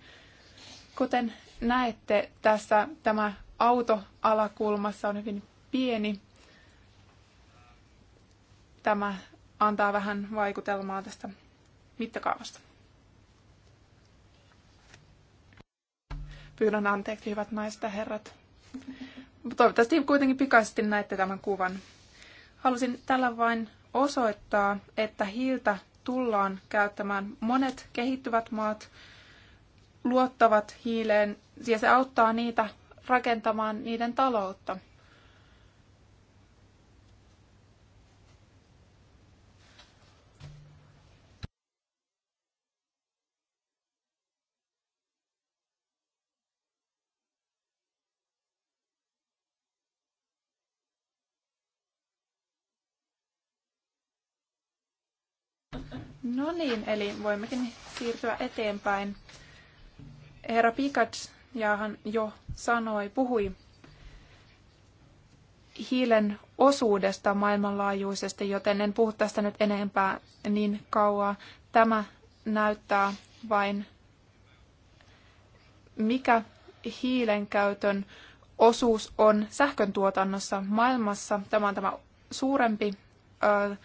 Kuten näette, tässä tämä auto alakulmassa on hyvin pieni Tämä antaa vähän vaikutelmaa tästä mittakaavasta. Pyydän anteeksi, hyvät naiset ja herrat. Toivottavasti kuitenkin pikaisesti näette tämän kuvan. Halusin tällä vain osoittaa, että hiiltä tullaan käyttämään. Monet kehittyvät maat luottavat hiileen ja se auttaa niitä rakentamaan niiden taloutta – No niin, eli voimmekin siirtyä eteenpäin. Herra Pikat, ja hän jo sanoi, puhui hiilen osuudesta maailmanlaajuisesti, joten en puhu tästä nyt enempää niin kauan. Tämä näyttää vain, mikä hiilen käytön osuus on sähkön tuotannossa maailmassa. Tämä on tämä suurempi äh,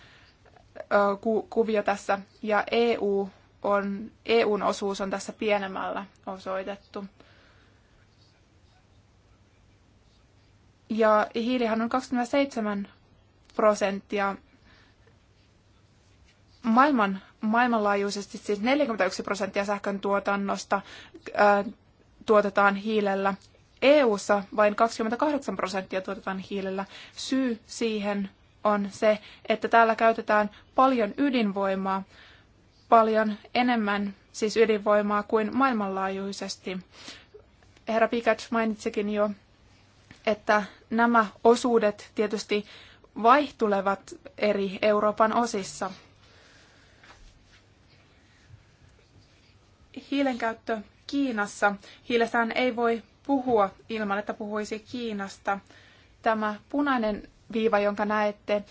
kuvio tässä, ja EU on, EUn osuus on tässä pienemmällä osoitettu. Ja hiilihan on 27 prosenttia maailman, maailmanlaajuisesti, siis 41 prosenttia sähkön tuotannosta ää, tuotetaan hiilellä. EU:ssa vain 28 prosenttia tuotetaan hiilellä. Syy siihen on se, että täällä käytetään paljon ydinvoimaa, paljon enemmän siis ydinvoimaa kuin maailmanlaajuisesti. Herra Pikach mainitsikin jo, että nämä osuudet tietysti vaihtulevat eri Euroopan osissa. Hiilenkäyttö käyttö Kiinassa. Hiilestään ei voi puhua ilman, että puhuisi Kiinasta. Tämä punainen viiva, jonka näette,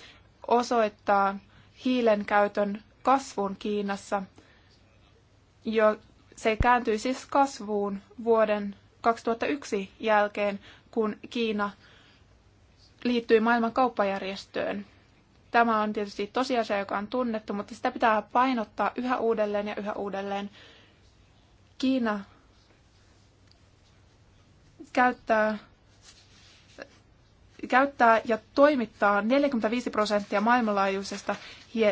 osoittaa hiilen käytön kasvun Kiinassa. Jo, se kääntyi siis kasvuun vuoden 2001 jälkeen, kun Kiina liittyi maailman kauppajärjestöön. Tämä on tietysti tosiasia, joka on tunnettu, mutta sitä pitää painottaa yhä uudelleen ja yhä uudelleen. Kiina käyttää käyttää ja toimittaa 45 prosenttia maailmanlaajuisesta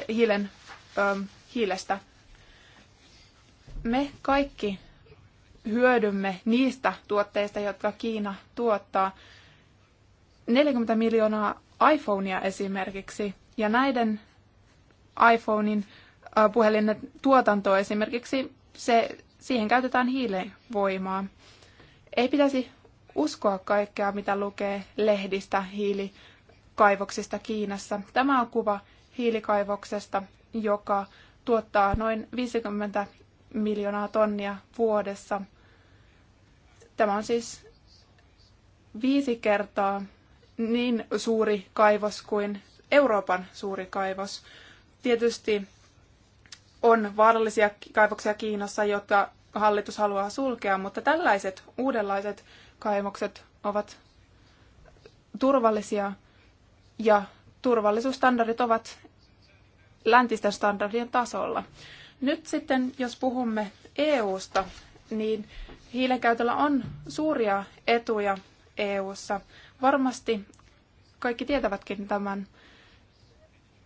hiilen, ähm, hiilestä. Me kaikki hyödymme niistä tuotteista, jotka Kiina tuottaa. 40 miljoonaa iPhonea esimerkiksi, ja näiden iPhonein puhelimen tuotanto esimerkiksi, se, siihen käytetään hiilevoimaa. Ei pitäisi uskoa kaikkea, mitä lukee lehdistä hiilikaivoksista Kiinassa. Tämä on kuva hiilikaivoksesta, joka tuottaa noin 50 miljoonaa tonnia vuodessa. Tämä on siis viisi kertaa niin suuri kaivos kuin Euroopan suuri kaivos. Tietysti on vaarallisia kaivoksia Kiinassa, jotka hallitus haluaa sulkea, mutta tällaiset uudenlaiset kaivokset ovat turvallisia ja turvallisuusstandardit ovat läntisten standardien tasolla. Nyt sitten, jos puhumme EUsta, niin hiilen käytöllä on suuria etuja EUssa. Varmasti kaikki tietävätkin tämän.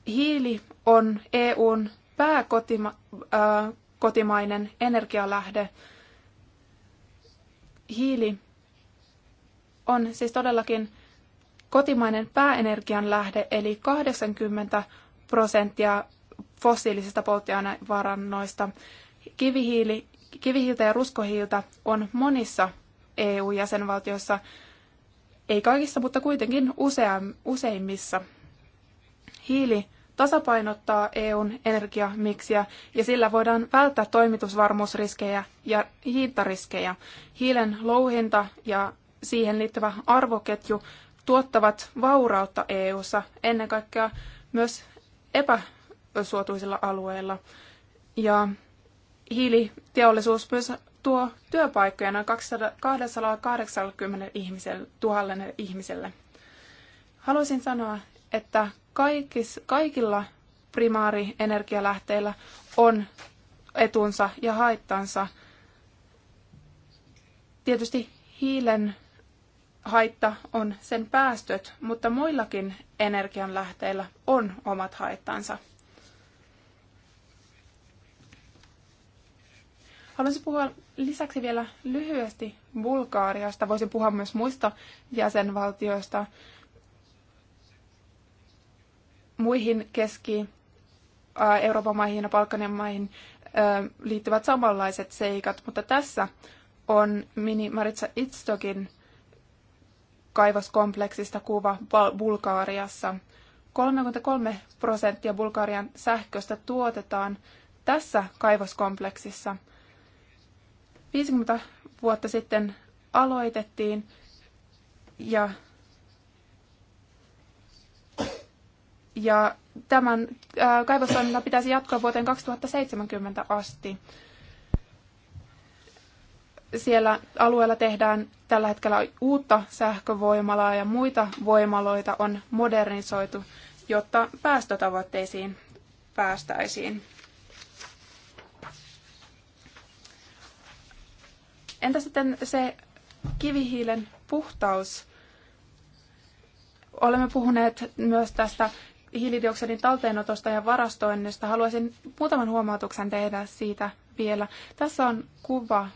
Hiili on EUn pääkotimainen äh, energialähde. Hiili on siis todellakin kotimainen pääenergian lähde, eli 80 prosenttia fossiilisista polttoainevarannoista. Kivihiili, kivihiiltä ja ruskohiiltä on monissa EU-jäsenvaltioissa, ei kaikissa, mutta kuitenkin useam, useimmissa. Hiili tasapainottaa EUn energiamiksiä ja sillä voidaan välttää toimitusvarmuusriskejä ja hiittariskejä. Hiilen louhinta ja siihen liittyvä arvoketju tuottavat vaurautta EU:ssa ennen kaikkea myös epäsuotuisilla alueilla. Ja hiiliteollisuus myös tuo työpaikkoja noin 280 ihmiselle, tuhannelle ihmiselle. Haluaisin sanoa, että kaikis, kaikilla primaarienergialähteillä on etunsa ja haittansa. Tietysti hiilen haitta on sen päästöt, mutta muillakin energianlähteillä on omat haittansa. Haluaisin puhua lisäksi vielä lyhyesti Bulgaariasta. Voisin puhua myös muista jäsenvaltioista. Muihin keski Euroopan maihin ja Balkanin maihin liittyvät samanlaiset seikat, mutta tässä on Mini Maritsa Itstokin kaivoskompleksista kuva Bulgaariassa. 33 prosenttia Bulgarian sähköstä tuotetaan tässä kaivoskompleksissa. 50 vuotta sitten aloitettiin ja, ja tämän ää, kaivostoiminta pitäisi jatkaa vuoteen 2070 asti siellä alueella tehdään tällä hetkellä uutta sähkövoimalaa ja muita voimaloita on modernisoitu, jotta päästötavoitteisiin päästäisiin. Entä sitten se kivihiilen puhtaus? Olemme puhuneet myös tästä hiilidioksidin talteenotosta ja varastoinnista. Haluaisin muutaman huomautuksen tehdä siitä vielä. Tässä on kuva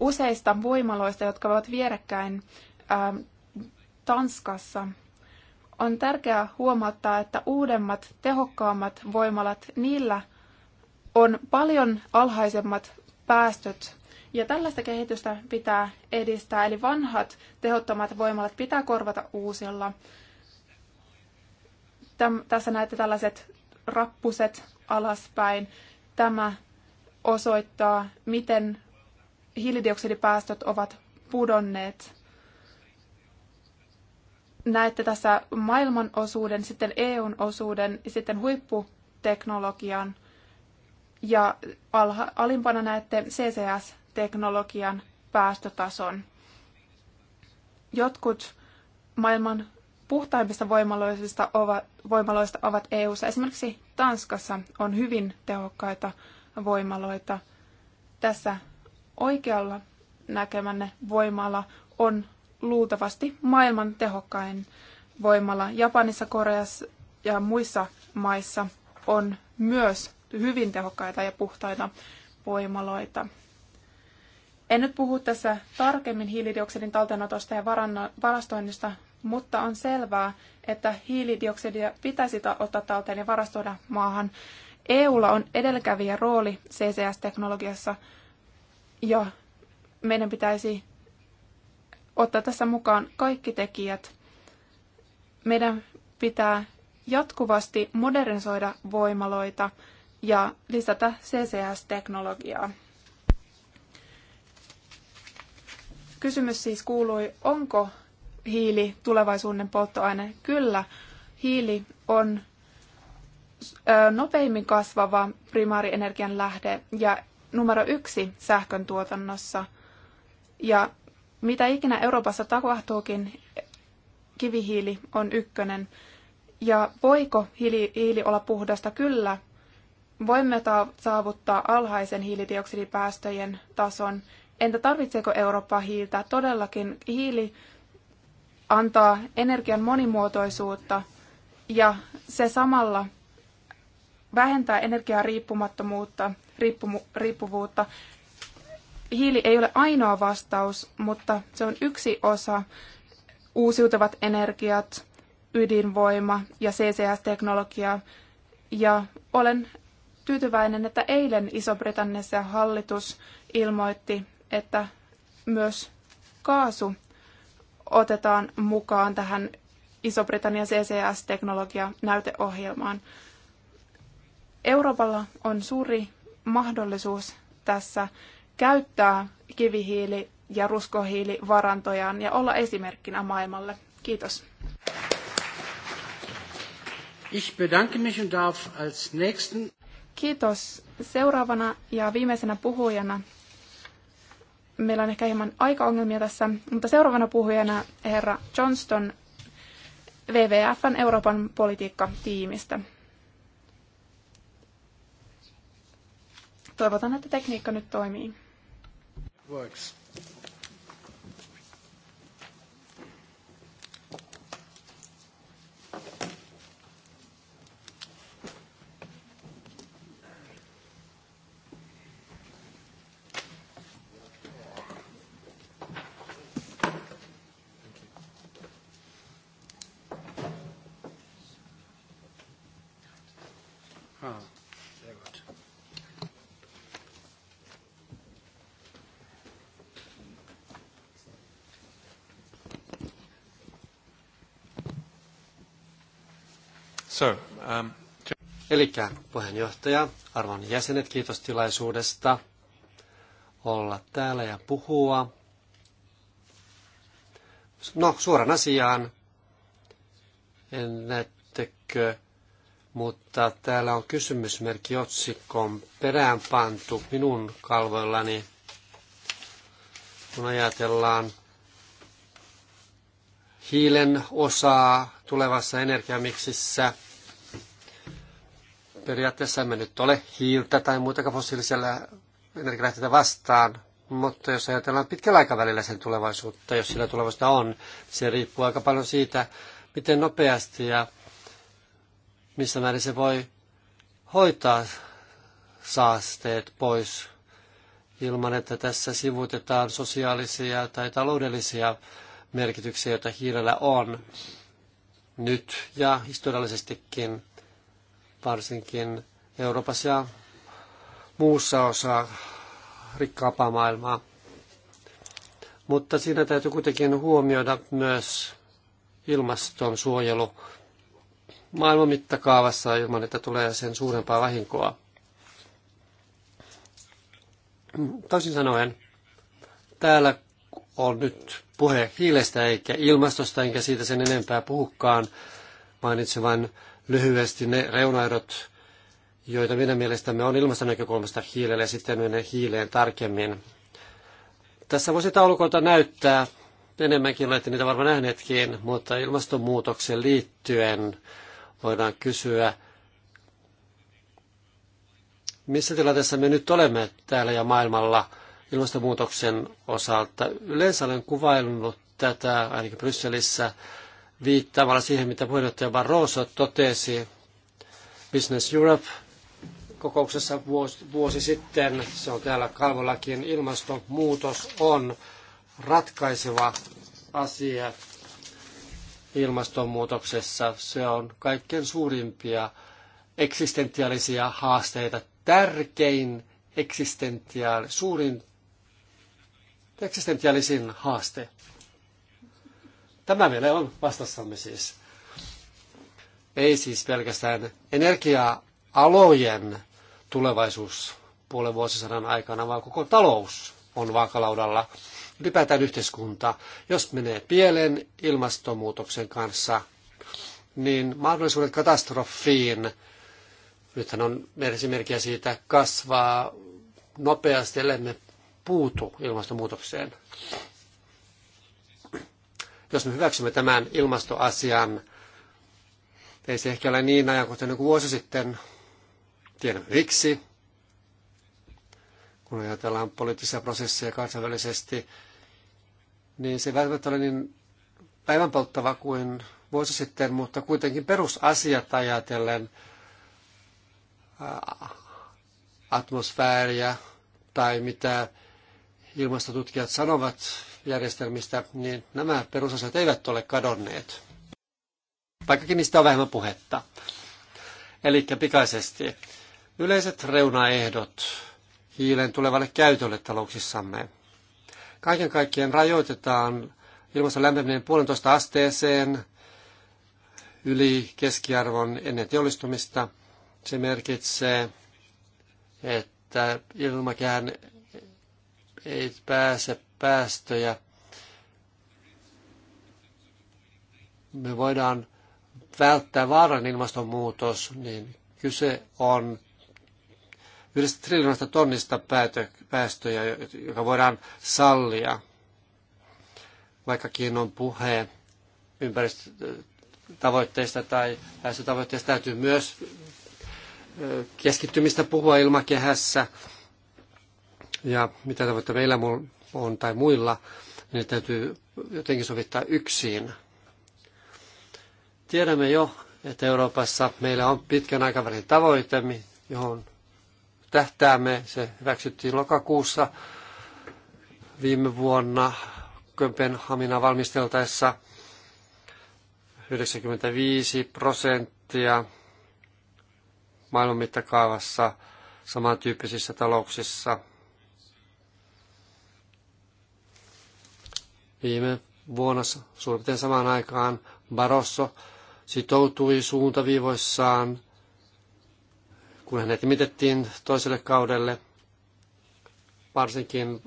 useista voimaloista, jotka ovat vierekkäin ähm, Tanskassa. On tärkeää huomata, että uudemmat, tehokkaammat voimalat, niillä on paljon alhaisemmat päästöt. Ja tällaista kehitystä pitää edistää, eli vanhat tehottomat voimalat pitää korvata uusilla. Täm, tässä näette tällaiset rappuset alaspäin. Tämä osoittaa, miten hiilidioksidipäästöt ovat pudonneet. Näette tässä maailman osuuden, sitten EUn osuuden ja sitten huipputeknologian. Ja alha, alimpana näette CCS-teknologian päästötason. Jotkut maailman puhtaimmista voimaloista ovat, voimaloista ovat EU:ssa. Esimerkiksi Tanskassa on hyvin tehokkaita voimaloita. Tässä Oikealla näkemänne voimala on luultavasti maailman tehokkain voimala. Japanissa, Koreassa ja muissa maissa on myös hyvin tehokkaita ja puhtaita voimaloita. En nyt puhu tässä tarkemmin hiilidioksidin talteenotosta ja varastoinnista, mutta on selvää, että hiilidioksidia pitäisi ottaa talteen ja varastoida maahan. EUlla on edelläkävijä rooli CCS-teknologiassa – ja meidän pitäisi ottaa tässä mukaan kaikki tekijät. Meidän pitää jatkuvasti modernisoida voimaloita ja lisätä CCS-teknologiaa. Kysymys siis kuului, onko hiili tulevaisuuden polttoaine? Kyllä, hiili on nopeimmin kasvava primaarienergian lähde ja numero yksi sähkön tuotannossa. Ja mitä ikinä Euroopassa tapahtuukin, kivihiili on ykkönen. Ja voiko hiili, hiili olla puhdasta? Kyllä. Voimme saavuttaa alhaisen hiilidioksidipäästöjen tason. Entä tarvitseeko Eurooppa hiiltä? Todellakin hiili antaa energian monimuotoisuutta ja se samalla vähentää energiariippumattomuutta riippuvuutta. Hiili ei ole ainoa vastaus, mutta se on yksi osa. Uusiutuvat energiat, ydinvoima ja CCS-teknologia. Ja olen tyytyväinen, että eilen Iso-Britanniassa hallitus ilmoitti, että myös kaasu otetaan mukaan tähän Iso-Britannian CCS-teknologia-näyteohjelmaan. Euroopalla on suuri mahdollisuus tässä käyttää kivihiili- ja ruskohiilivarantojaan ja olla esimerkkinä maailmalle. Kiitos. Ich bedanke mich und darf als nächsten Kiitos. Seuraavana ja viimeisenä puhujana, meillä on ehkä hieman aikaongelmia tässä, mutta seuraavana puhujana herra Johnston WWFn Euroopan politiikkatiimistä. Toivotan, että tekniikka nyt toimii. Works. So, um... Eli puheenjohtaja, arvon jäsenet, kiitos tilaisuudesta olla täällä ja puhua. No, suoran asiaan. En näettekö, mutta täällä on kysymysmerkki otsikon perään pantu minun kalvoillani. Kun ajatellaan hiilen osaa tulevassa energiamiksissä – Periaatteessa emme nyt ole hiiltä tai muita fossiilisia energialähteitä vastaan, mutta jos ajatellaan pitkällä aikavälillä sen tulevaisuutta, jos sillä tulevaisuutta on, niin se riippuu aika paljon siitä, miten nopeasti ja missä määrin se voi hoitaa saasteet pois ilman, että tässä sivutetaan sosiaalisia tai taloudellisia merkityksiä, joita hiirellä on nyt ja historiallisestikin varsinkin Euroopassa ja muussa osaa rikkaampaa maailmaa. Mutta siinä täytyy kuitenkin huomioida myös suojelu maailman mittakaavassa ilman, että tulee sen suurempaa vahinkoa. Toisin sanoen, täällä on nyt puhe hiilestä eikä ilmastosta, enkä siitä sen enempää puhukaan. Mainitsen vain lyhyesti ne reunaerot, joita meidän mielestämme on ilmaston näkökulmasta hiilelle ja sitten menee hiileen tarkemmin. Tässä voisi taulukolta näyttää, enemmänkin olette niitä varmaan nähneetkin, mutta ilmastonmuutokseen liittyen voidaan kysyä, missä tilanteessa me nyt olemme täällä ja maailmalla ilmastonmuutoksen osalta. Yleensä olen kuvaillut tätä ainakin Brysselissä viittaamalla siihen, mitä puheenjohtaja Barroso totesi Business Europe kokouksessa vuosi, vuosi sitten, se on täällä kalvollakin, ilmastonmuutos on ratkaiseva asia ilmastonmuutoksessa. Se on kaikkein suurimpia eksistentiaalisia haasteita, tärkein eksistentiaali, suurin eksistentiaalisin haaste. Tämä meillä on vastassamme siis. Ei siis pelkästään energia-alojen tulevaisuus puolen vuosisadan aikana, vaan koko talous on vaakalaudalla. Ylipäätään yhteiskunta, jos menee pieleen ilmastonmuutoksen kanssa, niin mahdollisuudet katastrofiin, nythän on esimerkkiä siitä, kasvaa nopeasti, ellei me puutu ilmastonmuutokseen. Jos me hyväksymme tämän ilmastoasian, ei se ehkä ole niin ajankohtainen kuin vuosi sitten. Tiedän miksi. Kun ajatellaan poliittisia prosesseja kansainvälisesti, niin se ei välttämättä ole niin päivänpolttava kuin vuosi sitten, mutta kuitenkin perusasiat ajatellen, äh, atmosfääriä tai mitä ilmastotutkijat sanovat järjestelmistä, niin nämä perusasiat eivät ole kadonneet, vaikkakin niistä on vähemmän puhetta. Eli pikaisesti yleiset reunaehdot hiilen tulevalle käytölle talouksissamme. Kaiken kaikkien rajoitetaan ilmaston lämpeneminen puolentoista asteeseen yli keskiarvon ennen teollistumista. Se merkitsee, että ilmakään ei pääse päästöjä. Me voidaan välttää vaaran ilmastonmuutos, niin kyse on yhdestä triljoonasta tonnista päästöjä, joka voidaan sallia, vaikkakin on puhe ympäristötavoitteista tai päästötavoitteista. Täytyy myös keskittymistä puhua ilmakehässä ja mitä tavoitteita meillä on tai muilla, niin ne täytyy jotenkin sovittaa yksin. Tiedämme jo, että Euroopassa meillä on pitkän aikavälin tavoite, johon tähtäämme. Se hyväksyttiin lokakuussa viime vuonna Kömpenhamina valmisteltaessa 95 prosenttia maailman mittakaavassa samantyyppisissä talouksissa – Viime vuonna suurin piirtein samaan aikaan Barosso sitoutui suuntaviivoissaan, kun hänet nimitettiin toiselle kaudelle, varsinkin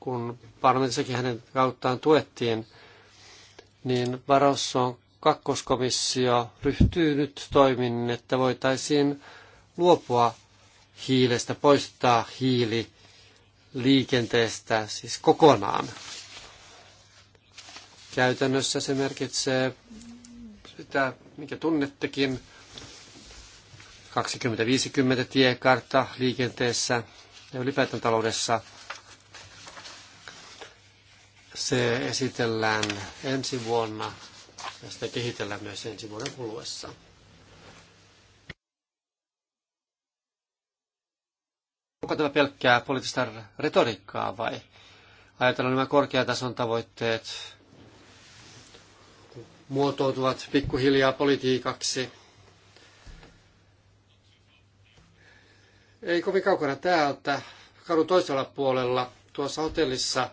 kun parlamentissakin hänen kauttaan tuettiin, niin Barroso kakkoskomissio ryhtyy nyt toimin, että voitaisiin luopua hiilestä, poistaa hiili liikenteestä siis kokonaan. Käytännössä se merkitsee sitä, mikä tunnettekin, 20-50 tiekartta liikenteessä ja ylipäätään taloudessa. Se esitellään ensi vuonna ja sitä kehitellään myös ensi vuoden kuluessa. Onko tämä pelkkää poliittista retoriikkaa vai ajatellaan nämä korkeatason tavoitteet muotoutuvat pikkuhiljaa politiikaksi. Ei kovin kaukana täältä, kadun toisella puolella, tuossa hotellissa,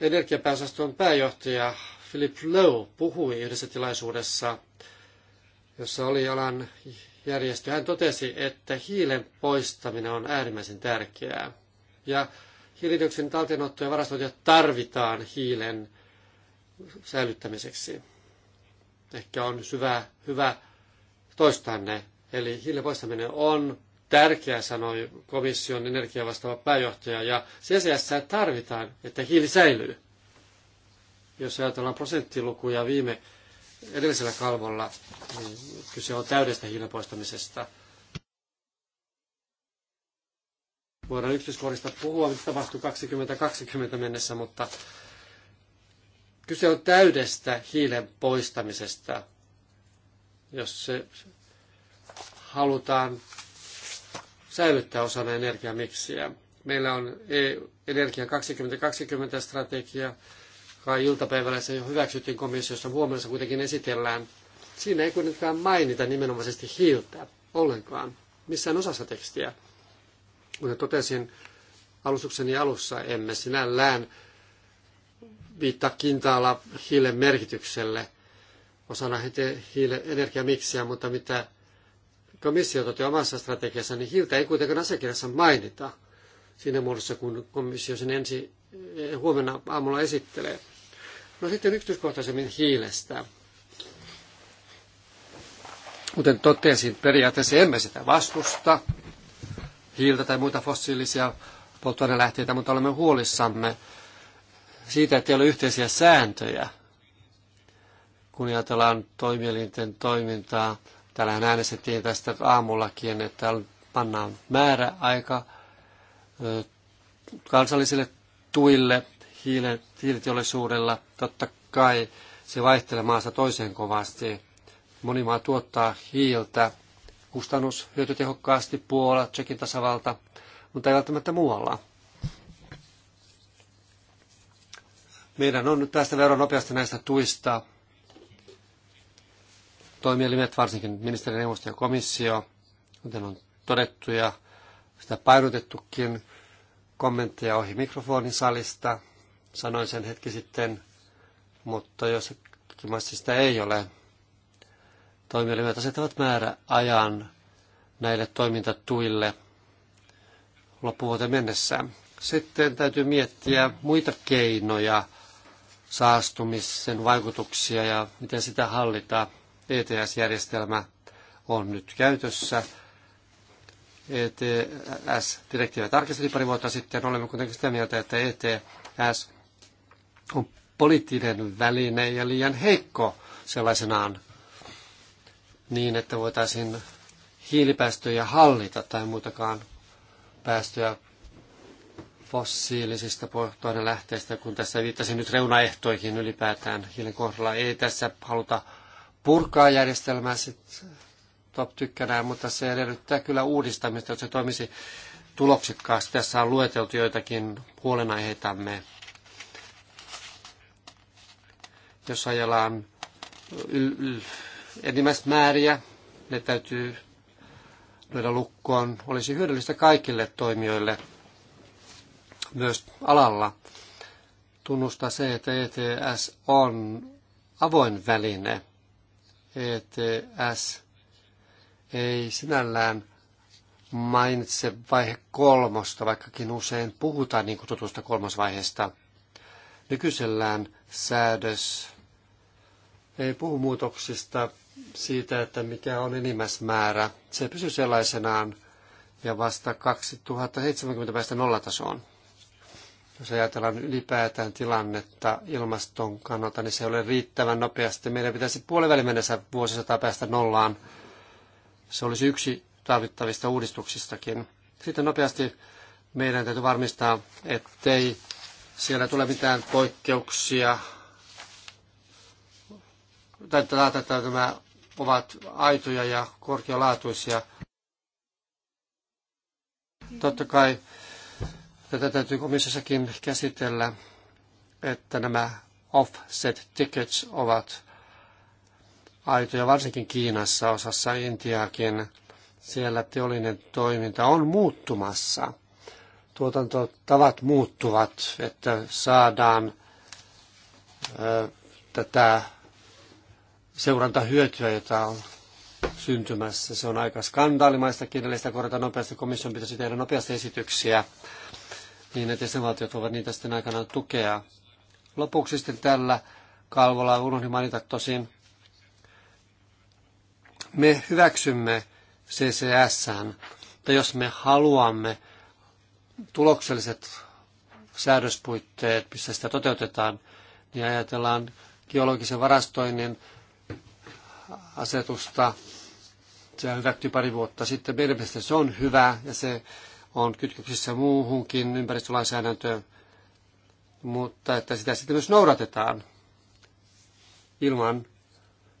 energiapääosaston pääjohtaja Philip Lowe puhui yhdessä tilaisuudessa, jossa oli alan järjestö. Hän totesi, että hiilen poistaminen on äärimmäisen tärkeää. Ja hiilidioksidin talteenotto ja varastointia tarvitaan hiilen säilyttämiseksi. Ehkä on hyvä, hyvä toistaa ne. Eli hiilen poistaminen on tärkeää, sanoi komission energia vastaava pääjohtaja, ja CCS tarvitaan, että hiili säilyy. Jos ajatellaan prosenttilukuja viime edellisellä kalvolla, niin kyse on täydestä hiilen poistamisesta. Voidaan yksityiskohdista puhua, mitä tapahtuu 2020 mennessä, mutta Kyse on täydestä hiilen poistamisesta, jos se halutaan säilyttää osana energiamiksiä. Meillä on e- Energia 2020-strategia, joka iltapäivällä se jo hyväksyttiin komissiossa, huomenna se kuitenkin esitellään. Siinä ei kuitenkaan mainita nimenomaisesti hiiltä ollenkaan, missään osassa tekstiä. Kuten totesin alustukseni alussa, emme sinällään viittaa kintaalla hiilen merkitykselle osana hiilen energiamiksiä, mutta mitä komissio toteaa omassa strategiassa, niin hiiltä ei kuitenkaan asiakirjassa mainita siinä muodossa, kun komissio sen ensi eh, huomenna aamulla esittelee. No sitten yksityiskohtaisemmin hiilestä. Kuten totesin, periaatteessa emme sitä vastusta, hiiltä tai muita fossiilisia polttoainelähteitä, mutta olemme huolissamme siitä, että ei ole yhteisiä sääntöjä, kun ajatellaan toimielinten toimintaa. Täällähän äänestettiin tästä aamullakin, että pannaan määräaika kansallisille tuille hiiliteollisuudella. Totta kai se vaihtelee maasta toiseen kovasti. Moni maa tuottaa hiiltä kustannushyötytehokkaasti Puola, Tsekin tasavalta, mutta ei välttämättä muualla. Meidän on nyt päästä veroon nopeasti näistä tuista. Toimielimet, varsinkin ministerineuvosto ja komissio, kuten on todettu ja sitä painotettukin, kommentteja ohi mikrofonin salista. Sanoin sen hetki sitten, mutta jos maissa sitä ei ole, toimielimet asettavat määrä ajan näille toimintatuille loppuvuoteen mennessä. Sitten täytyy miettiä muita keinoja saastumisen vaikutuksia ja miten sitä hallitaan. ETS-järjestelmä on nyt käytössä. ETS-direktiivi tarkistettiin pari vuotta sitten. Olemme kuitenkin sitä mieltä, että ETS on poliittinen väline ja liian heikko sellaisenaan niin, että voitaisiin hiilipäästöjä hallita tai muutakaan päästöjä fossiilisista lähteistä, kun tässä viittasin nyt reunaehtoihin ylipäätään hiilen kohdalla. Ei tässä haluta purkaa järjestelmää sit top tykkänään, mutta se edellyttää kyllä uudistamista, että se toimisi tuloksikkaasti. Tässä on lueteltu joitakin huolenaiheitamme. Jos ajellaan enimmäismääriä, ne täytyy lyödä lukkoon. Olisi hyödyllistä kaikille toimijoille – myös alalla tunnustaa se, että ETS on avoin väline. ETS ei sinällään mainitse vaihe kolmosta, vaikkakin usein puhutaan niin tutusta kolmosvaiheesta. Nykyisellään säädös ei puhu muutoksista siitä, että mikä on enimmäismäärä. Se pysyy sellaisenaan ja vasta 2070 päästä nollatasoon. Jos ajatellaan ylipäätään tilannetta ilmaston kannalta, niin se ei ole riittävän nopeasti. Meidän pitäisi puoliväli mennessä vuosisataa päästä nollaan. Se olisi yksi tarvittavista uudistuksistakin. Sitten nopeasti meidän täytyy varmistaa, ettei siellä tule mitään poikkeuksia. laata, että nämä ovat aitoja ja korkealaatuisia. Totta kai Tätä täytyy komissiossakin käsitellä, että nämä offset tickets ovat aitoja, varsinkin Kiinassa, osassa Intiakin. Siellä teollinen toiminta on muuttumassa. Tuotantotavat muuttuvat, että saadaan ö, tätä seurantahyötyä, jota on syntymässä. Se on aika skandaalimaista eli sitä korjataan nopeasti. Komission pitäisi tehdä nopeasti esityksiä niin että jäsenvaltiot voivat niitä sitten aikanaan tukea. Lopuksi sitten tällä kalvolla unohdin mainita tosin, me hyväksymme CCS, että jos me haluamme tulokselliset säädöspuitteet, missä sitä toteutetaan, niin ajatellaan geologisen varastoinnin asetusta. Se hyväksyi pari vuotta sitten. Meidän se on hyvä ja se on kytköksissä muuhunkin ympäristölainsäädäntöön, mutta että sitä sitten myös noudatetaan ilman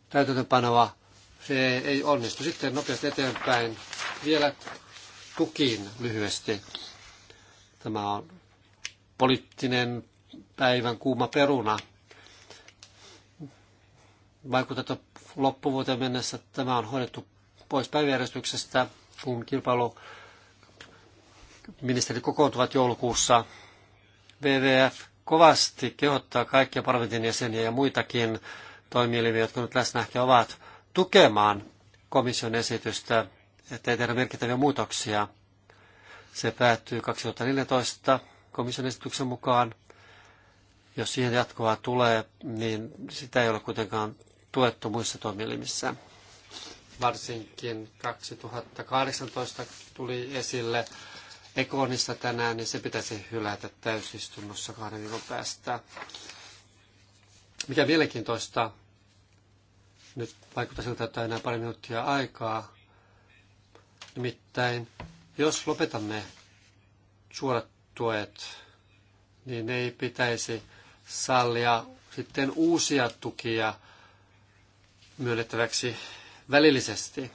täytäntöpanoa. Se ei onnistu sitten nopeasti eteenpäin. Vielä tukiin lyhyesti. Tämä on poliittinen päivän kuuma peruna. Vaikuttaa, loppuvuoteen mennessä tämä on hoidettu pois päiväjärjestyksestä, kun kilpailu Ministerit kokoontuvat joulukuussa. WWF kovasti kehottaa kaikkia parlamentin jäseniä ja muitakin toimielimiä, jotka nyt läsnä ehkä ovat, tukemaan komission esitystä, ettei tehdä merkittäviä muutoksia. Se päättyy 2014 komission esityksen mukaan. Jos siihen jatkoa tulee, niin sitä ei ole kuitenkaan tuettu muissa toimielimissä. Varsinkin 2018 tuli esille Ekonista tänään, niin se pitäisi hylätä täysistunnossa kahden viikon päästä. Mikä mielenkiintoista, nyt vaikuttaa siltä, että on enää pari minuuttia aikaa. Nimittäin, jos lopetamme suorat tuet, niin ei pitäisi sallia sitten uusia tukia myönnettäväksi välillisesti.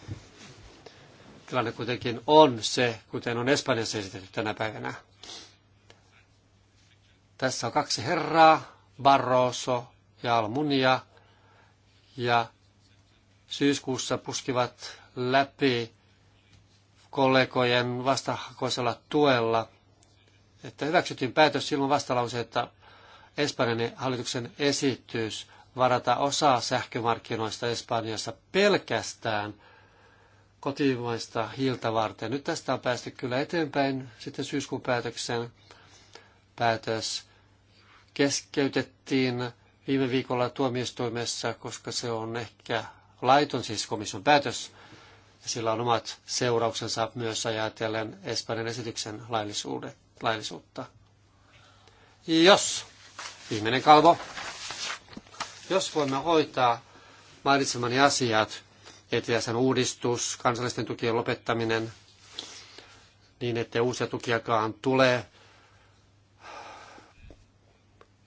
Tilanne kuitenkin on se, kuten on Espanjassa esitetty tänä päivänä. Tässä on kaksi herraa, Barroso ja Almunia, ja syyskuussa puskivat läpi kollegojen vastahakoisella tuella, että hyväksyttiin päätös silloin vastalause, että Espanjan hallituksen esitys varata osa sähkömarkkinoista Espanjassa pelkästään – kotimaista hiiltä varten. Nyt tästä on päästy kyllä eteenpäin. Sitten syyskuun päätöksen päätös keskeytettiin viime viikolla tuomioistuimessa, koska se on ehkä laiton, siis komission päätös. Ja sillä on omat seurauksensa myös ajatellen Espanjan esityksen laillisuutta. Jos, viimeinen kalvo, jos voimme hoitaa mainitsemani asiat ETSn uudistus, kansallisten tukien lopettaminen niin, että uusia tukiakaan tulee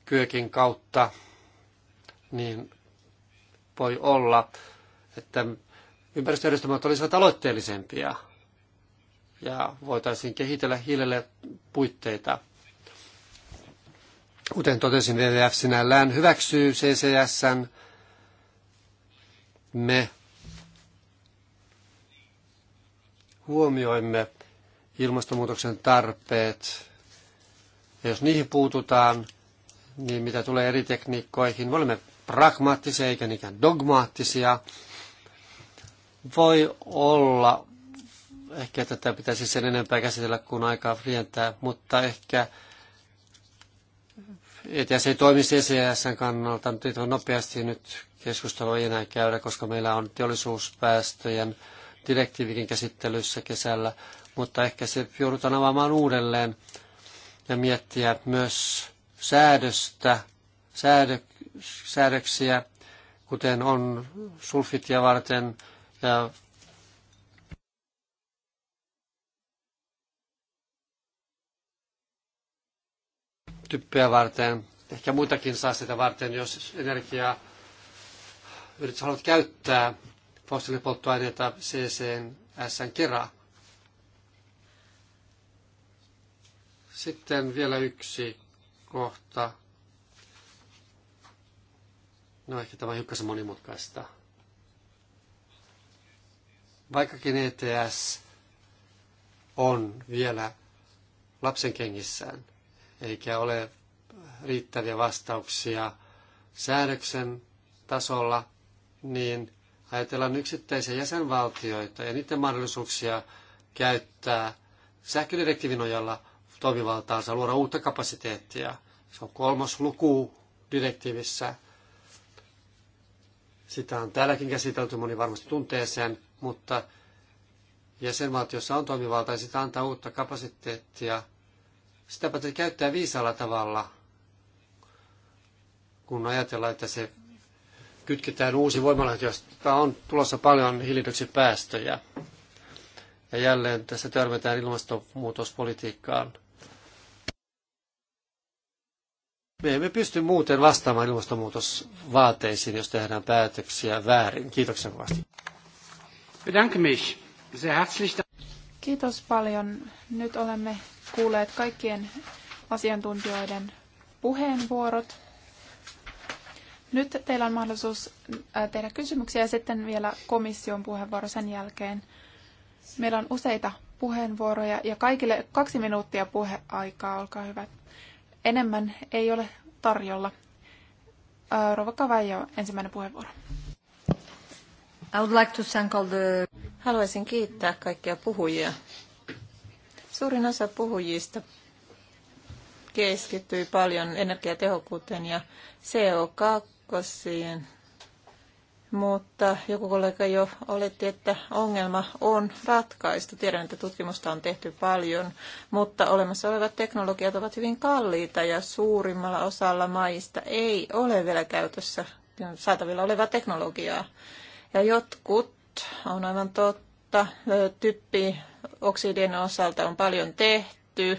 kyökin kautta, niin voi olla, että ympäristöjärjestelmät olisivat aloitteellisempia ja voitaisiin kehitellä hiilelle puitteita. Kuten totesin, WWF sinällään hyväksyy CCSn. Me huomioimme ilmastonmuutoksen tarpeet, ja jos niihin puututaan, niin mitä tulee eri tekniikkoihin, me olemme pragmaattisia eikä niinkään dogmaattisia. Voi olla, ehkä tätä pitäisi sen enempää käsitellä kuin aikaa rientää, mutta ehkä se ei toimi ECSn kannalta, mutta nopeasti nyt keskustelua ei enää käydä, koska meillä on teollisuuspäästöjen direktiivikin käsittelyssä kesällä, mutta ehkä se joudutaan avaamaan uudelleen ja miettiä myös säädöstä, säädö, säädöksiä, kuten on sulfitia varten ja typpeä varten, ehkä muitakin sitä varten, jos energiaa yritys haluat käyttää, fossiilipolttoaineita CCSn kera. Sitten vielä yksi kohta. No ehkä tämä on hiukkasen monimutkaista. Vaikkakin ETS on vielä lapsen kengissään, eikä ole riittäviä vastauksia säädöksen tasolla, niin ajatellaan yksittäisiä jäsenvaltioita ja niiden mahdollisuuksia käyttää sähködirektiivin nojalla toimivaltaansa luoda uutta kapasiteettia. Se on kolmas luku direktiivissä. Sitä on täälläkin käsitelty, moni varmasti tuntee sen, mutta jäsenvaltiossa on toimivalta ja sitä antaa uutta kapasiteettia. Sitä pitää käyttää viisaalla tavalla, kun ajatellaan, että se kytketään uusi voimalaitos, josta on tulossa paljon hiilidioksidipäästöjä. Ja jälleen tässä törmätään ilmastonmuutospolitiikkaan. Me emme pysty muuten vastaamaan ilmastonmuutosvaateisiin, jos tehdään päätöksiä väärin. Kiitoksia kovasti. Kiitos paljon. Nyt olemme kuulleet kaikkien asiantuntijoiden puheenvuorot. Nyt teillä on mahdollisuus äh, tehdä kysymyksiä ja sitten vielä komission puheenvuoro sen jälkeen. Meillä on useita puheenvuoroja ja kaikille kaksi minuuttia puheaikaa, olkaa hyvä. Enemmän ei ole tarjolla. Äh, Rova Kavaijo, ensimmäinen puheenvuoro. I would like to thank all the... Haluaisin kiittää kaikkia puhujia. Suurin osa puhujista keskittyi paljon energiatehokkuuteen ja CO2 Kostiin. Mutta joku kollega jo oletti, että ongelma on ratkaistu. Tiedän, että tutkimusta on tehty paljon, mutta olemassa olevat teknologiat ovat hyvin kalliita ja suurimmalla osalla maista ei ole vielä käytössä saatavilla olevaa teknologiaa. Ja jotkut, on aivan totta, typpi oksidien osalta on paljon tehty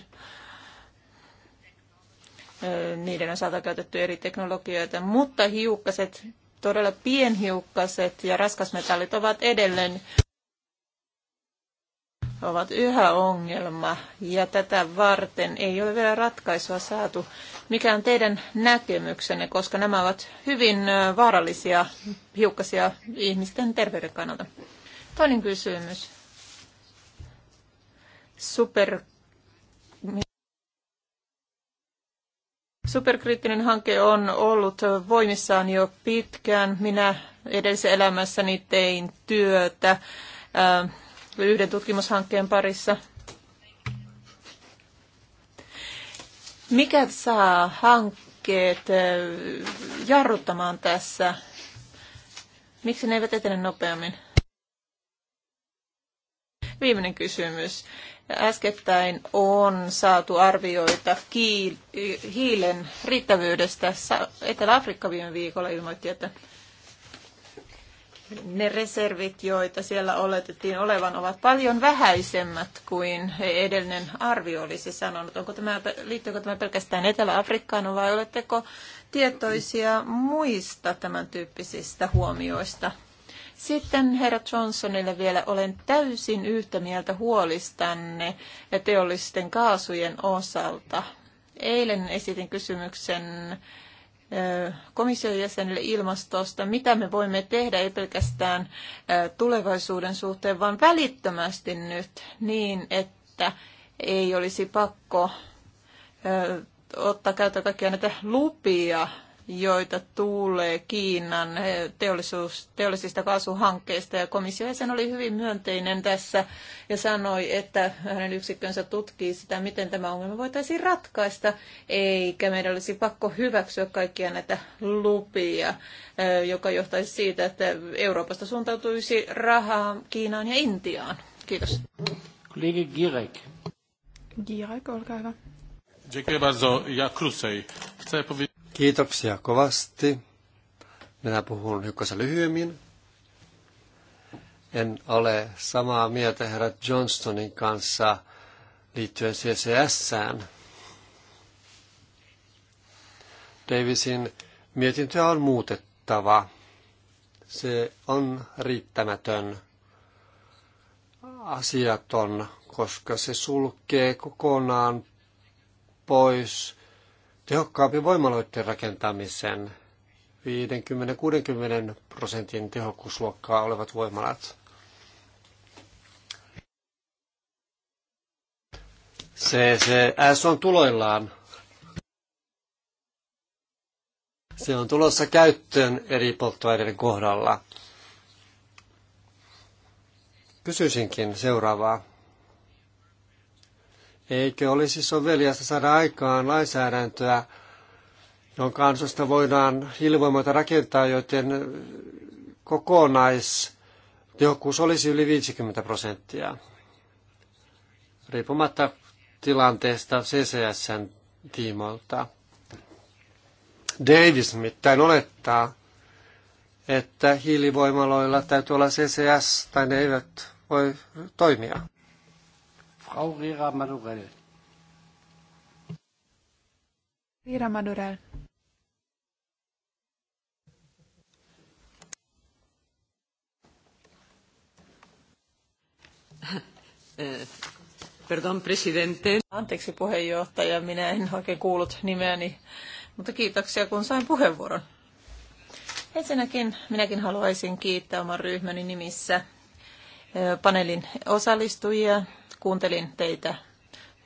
niiden osalta käytetty eri teknologioita, mutta hiukkaset, todella pienhiukkaset ja raskasmetallit ovat edelleen ovat yhä ongelma ja tätä varten ei ole vielä ratkaisua saatu. Mikä on teidän näkemyksenne, koska nämä ovat hyvin vaarallisia hiukkasia ihmisten terveyden kannalta? Toinen kysymys. Super Superkriittinen hanke on ollut voimissaan jo pitkään. Minä edellisessä elämässäni tein työtä äh, yhden tutkimushankkeen parissa. Mikä saa hankkeet äh, jarruttamaan tässä? Miksi ne eivät etene nopeammin? Viimeinen kysymys. Äskettäin on saatu arvioita hiilen riittävyydestä. Etelä-Afrikka viime viikolla ilmoitti, että ne reservit, joita siellä oletettiin olevan, ovat paljon vähäisemmät kuin edellinen arvio olisi sanonut. Onko tämä, liittyykö tämä pelkästään Etelä-Afrikkaan vai oletteko tietoisia muista tämän tyyppisistä huomioista? Sitten herra Johnsonille vielä olen täysin yhtä mieltä huolistanne teollisten kaasujen osalta. Eilen esitin kysymyksen komission jäsenille ilmastosta, mitä me voimme tehdä ei pelkästään tulevaisuuden suhteen, vaan välittömästi nyt niin, että ei olisi pakko ottaa käyttöön kaikkia näitä lupia joita tulee Kiinan teollisuus, teollisista kaasuhankkeista. Ja komissio sen oli hyvin myönteinen tässä ja sanoi, että hänen yksikkönsä tutkii sitä, miten tämä ongelma voitaisiin ratkaista, eikä meidän olisi pakko hyväksyä kaikkia näitä lupia, joka johtaisi siitä, että Euroopasta suuntautuisi rahaa Kiinaan ja Intiaan. Kiitos. Kollega Girek. Girek, olkaa hyvä. Dziękuję bardzo. Ja krócej. Chcę powiedzieć... Kiitoksia kovasti. Minä puhun hiukkasen lyhyemmin. En ole samaa mieltä herra Johnstonin kanssa liittyen CCS-sään. Davisin mietintöä on muutettava. Se on riittämätön asiaton, koska se sulkee kokonaan pois tehokkaampi voimaloiden rakentamisen 50-60 prosentin tehokkuusluokkaa olevat voimalat. Se, se on tuloillaan. Se on tulossa käyttöön eri polttoaineiden kohdalla. Kysyisinkin seuraavaa. Eikö olisi soveliasta saada aikaan lainsäädäntöä, jonka ansiosta voidaan hilvoimoita rakentaa, joten kokonaistehokkuus olisi yli 50 prosenttia. Riippumatta tilanteesta CCSn tiimoilta. Davis mittain olettaa, että hiilivoimaloilla täytyy olla CCS tai ne eivät voi toimia. Frau Rera Madurell. Rera Madurell. *laughs* Eh, Perdon, presidente. Anteeksi puheenjohtaja, minä en oikein kuullut nimeäni, mutta kiitoksia kun sain puheenvuoron. Ensinnäkin minäkin haluaisin kiittää oman ryhmäni nimissä paneelin osallistujia. Kuuntelin teitä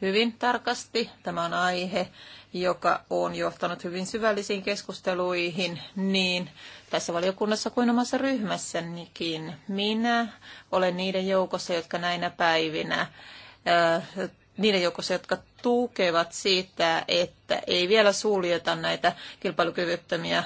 hyvin tarkasti. Tämä on aihe, joka on johtanut hyvin syvällisiin keskusteluihin niin tässä valiokunnassa kuin omassa ryhmässänikin. Minä olen niiden joukossa, jotka näinä päivinä, niiden joukossa, jotka tukevat siitä, että ei vielä suljeta näitä kilpailukyvyttömiä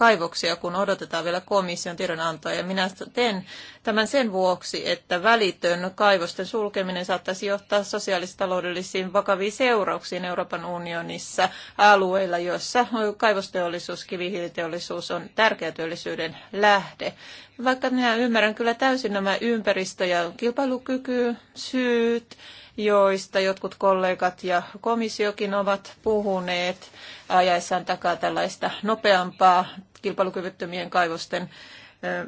kaivoksia, kun odotetaan vielä komission tiedonantoa. Ja minä teen tämän sen vuoksi, että välitön kaivosten sulkeminen saattaisi johtaa sosiaalistaloudellisiin vakaviin seurauksiin Euroopan unionissa alueilla, joissa kaivosteollisuus, kivihiiliteollisuus on tärkeä työllisyyden lähde. Vaikka minä ymmärrän kyllä täysin nämä ympäristö- ja kilpailukyky, syyt, joista jotkut kollegat ja komissiokin ovat puhuneet ajaessaan takaa tällaista nopeampaa kilpailukyvyttömien kaivosten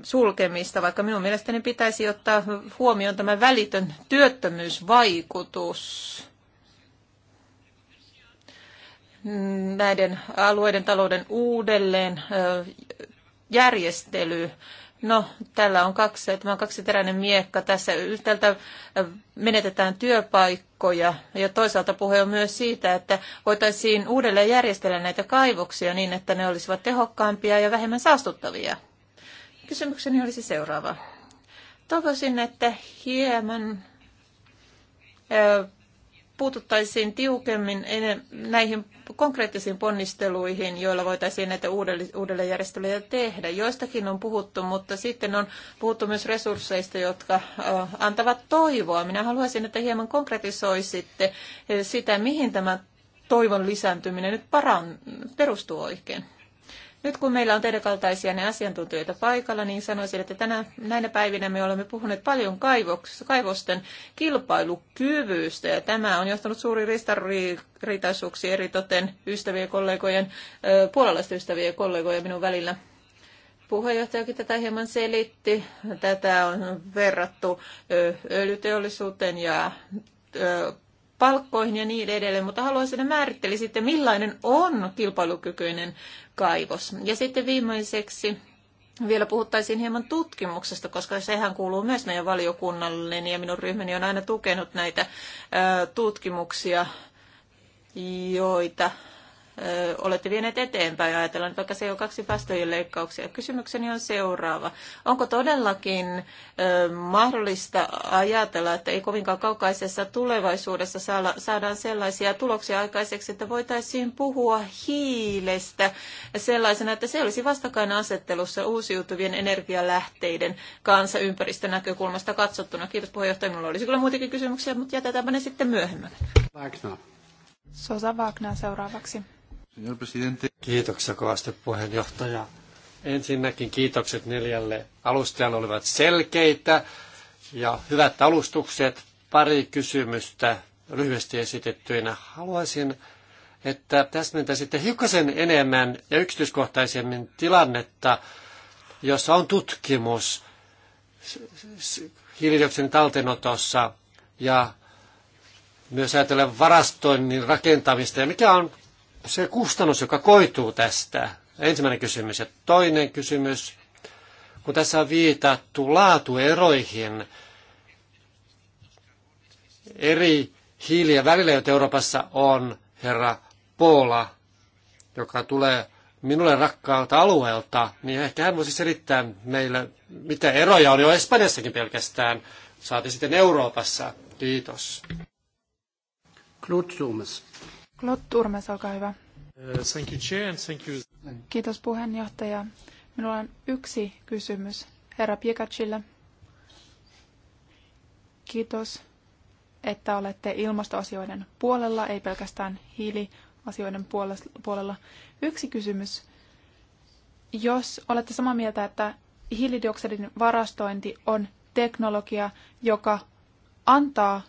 sulkemista, vaikka minun mielestäni pitäisi ottaa huomioon tämä välitön työttömyysvaikutus näiden alueiden talouden uudelleen järjestely No, tällä on kaksi, tämä on kaksiteräinen miekka. Tässä yhtäältä äh, menetetään työpaikkoja ja toisaalta puhe on myös siitä, että voitaisiin uudelleen järjestellä näitä kaivoksia niin, että ne olisivat tehokkaampia ja vähemmän saastuttavia. Kysymykseni olisi seuraava. Toivoisin, että hieman äh, puututtaisiin tiukemmin näihin konkreettisiin ponnisteluihin, joilla voitaisiin näitä uudelleenjärjestelyjä tehdä. Joistakin on puhuttu, mutta sitten on puhuttu myös resursseista, jotka antavat toivoa. Minä haluaisin, että hieman konkretisoisitte sitä, mihin tämä toivon lisääntyminen nyt paran, perustuu oikein. Nyt kun meillä on teidän kaltaisia ne asiantuntijoita paikalla, niin sanoisin, että tänä, näinä päivinä me olemme puhuneet paljon kaivosten kilpailukyvystä, ja tämä on johtanut suuriin eri toten ystävien kollegojen, puolalaisten ystävien kollegojen minun välillä puheenjohtajakin tätä hieman selitti. Tätä on verrattu öljyteollisuuteen ja palkkoihin ja niin edelleen, mutta haluaisin, että määrittelisitte, millainen on kilpailukykyinen kaivos. Ja sitten viimeiseksi vielä puhuttaisiin hieman tutkimuksesta, koska sehän kuuluu myös meidän valiokunnalle ja minun ryhmäni on aina tukenut näitä tutkimuksia, joita olette vieneet eteenpäin. Ajatellaan vaikka vaikka on kaksi päästöjen leikkauksia. Kysymykseni on seuraava. Onko todellakin mahdollista ajatella, että ei kovinkaan kaukaisessa tulevaisuudessa saadaan sellaisia tuloksia aikaiseksi, että voitaisiin puhua hiilestä sellaisena, että se olisi vastakkainasettelussa uusiutuvien energialähteiden kanssa ympäristönäkökulmasta katsottuna? Kiitos puheenjohtaja. Minulla olisi kyllä muitakin kysymyksiä, mutta jätetäänpä ne sitten myöhemmin. Sosa Wagner seuraavaksi. Kiitoksia kovasti puheenjohtaja. Ensinnäkin kiitokset neljälle alustajalle olivat selkeitä ja hyvät alustukset. Pari kysymystä lyhyesti esitettyinä. Haluaisin, että täsmentäisitte hiukkasen enemmän ja yksityiskohtaisemmin tilannetta, jossa on tutkimus hiilidioksidin talteenotossa ja myös ajatellen varastoinnin rakentamista ja mikä on se kustannus, joka koituu tästä? Ensimmäinen kysymys. Ja toinen kysymys, kun tässä on viitattu laatueroihin eri hiiliä välillä, joita Euroopassa on, herra Poola, joka tulee minulle rakkaalta alueelta, niin ehkä hän voisi selittää meille, mitä eroja on jo Espanjassakin pelkästään, saati sitten Euroopassa. Kiitos. Klutsumus. Claude Turmes, olkaa hyvä. Uh, thank you, Chair, and thank you. Kiitos puheenjohtaja. Minulla on yksi kysymys herra Piekacille. Kiitos, että olette ilmastoasioiden puolella, ei pelkästään hiiliasioiden puolella. Yksi kysymys. Jos olette samaa mieltä, että hiilidioksidin varastointi on teknologia, joka antaa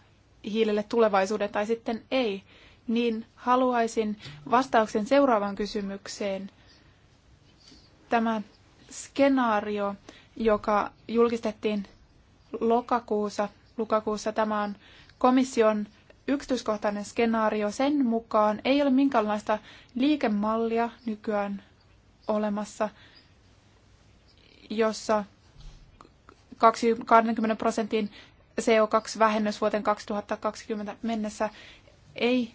hiilelle tulevaisuuden tai sitten ei, niin haluaisin vastauksen seuraavaan kysymykseen. Tämä skenaario, joka julkistettiin lokakuussa, lokakuussa tämä on komission yksityiskohtainen skenaario. Sen mukaan ei ole minkäänlaista liikemallia nykyään olemassa, jossa 20 prosentin CO2-vähennys vuoteen 2020 mennessä ei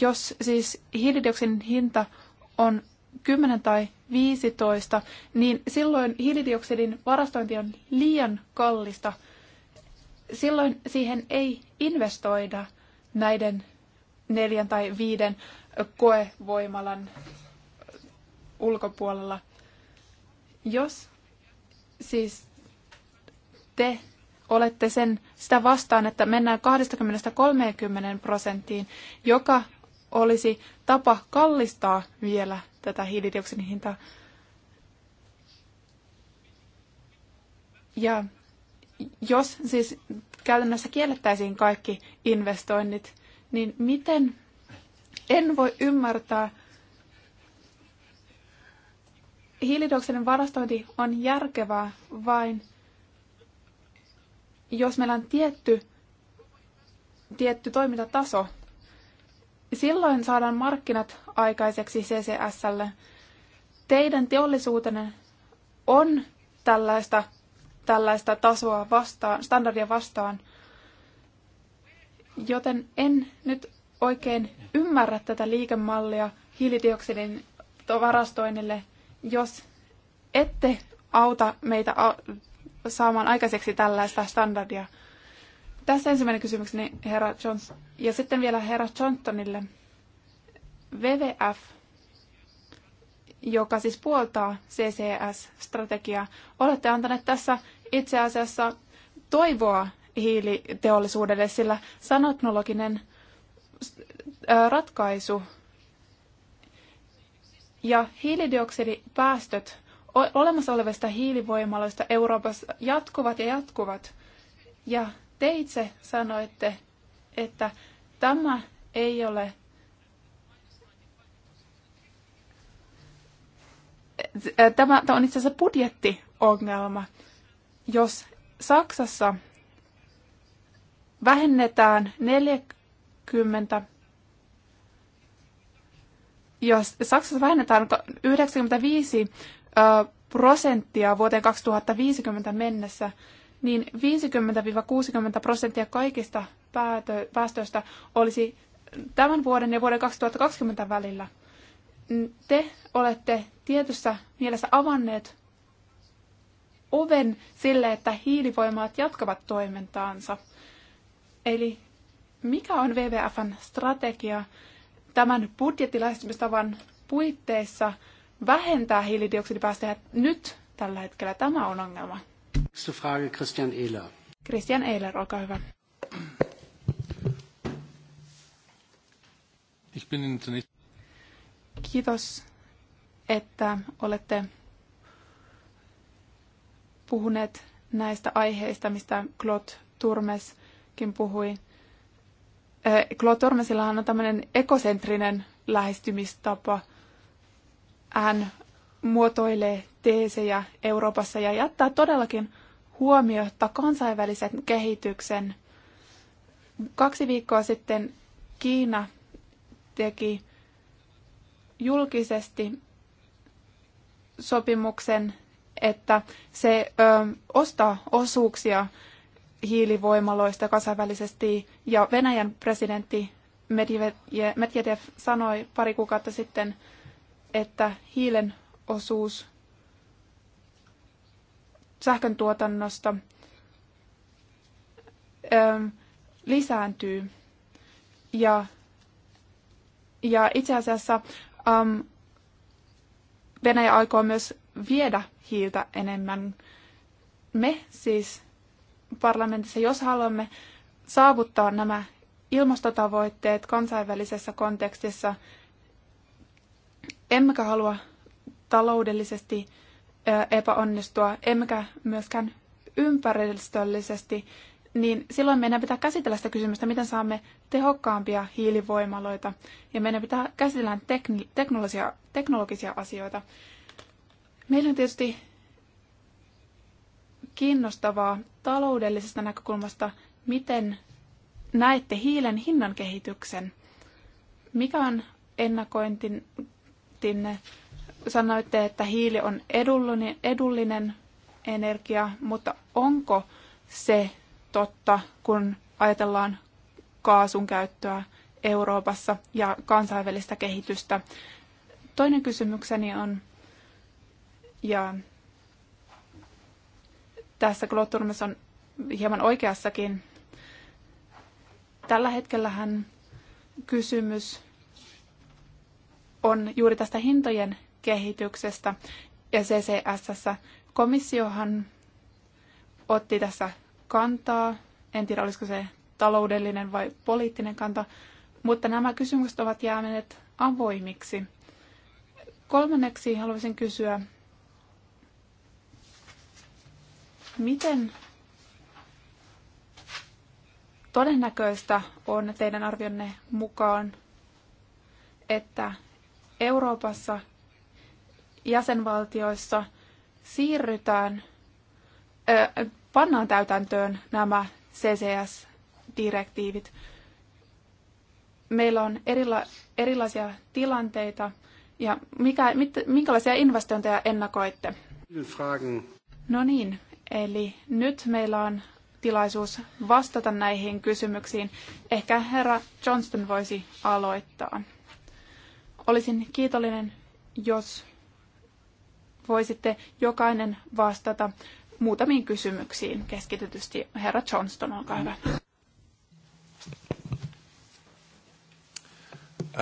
jos siis hiilidioksidin hinta on 10 tai 15, niin silloin hiilidioksidin varastointi on liian kallista. Silloin siihen ei investoida näiden neljän tai viiden koevoimalan ulkopuolella. Jos siis te olette sen, sitä vastaan, että mennään 20-30 prosenttiin, joka olisi tapa kallistaa vielä tätä hiilidioksidin hintaa. Ja jos siis käytännössä kiellettäisiin kaikki investoinnit, niin miten en voi ymmärtää, hiilidioksidin varastointi on järkevää vain, jos meillä on tietty, tietty toimintataso Silloin saadaan markkinat aikaiseksi CCSlle. Teidän teollisuutenne on tällaista, tällaista tasoa vastaan, standardia vastaan, joten en nyt oikein ymmärrä tätä liikemallia hiilidioksidin varastoinnille, jos ette auta meitä saamaan aikaiseksi tällaista standardia. Tässä ensimmäinen kysymykseni herra Jones. Ja sitten vielä herra Johnstonille. WWF, joka siis puoltaa CCS-strategiaa, olette antaneet tässä itse asiassa toivoa hiiliteollisuudelle, sillä sanatnologinen ratkaisu ja hiilidioksidipäästöt olemassa olevista hiilivoimaloista Euroopassa jatkuvat ja jatkuvat. Ja te itse sanoitte, että tämä ei ole Tämä on itse asiassa budjettiongelma. Jos Saksassa vähennetään 40 jos Saksassa vähennetään 95 prosenttia vuoteen 2050 mennessä, niin 50-60 prosenttia kaikista päätö- päästöistä olisi tämän vuoden ja vuoden 2020 välillä. Te olette tietyssä mielessä avanneet oven sille, että hiilivoimaat jatkavat toimintaansa. Eli mikä on WWFn strategia tämän budjettilähestymistavan puitteissa vähentää hiilidioksidipäästöjä nyt tällä hetkellä? Tämä on ongelma. Frage Christian Ehler. Christian Ehler, olkaa hyvä. Kiitos, että olette puhuneet näistä aiheista, mistä Claude Turmeskin puhui. Äh, Claude Turmesillahan on tämmöinen ekosentrinen lähestymistapa. Hän muotoilee teesejä Euroopassa ja jättää todellakin huomiota kansainvälisen kehityksen. Kaksi viikkoa sitten Kiina teki julkisesti sopimuksen, että se ö, ostaa osuuksia hiilivoimaloista kansainvälisesti. Ja Venäjän presidentti Medvedev sanoi pari kuukautta sitten, että hiilen osuus sähkön tuotannosta ähm, lisääntyy. Ja, ja itse asiassa um, Venäjä aikoo myös viedä hiiltä enemmän. Me siis parlamentissa, jos haluamme saavuttaa nämä ilmastotavoitteet kansainvälisessä kontekstissa, emmekä halua taloudellisesti epäonnistua, emmekä myöskään ympäristöllisesti, niin silloin meidän pitää käsitellä sitä kysymystä, miten saamme tehokkaampia hiilivoimaloita. Ja meidän pitää käsitellä teknologisia, teknologisia asioita. Meillä on tietysti kiinnostavaa taloudellisesta näkökulmasta, miten näette hiilen hinnan kehityksen. Mikä on ennakointinne sanoitte, että hiili on edullinen, edullinen energia, mutta onko se totta, kun ajatellaan kaasun käyttöä Euroopassa ja kansainvälistä kehitystä? Toinen kysymykseni on, ja tässä Glotturmes on hieman oikeassakin, tällä hetkellähän kysymys on juuri tästä hintojen kehityksestä ja CCS. Komissiohan otti tässä kantaa, en tiedä olisiko se taloudellinen vai poliittinen kanta, mutta nämä kysymykset ovat jääneet avoimiksi. Kolmanneksi haluaisin kysyä, miten todennäköistä on teidän arvionne mukaan, että Euroopassa jäsenvaltioissa siirrytään, ö, pannaan täytäntöön nämä CCS-direktiivit. Meillä on erila- erilaisia tilanteita ja mikä, mit, minkälaisia investointeja ennakoitte? No niin, eli nyt meillä on tilaisuus vastata näihin kysymyksiin. Ehkä herra Johnston voisi aloittaa. Olisin kiitollinen, jos voisitte jokainen vastata muutamiin kysymyksiin keskitetysti. Herra Johnston, olkaa hyvä.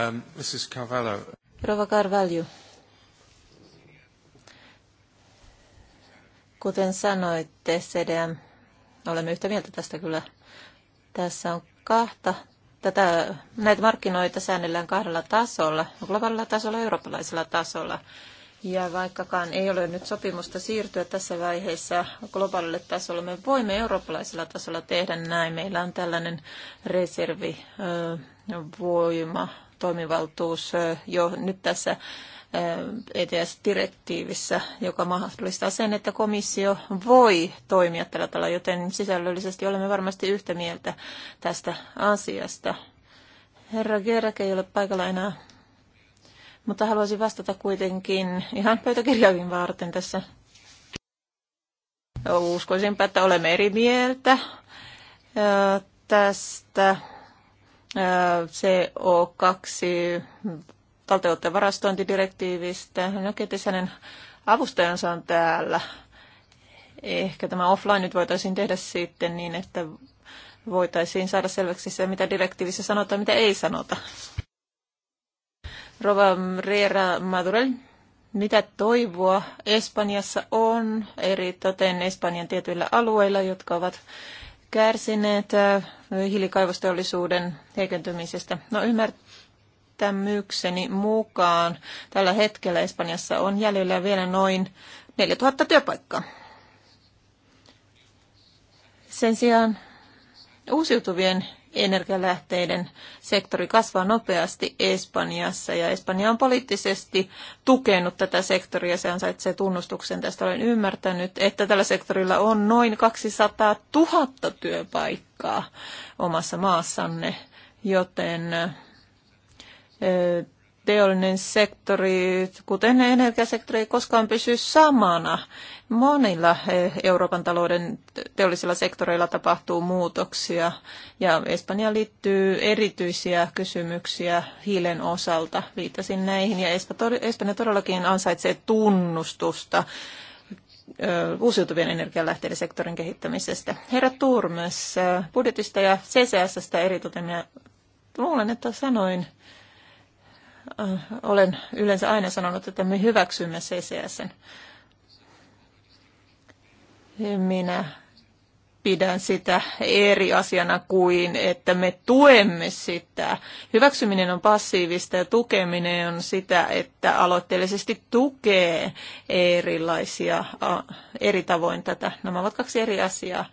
Um, Mrs. Carvalho. Rova Carvalho. Kuten sanoitte, CDM, olemme yhtä mieltä tästä kyllä. Tässä on kahta tätä, näitä markkinoita säännellään kahdella tasolla, globaalilla tasolla ja eurooppalaisella tasolla. Ja vaikkakaan ei ole nyt sopimusta siirtyä tässä vaiheessa globaalille tasolle, me voimme eurooppalaisella tasolla tehdä näin. Meillä on tällainen reservivoima, toimivaltuus jo nyt tässä ETS-direktiivissä, joka mahdollistaa sen, että komissio voi toimia tällä tavalla, joten sisällöllisesti olemme varmasti yhtä mieltä tästä asiasta. Herra Gerke ei ole paikalla enää mutta haluaisin vastata kuitenkin ihan pöytäkirjoihin varten tässä. Uskoisinpä, että olemme eri mieltä tästä CO2 talteuttajan varastointidirektiivistä. No ketis hänen avustajansa on täällä. Ehkä tämä offline nyt voitaisiin tehdä sitten niin, että voitaisiin saada selväksi se, mitä direktiivissä sanotaan, mitä ei sanota. Rova Riera Madurel, mitä toivoa Espanjassa on, eri toten Espanjan tietyillä alueilla, jotka ovat kärsineet äh, hiilikaivosteollisuuden heikentymisestä? No ymmärtämykseni mukaan tällä hetkellä Espanjassa on jäljellä vielä noin 4000 työpaikkaa. Sen sijaan uusiutuvien energialähteiden sektori kasvaa nopeasti Espanjassa ja Espanja on poliittisesti tukenut tätä sektoria. Se ansaitsee tunnustuksen. Tästä olen ymmärtänyt, että tällä sektorilla on noin 200 000 työpaikkaa omassa maassanne, joten teollinen sektori, kuten energiasektori, ei koskaan pysy samana. Monilla eh, Euroopan talouden teollisilla sektoreilla tapahtuu muutoksia ja Espanja liittyy erityisiä kysymyksiä hiilen osalta. Viittasin näihin ja Espanja todellakin ansaitsee tunnustusta eh, uusiutuvien energialähteiden sektorin kehittämisestä. Herra Turmes, eh, budjetista ja CCSstä eritoten minä luulen, että sanoin Äh, olen yleensä aina sanonut, että me hyväksymme CCSn. Minä pidän sitä eri asiana kuin, että me tuemme sitä. Hyväksyminen on passiivista ja tukeminen on sitä, että aloitteellisesti tukee erilaisia, eri tavoin tätä. Nämä ovat kaksi eri asiaa.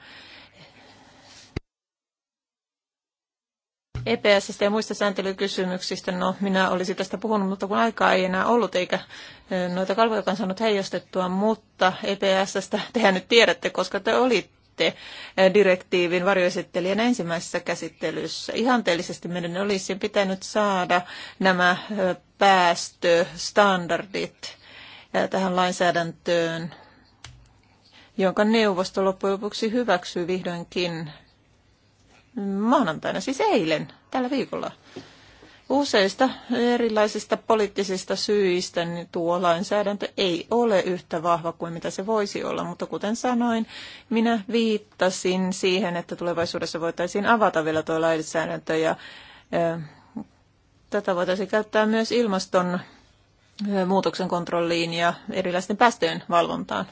EPSstä ja muista sääntelykysymyksistä, no minä olisin tästä puhunut, mutta kun aikaa ei enää ollut eikä noita kalvojakaan saanut heijastettua, mutta EPSstä tehän nyt tiedätte, koska te olitte direktiivin varjoesittelijän ensimmäisessä käsittelyssä. Ihanteellisesti meidän olisi pitänyt saada nämä päästöstandardit tähän lainsäädäntöön jonka neuvosto loppujen lopuksi hyväksyy vihdoinkin maanantaina, siis eilen, tällä viikolla. Useista erilaisista poliittisista syistä niin tuo lainsäädäntö ei ole yhtä vahva kuin mitä se voisi olla, mutta kuten sanoin, minä viittasin siihen, että tulevaisuudessa voitaisiin avata vielä tuo lainsäädäntö ja ö, tätä voitaisiin käyttää myös ilmaston muutoksen kontrolliin ja erilaisten päästöjen valvontaan.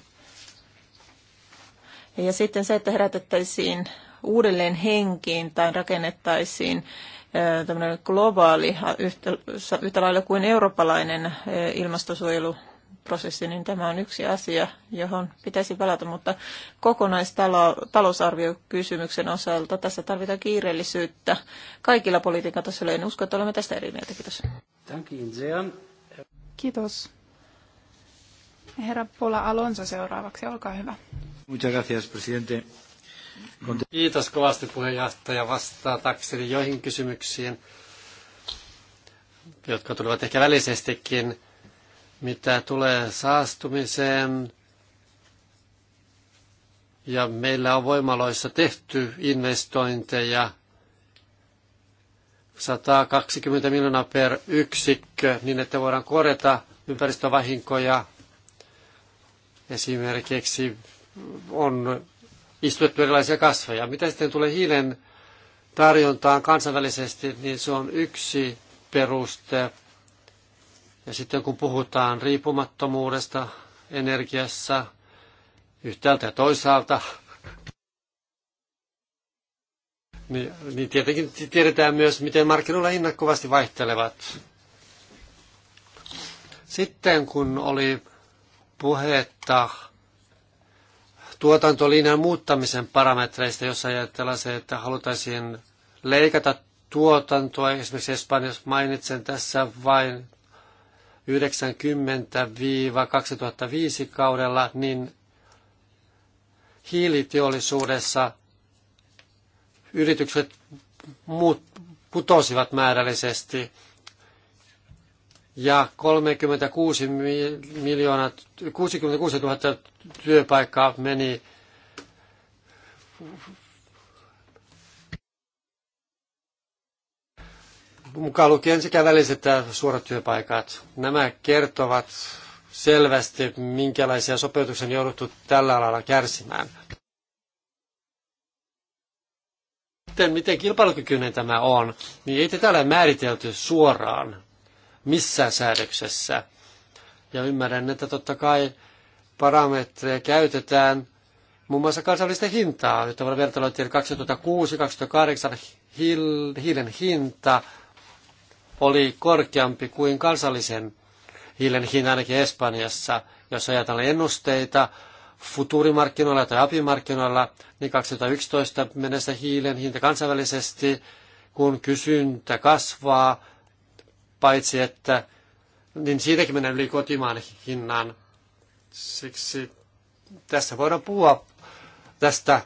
Ja sitten se, että herätettäisiin uudelleen henkiin tai rakennettaisiin tämmöinen globaali yhtä, yhtä lailla kuin eurooppalainen ilmastosuojeluprosessi, niin tämä on yksi asia, johon pitäisi palata, mutta kokonaistalousarviokysymyksen osalta tässä tarvitaan kiireellisyyttä kaikilla politiikan tasoilla. En usko, että olemme tästä eri mieltä. Kiitos. Kiitos. Herra Pola Alonso seuraavaksi, olkaa hyvä. Muchas gracias, presidente. Kiitos kovasti puheenjohtaja vastatakseni joihin kysymyksiin, jotka tulevat ehkä välisestikin, mitä tulee saastumiseen. Ja meillä on voimaloissa tehty investointeja 120 miljoonaa per yksikkö, niin että voidaan korjata ympäristövahinkoja. Esimerkiksi on istutettu erilaisia kasveja. Mitä sitten tulee hiilen tarjontaan kansainvälisesti, niin se on yksi peruste. Ja sitten kun puhutaan riippumattomuudesta energiassa yhtäältä ja toisaalta, niin, niin tietenkin tiedetään myös, miten markkinoilla innakkuvasti kovasti vaihtelevat. Sitten kun oli puhetta tuotantolinjan muuttamisen parametreista, jos ajatellaan se, että halutaisiin leikata tuotantoa. Esimerkiksi Espanjassa mainitsen tässä vain 90-2005 kaudella, niin hiiliteollisuudessa yritykset muut putosivat määrällisesti ja 36 miljoonat, 66 000 työpaikkaa meni mukaan lukien sekä väliset että suorat työpaikat. Nämä kertovat selvästi, minkälaisia sopeutuksen jouduttu tällä alalla kärsimään. Miten, miten kilpailukykyinen tämä on, niin ei tätä ole määritelty suoraan missään säädöksessä. Ja ymmärrän, että totta kai parametreja käytetään muun muassa kansallista hintaa. Nyt on vertailujen 2006-2008 hiilen hinta oli korkeampi kuin kansallisen hiilen hinta ainakin Espanjassa. Jos ajatellaan ennusteita futurimarkkinoilla tai apimarkkinoilla, niin 2011 mennessä hiilen hinta kansainvälisesti, kun kysyntä kasvaa, paitsi että niin siitäkin menee yli kotimaan hinnan. Siksi tässä voidaan puhua tästä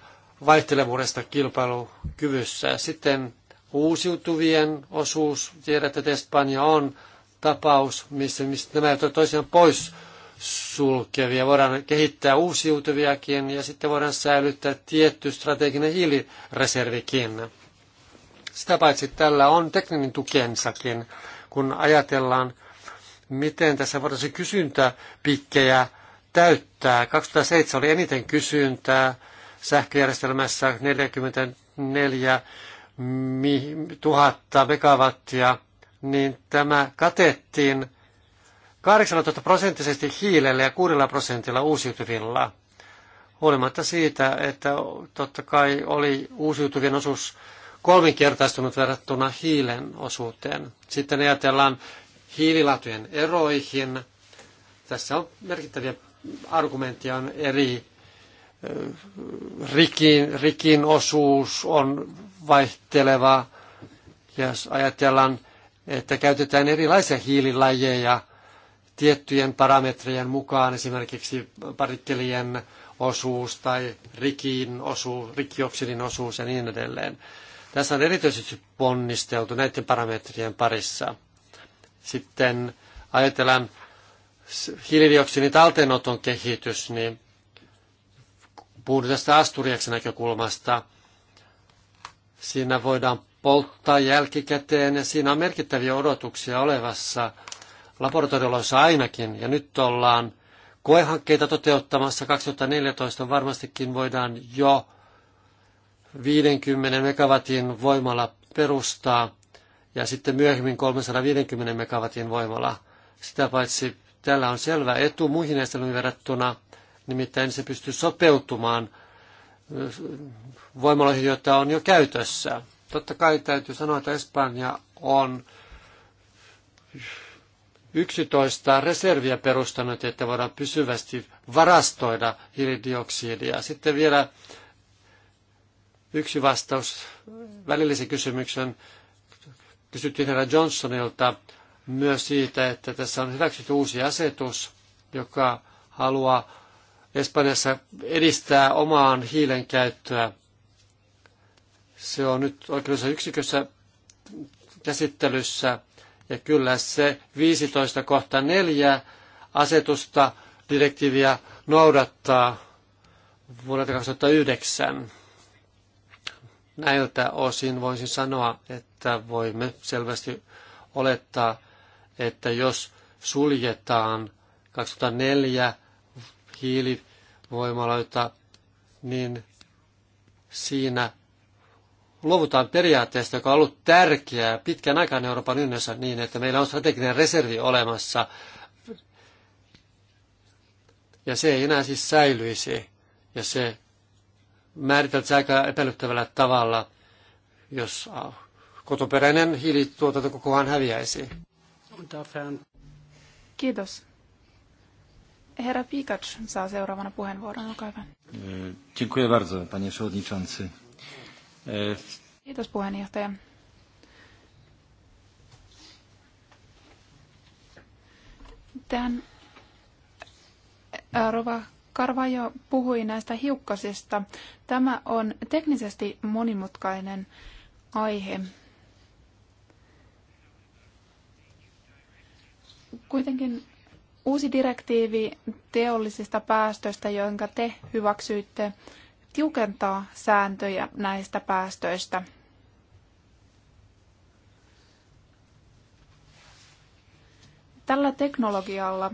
vaihtelevuudesta kilpailukyvyssä. Sitten uusiutuvien osuus, tiedätte, että Espanja on tapaus, missä, missä nämä ovat toisiaan pois sulkevia. Voidaan kehittää uusiutuviakin ja sitten voidaan säilyttää tietty strateginen hiilireservikin. Sitä paitsi tällä on tekninen tukensakin kun ajatellaan, miten tässä voitaisiin kysyntäpikkejä täyttää. 2007 oli eniten kysyntää sähköjärjestelmässä 44 000 megawattia, niin tämä katettiin 18 prosenttisesti hiilellä ja 6 prosentilla uusiutuvilla. Huolimatta siitä, että totta kai oli uusiutuvien osuus kolminkertaistunut verrattuna hiilen osuuteen. Sitten ajatellaan hiililatujen eroihin. Tässä on merkittäviä argumentteja on eri rikin, rikin osuus on vaihteleva. Jos ajatellaan, että käytetään erilaisia hiililajeja tiettyjen parametrien mukaan, esimerkiksi partikkelien osuus tai rikin osuus, rikkioksidin osuus ja niin edelleen. Tässä on erityisesti ponnisteltu näiden parametrien parissa. Sitten ajatellaan hiilidioksidin talteenoton kehitys, niin puhun tästä asturiaksi näkökulmasta. Siinä voidaan polttaa jälkikäteen ja siinä on merkittäviä odotuksia olevassa laboratorioloissa ainakin. Ja nyt ollaan koehankkeita toteuttamassa 2014 varmastikin voidaan jo 50 megawatin voimala perustaa ja sitten myöhemmin 350 megawatin voimala. Sitä paitsi tällä on selvä etu muihin esteluihin verrattuna, nimittäin se pystyy sopeutumaan voimaloihin, joita on jo käytössä. Totta kai täytyy sanoa, että Espanja on 11 reserviä perustanut, että voidaan pysyvästi varastoida hiilidioksidia. Sitten vielä Yksi vastaus välillisen kysymyksen kysyttiin herra Johnsonilta myös siitä, että tässä on hyväksytty uusi asetus, joka haluaa Espanjassa edistää omaan hiilen käyttöä. Se on nyt oikeudessa yksikössä käsittelyssä. Ja kyllä se 15 kohta 4 asetusta direktiiviä noudattaa vuodelta 2009. Näiltä osin voisin sanoa, että voimme selvästi olettaa, että jos suljetaan 2004 hiilivoimaloita, niin siinä luovutaan periaatteesta, joka on ollut tärkeää pitkän aikaa Euroopan ynnössä niin, että meillä on strateginen reservi olemassa. Ja se ei enää siis säilyisi. Ja se määritelty aika epäilyttävällä tavalla, jos kotoperäinen hiilituotanto kokoaan häviäisi. Kiitos. Herra Pikacz saa seuraavana puheenvuoron, olkaa hyvä. E, dziękuję bardzo, panie przewodniczący. E, Kiitos puheenjohtaja. Tämän e, Rova Karvajo puhui näistä hiukkasista. Tämä on teknisesti monimutkainen aihe. Kuitenkin uusi direktiivi teollisista päästöistä, jonka te hyväksyitte, tiukentaa sääntöjä näistä päästöistä. Tällä teknologialla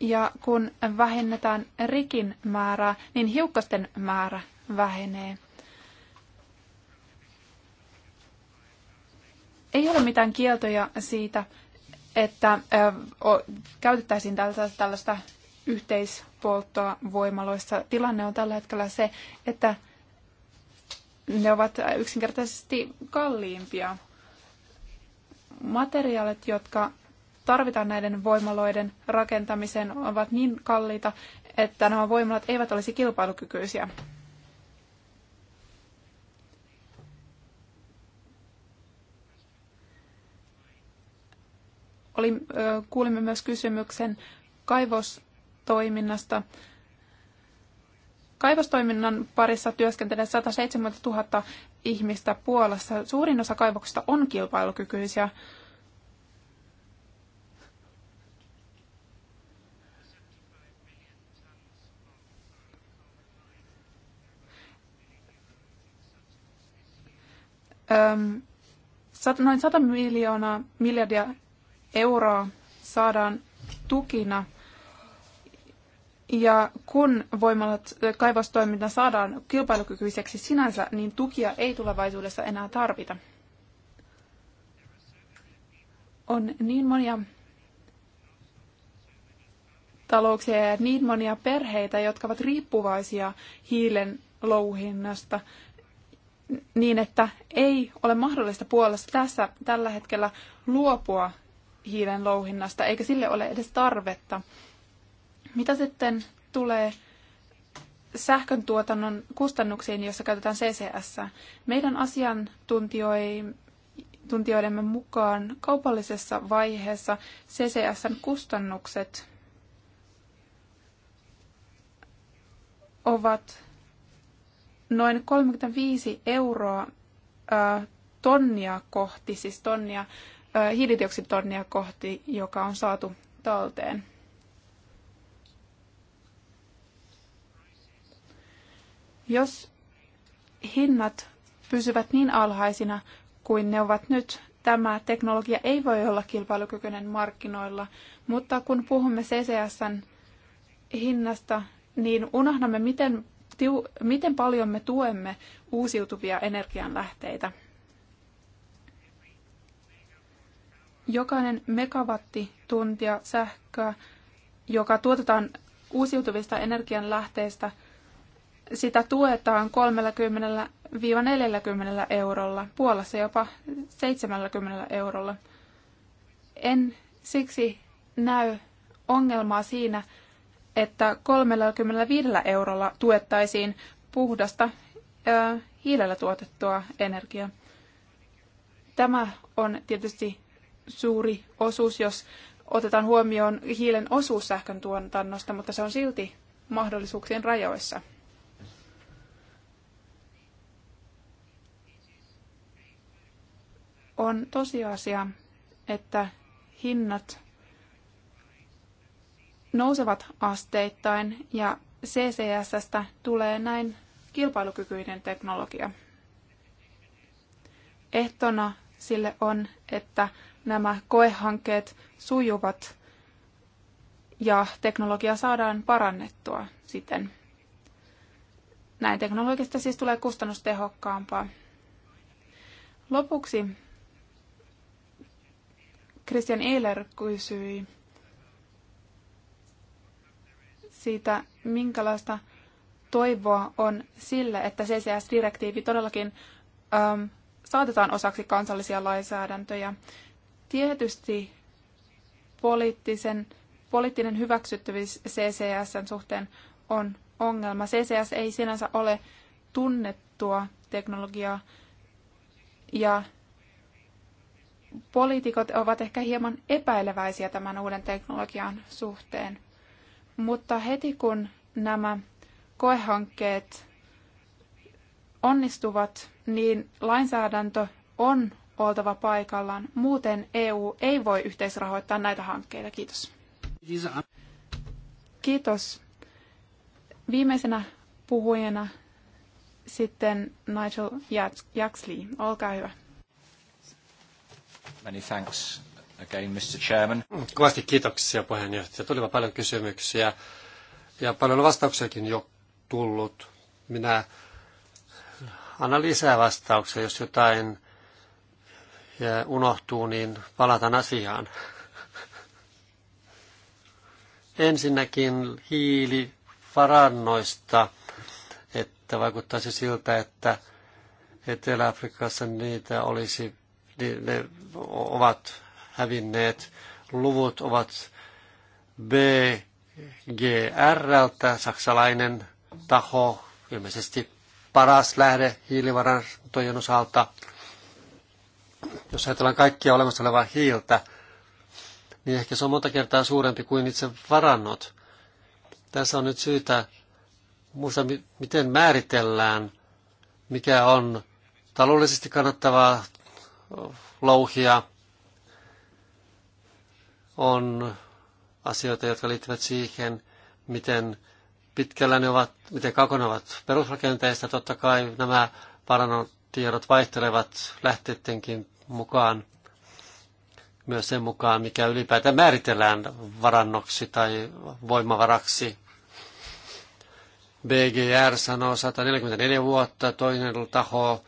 Ja kun vähennetään rikin määrää, niin hiukkasten määrä vähenee. Ei ole mitään kieltoja siitä, että käytettäisiin tällaista yhteispolttoa voimaloissa. Tilanne on tällä hetkellä se, että ne ovat yksinkertaisesti kalliimpia. Materiaalit, jotka tarvitaan näiden voimaloiden rakentamiseen, ovat niin kalliita, että nämä voimalat eivät olisi kilpailukykyisiä. Oli, kuulimme myös kysymyksen kaivostoiminnasta. Kaivostoiminnan parissa työskentelee 170 000 ihmistä Puolassa. Suurin osa kaivoksista on kilpailukykyisiä. noin 100 miljoonaa miljardia euroa saadaan tukina. Ja kun voimalat kaivostoiminta saadaan kilpailukykyiseksi sinänsä, niin tukia ei tulevaisuudessa enää tarvita. On niin monia talouksia ja niin monia perheitä, jotka ovat riippuvaisia hiilen louhinnasta, niin, että ei ole mahdollista puolesta tässä tällä hetkellä luopua hiilen louhinnasta, eikä sille ole edes tarvetta. Mitä sitten tulee sähkön tuotannon kustannuksiin, jossa käytetään CCS. Meidän asiantuntijoidemme mukaan kaupallisessa vaiheessa CCSn kustannukset ovat noin 35 euroa tonnia kohti, siis tonnia, hiilidioksiditonnia kohti, joka on saatu talteen. Jos hinnat pysyvät niin alhaisina kuin ne ovat nyt, tämä teknologia ei voi olla kilpailukykyinen markkinoilla, mutta kun puhumme CCSn hinnasta, niin unohdamme, miten miten paljon me tuemme uusiutuvia energianlähteitä. Jokainen megawattituntia sähköä, joka tuotetaan uusiutuvista energianlähteistä, sitä tuetaan 30-40 eurolla, Puolassa jopa 70 eurolla. En siksi näy ongelmaa siinä, että 35 eurolla tuettaisiin puhdasta ö, hiilellä tuotettua energiaa. Tämä on tietysti suuri osuus, jos otetaan huomioon hiilen osuus sähkön tuotannosta, mutta se on silti mahdollisuuksien rajoissa. On tosiasia, että hinnat nousevat asteittain ja CCSstä tulee näin kilpailukykyinen teknologia. Ehtona sille on, että nämä koehankkeet sujuvat ja teknologia saadaan parannettua siten. Näin teknologista siis tulee kustannustehokkaampaa. Lopuksi Christian Eiler kysyi siitä, minkälaista toivoa on sille, että CCS-direktiivi todellakin äm, saatetaan osaksi kansallisia lainsäädäntöjä. Tietysti poliittisen, poliittinen hyväksyttävyys ccs suhteen on ongelma. CCS ei sinänsä ole tunnettua teknologiaa ja poliitikot ovat ehkä hieman epäileväisiä tämän uuden teknologian suhteen. Mutta heti kun nämä koehankkeet onnistuvat, niin lainsäädäntö on oltava paikallaan. Muuten EU ei voi yhteisrahoittaa näitä hankkeita. Kiitos. Kiitos. Viimeisenä puhujana sitten Nigel Jaxley. Olkaa hyvä. Many thanks. Again, Mr. Chairman. Mm, kovasti kiitoksia puheenjohtaja. Tuli paljon kysymyksiä ja paljon vastauksiakin jo tullut. Minä annan lisää vastauksia, jos jotain ja unohtuu, niin palataan asiaan. Ensinnäkin hiilivarannoista, että vaikuttaisi siltä, että Etelä-Afrikassa niitä olisi, niin ne ovat hävinneet. Luvut ovat BGRltä, saksalainen taho, ilmeisesti paras lähde hiilivarantojen osalta. Jos ajatellaan kaikkia olemassa olevaa hiiltä, niin ehkä se on monta kertaa suurempi kuin itse varannot. Tässä on nyt syytä muista, miten määritellään, mikä on taloudellisesti kannattavaa louhia on asioita, jotka liittyvät siihen, miten pitkällä ne ovat, miten kaukana ovat perusrakenteista. Totta kai nämä parannotiedot vaihtelevat lähteidenkin mukaan, myös sen mukaan, mikä ylipäätään määritellään varannoksi tai voimavaraksi. BGR sanoo 144 vuotta, toinen taho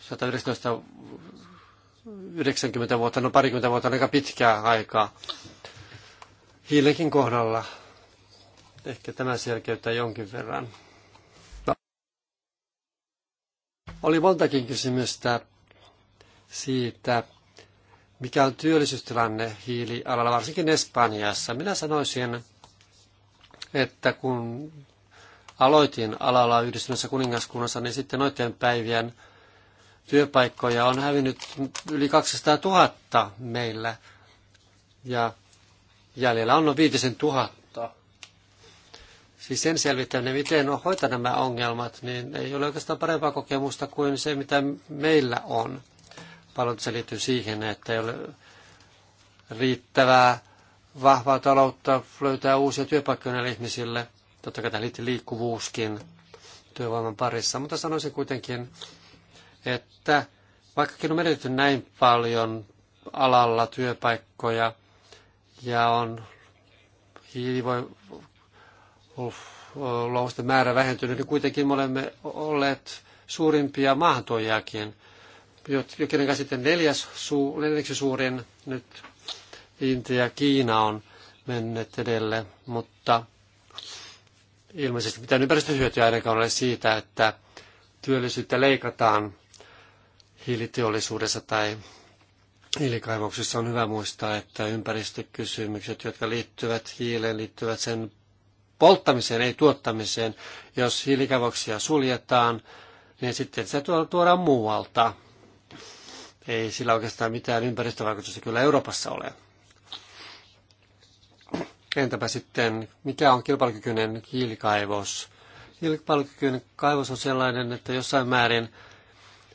119 90 vuotta, no parikymmentä vuotta on aika pitkää aikaa hiilenkin kohdalla. Ehkä tämä selkeyttää jonkin verran. Oli montakin kysymystä siitä, mikä on työllisyystilanne hiilialalla, varsinkin Espanjassa. Minä sanoisin, että kun aloitin alalla yhdistyneessä kuningaskunnassa, niin sitten noiden päivien työpaikkoja on hävinnyt yli 200 000 meillä ja jäljellä on noin 5 000. Siis sen selvittäminen, niin miten on hoitaa nämä ongelmat, niin ei ole oikeastaan parempaa kokemusta kuin se, mitä meillä on. Paljon se liittyy siihen, että ei ole riittävää vahvaa taloutta löytää uusia työpaikkoja näille ihmisille. Totta kai tämä liittyy liikkuvuuskin työvoiman parissa, mutta sanoisin kuitenkin, että vaikkakin on menetetty näin paljon alalla työpaikkoja ja on hiilivoimalousten määrä vähentynyt, niin kuitenkin me olemme olleet suurimpia maahantuojiakin. Jokinen sitten neljäs, su, neljäksi suurin nyt Intia ja Kiina on mennyt edelle, mutta ilmeisesti mitään ympäristöhyötyä ainakaan ole siitä, että työllisyyttä leikataan hiiliteollisuudessa tai hiilikaivoksissa on hyvä muistaa, että ympäristökysymykset, jotka liittyvät hiileen, liittyvät sen polttamiseen, ei tuottamiseen. Jos hiilikaivoksia suljetaan, niin sitten se tuodaan muualta. Ei sillä oikeastaan mitään ympäristövaikutusta kyllä Euroopassa ole. Entäpä sitten, mikä on kilpailukykyinen hiilikaivos? Kilpailukykyinen kaivos on sellainen, että jossain määrin –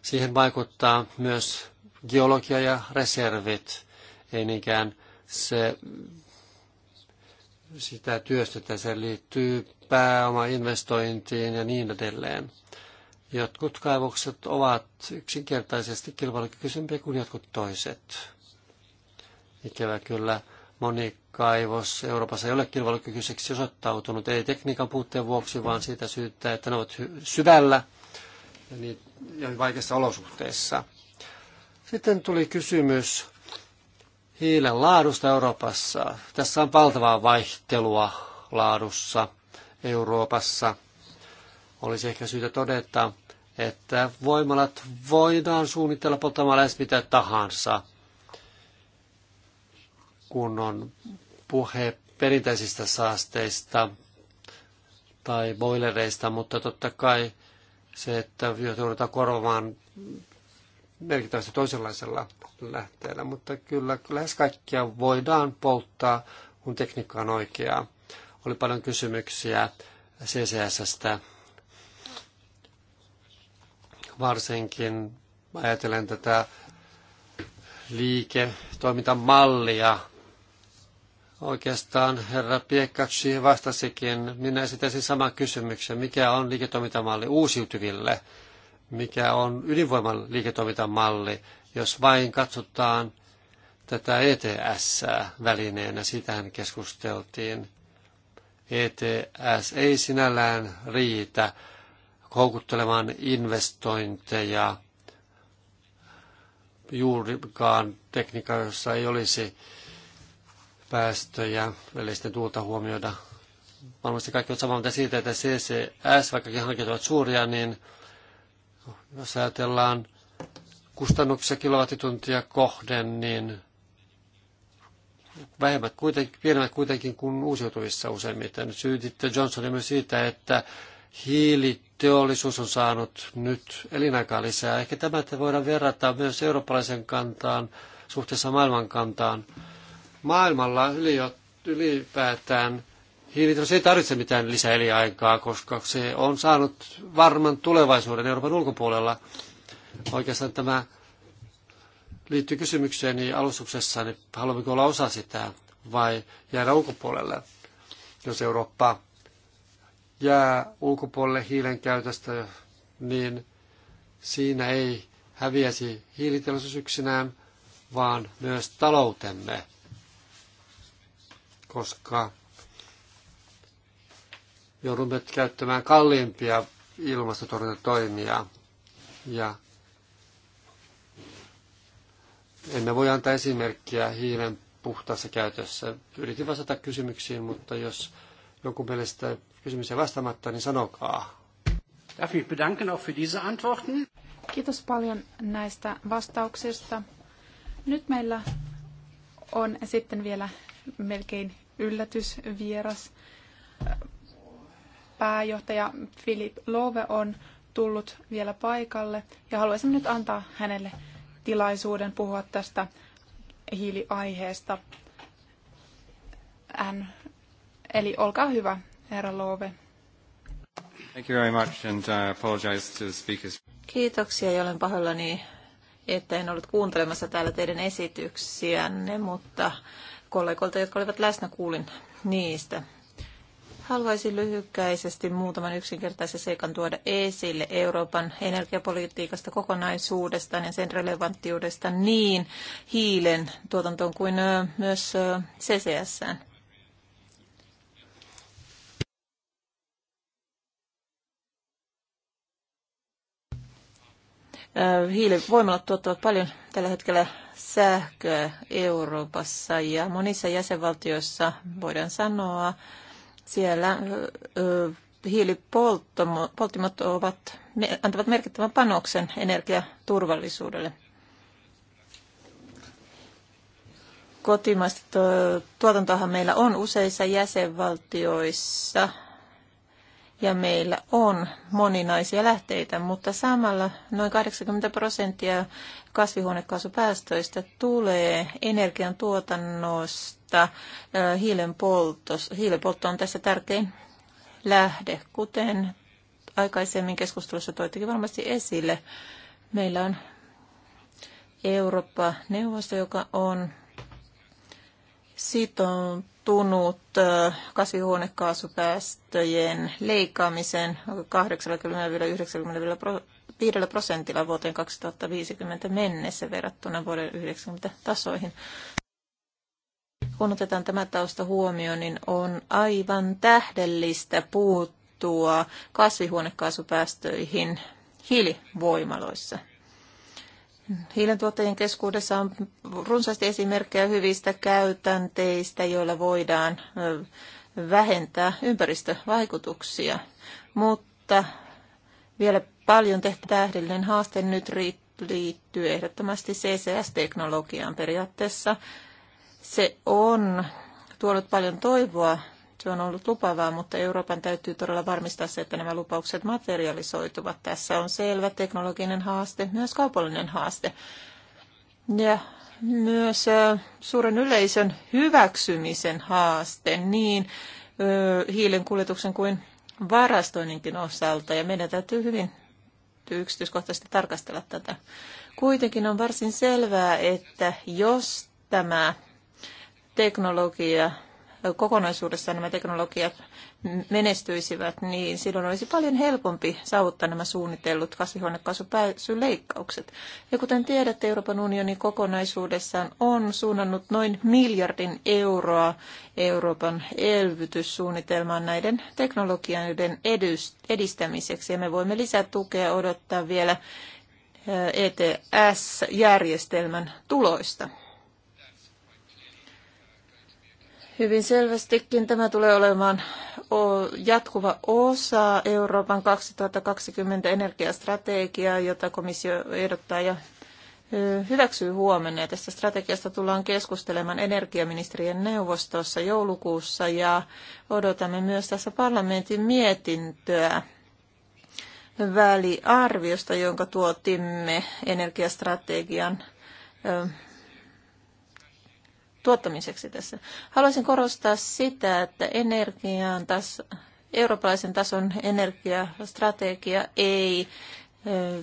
Siihen vaikuttaa myös geologia ja reservit, ei niinkään se, sitä työstetään, se liittyy pääomainvestointiin ja niin edelleen. Jotkut kaivokset ovat yksinkertaisesti kilpailukykyisempiä kuin jotkut toiset. Ikävä kyllä moni kaivos Euroopassa ei ole kilpailukykyiseksi osoittautunut, ei tekniikan puutteen vuoksi, vaan siitä syyttä, että ne ovat syvällä ja niitä ja vaikeissa olosuhteissa. Sitten tuli kysymys hiilen laadusta Euroopassa. Tässä on valtavaa vaihtelua laadussa Euroopassa. Olisi ehkä syytä todeta, että voimalat voidaan suunnitella polttamalla lähes mitä tahansa, kun on puhe perinteisistä saasteista tai boilereista, mutta totta kai se, että joudutaan korvaamaan merkittävästi toisenlaisella lähteellä, mutta kyllä lähes kaikkia voidaan polttaa, kun tekniikka on oikeaa. Oli paljon kysymyksiä CCSstä, varsinkin ajatellen tätä liiketoimintamallia, Oikeastaan herra Piekkaksi vastasikin. Minä esitäisin saman kysymyksen. Mikä on liiketoimintamalli uusiutuville? Mikä on ydinvoiman liiketoimintamalli, jos vain katsotaan tätä ETS-välineenä? sitähän keskusteltiin. ETS ei sinällään riitä houkuttelemaan investointeja juurikaan jossa ei olisi päästöjä, eli sitten tuulta huomioida. Varmasti kaikki ovat samaa mieltä siitä, että CCS, vaikkakin hankkeet ovat suuria, niin jos ajatellaan kustannuksia kilowattituntia kohden, niin vähemmät kuitenkin, pienemmät kuitenkin kuin uusiutuvissa useimmiten. Syytitte Johnsonia myös siitä, että hiiliteollisuus on saanut nyt elinaikaa lisää. Ehkä tämä että voidaan verrata myös eurooppalaisen kantaan suhteessa maailmankantaan. kantaan. Maailmalla ylipäätään hiilitros ei tarvitse mitään lisäeliaikaa, koska se on saanut varman tulevaisuuden Euroopan ulkopuolella. Oikeastaan tämä liittyy kysymykseeni niin alustuksessa, niin haluammeko olla osa sitä vai jäädä ulkopuolelle, jos Eurooppa jää ulkopuolelle hiilen käytöstä, niin siinä ei häviäisi hiiliteollisuus yksinään, vaan myös taloutemme koska joudumme käyttämään kalliimpia ilmastotorjuntatoimia ja emme voi antaa esimerkkiä hiilen puhtaassa käytössä. Yritin vastata kysymyksiin, mutta jos joku mielestä kysymys ei vastaamatta, niin sanokaa. Darf ich bedanken auch für diese Antworten. Kiitos paljon näistä vastauksista. Nyt meillä on sitten vielä melkein yllätysvieras. Pääjohtaja Philip Love on tullut vielä paikalle ja haluaisin nyt antaa hänelle tilaisuuden puhua tästä hiiliaiheesta. Hän, eli olkaa hyvä, herra Love. Thank you very much and uh, I apologize to the speakers. Kiitoksia ja olen pahoillani, että en ollut kuuntelemassa täällä teidän esityksiänne, mutta kollegoilta, jotka olivat läsnä, kuulin niistä. Haluaisin lyhykäisesti muutaman yksinkertaisen seikan tuoda esille Euroopan energiapolitiikasta kokonaisuudestaan ja sen relevanttiudesta niin hiilen tuotantoon kuin myös CCSään. Hiilivoimalat tuottavat paljon tällä hetkellä sähköä Euroopassa ja monissa jäsenvaltioissa voidaan sanoa, siellä hiilipolttimot ovat, antavat merkittävän panoksen energiaturvallisuudelle. Kotimaista tuotantoahan meillä on useissa jäsenvaltioissa ja meillä on moninaisia lähteitä, mutta samalla noin 80 prosenttia kasvihuonekaasupäästöistä tulee energian tuotannosta. Hiilen, poltto. hiilen poltto on tässä tärkein lähde, kuten aikaisemmin keskustelussa toittekin varmasti esille. Meillä on Eurooppa-neuvosto, joka on sitoutunut onnistunut kasvihuonekaasupäästöjen leikkaamisen 80-95 prosentilla vuoteen 2050 mennessä verrattuna vuoden 90 tasoihin. Kun otetaan tämä tausta huomioon, niin on aivan tähdellistä puuttua kasvihuonekaasupäästöihin hiilivoimaloissa – Hiilentuottajien keskuudessa on runsaasti esimerkkejä hyvistä käytänteistä, joilla voidaan vähentää ympäristövaikutuksia, mutta vielä paljon tehty tähdellinen haaste nyt liittyy ehdottomasti CCS-teknologiaan periaatteessa. Se on tuonut paljon toivoa Työ on ollut lupavaa, mutta Euroopan täytyy todella varmistaa se, että nämä lupaukset materialisoituvat. Tässä on selvä teknologinen haaste, myös kaupallinen haaste. Ja myös suuren yleisön hyväksymisen haaste niin hiilen kuljetuksen kuin varastoinninkin osalta. Ja meidän täytyy hyvin yksityiskohtaisesti tarkastella tätä. Kuitenkin on varsin selvää, että jos tämä teknologia kokonaisuudessaan nämä teknologiat menestyisivät, niin silloin olisi paljon helpompi saavuttaa nämä suunnitellut kasvihuonekaasupääsyleikkaukset. Ja kuten tiedätte, Euroopan unioni kokonaisuudessaan on suunnannut noin miljardin euroa Euroopan elvytyssuunnitelmaan näiden teknologioiden edistämiseksi. Ja me voimme tukea odottaa vielä ETS-järjestelmän tuloista. Hyvin selvästikin tämä tulee olemaan jatkuva osa Euroopan 2020 energiastrategiaa, jota komissio ehdottaa ja hyväksyy huomenna. Ja tästä strategiasta tullaan keskustelemaan energiaministerien neuvostossa joulukuussa ja odotamme myös tässä parlamentin mietintöä väliarviosta, jonka tuotimme energiastrategian tuottamiseksi tässä. Haluaisin korostaa sitä, että energiaan taas, eurooppalaisen tason energiastrategia ei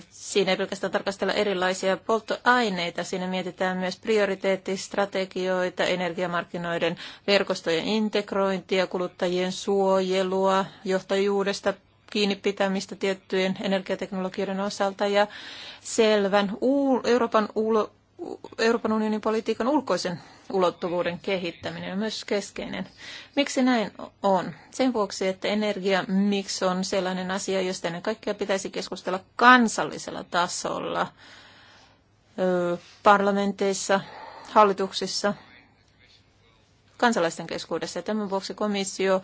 Siinä ei pelkästään tarkastella erilaisia polttoaineita, siinä mietitään myös prioriteettistrategioita, energiamarkkinoiden verkostojen integrointia, kuluttajien suojelua, johtajuudesta kiinni pitämistä tiettyjen energiateknologioiden osalta ja selvän Euroopan Euroopan unionin politiikan ulkoisen ulottuvuuden kehittäminen on myös keskeinen. Miksi näin on? Sen vuoksi, että energia miksi on sellainen asia, josta ennen kaikkea pitäisi keskustella kansallisella tasolla, parlamenteissa, hallituksissa kansalaisten keskuudessa. tämän vuoksi komissio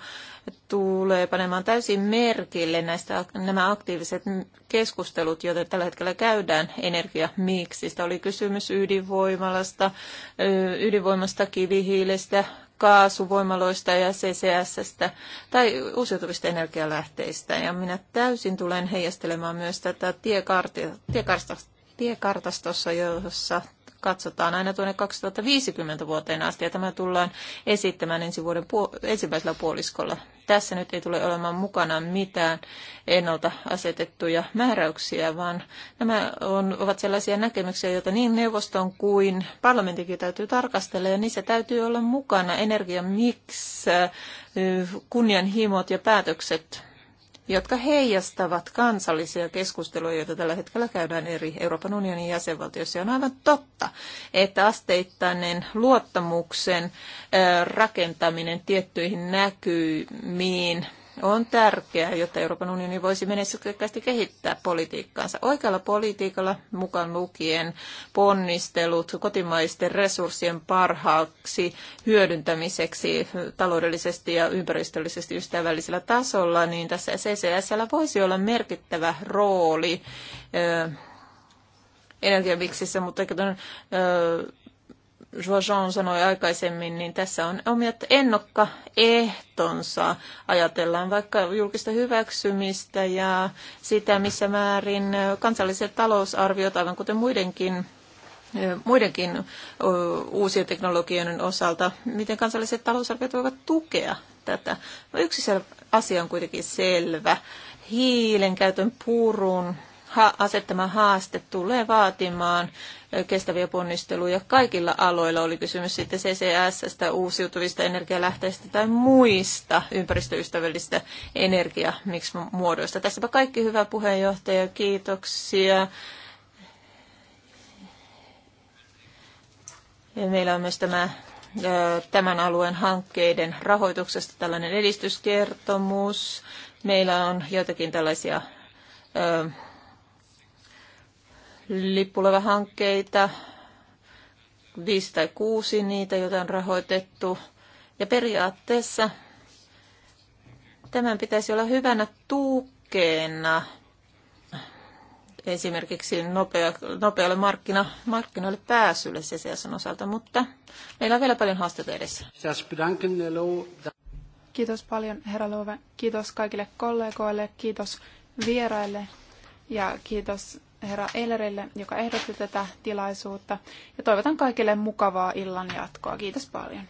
tulee panemaan täysin merkille näistä, nämä aktiiviset keskustelut, joita tällä hetkellä käydään energiamiksistä. Oli kysymys ydinvoimalasta, ydinvoimasta, kivihiilestä, kaasuvoimaloista ja CCS tai uusiutuvista energialähteistä. Ja minä täysin tulen heijastelemaan myös tätä tiekartasta, tiekartastossa, jossa katsotaan aina tuonne 2050 vuoteen asti, ja tämä tullaan esittämään ensi vuoden puol- ensimmäisellä puoliskolla. Tässä nyt ei tule olemaan mukana mitään ennalta asetettuja määräyksiä, vaan nämä on, ovat sellaisia näkemyksiä, joita niin neuvoston kuin parlamentinkin täytyy tarkastella, ja niissä täytyy olla mukana energia, miksi, kunnianhimot ja päätökset jotka heijastavat kansallisia keskusteluja, joita tällä hetkellä käydään eri Euroopan unionin jäsenvaltioissa. On aivan totta, että asteittainen luottamuksen rakentaminen tiettyihin näkymiin – on tärkeää, jotta Euroopan unioni voisi menestyksekkäästi kehittää politiikkaansa. Oikealla politiikalla mukaan lukien ponnistelut kotimaisten resurssien parhaaksi hyödyntämiseksi taloudellisesti ja ympäristöllisesti ystävällisellä tasolla, niin tässä CCSllä voisi olla merkittävä rooli energiamiksissä, mutta Joan sanoi aikaisemmin, niin tässä on omat ennokkaehtonsa. Ajatellaan vaikka julkista hyväksymistä ja sitä, missä määrin kansalliset talousarviot, aivan kuten muidenkin muidenkin uusien teknologioiden osalta, miten kansalliset talousarviot voivat tukea tätä. No yksi asia on kuitenkin selvä. Hiilen käytön purun ha- asettama haaste tulee vaatimaan kestäviä ponnisteluja kaikilla aloilla, oli kysymys sitten CCS, uusiutuvista energialähteistä tai muista ympäristöystävällisistä energiamuodoista. Tässäpä kaikki hyvä puheenjohtaja, kiitoksia. Ja meillä on myös tämä tämän alueen hankkeiden rahoituksesta tällainen edistyskertomus. Meillä on joitakin tällaisia lippulevähankkeita, viisi tai kuusi niitä, joita on rahoitettu. Ja periaatteessa tämän pitäisi olla hyvänä tukeena esimerkiksi nopea, nopealle markkina, markkinoille pääsylle CCSn osalta, mutta meillä on vielä paljon haasteita edessä. Kiitos paljon herra Luove, kiitos kaikille kollegoille, kiitos vieraille ja kiitos herra Eilerille, joka ehdotti tätä tilaisuutta. Ja toivotan kaikille mukavaa illan jatkoa. Kiitos paljon.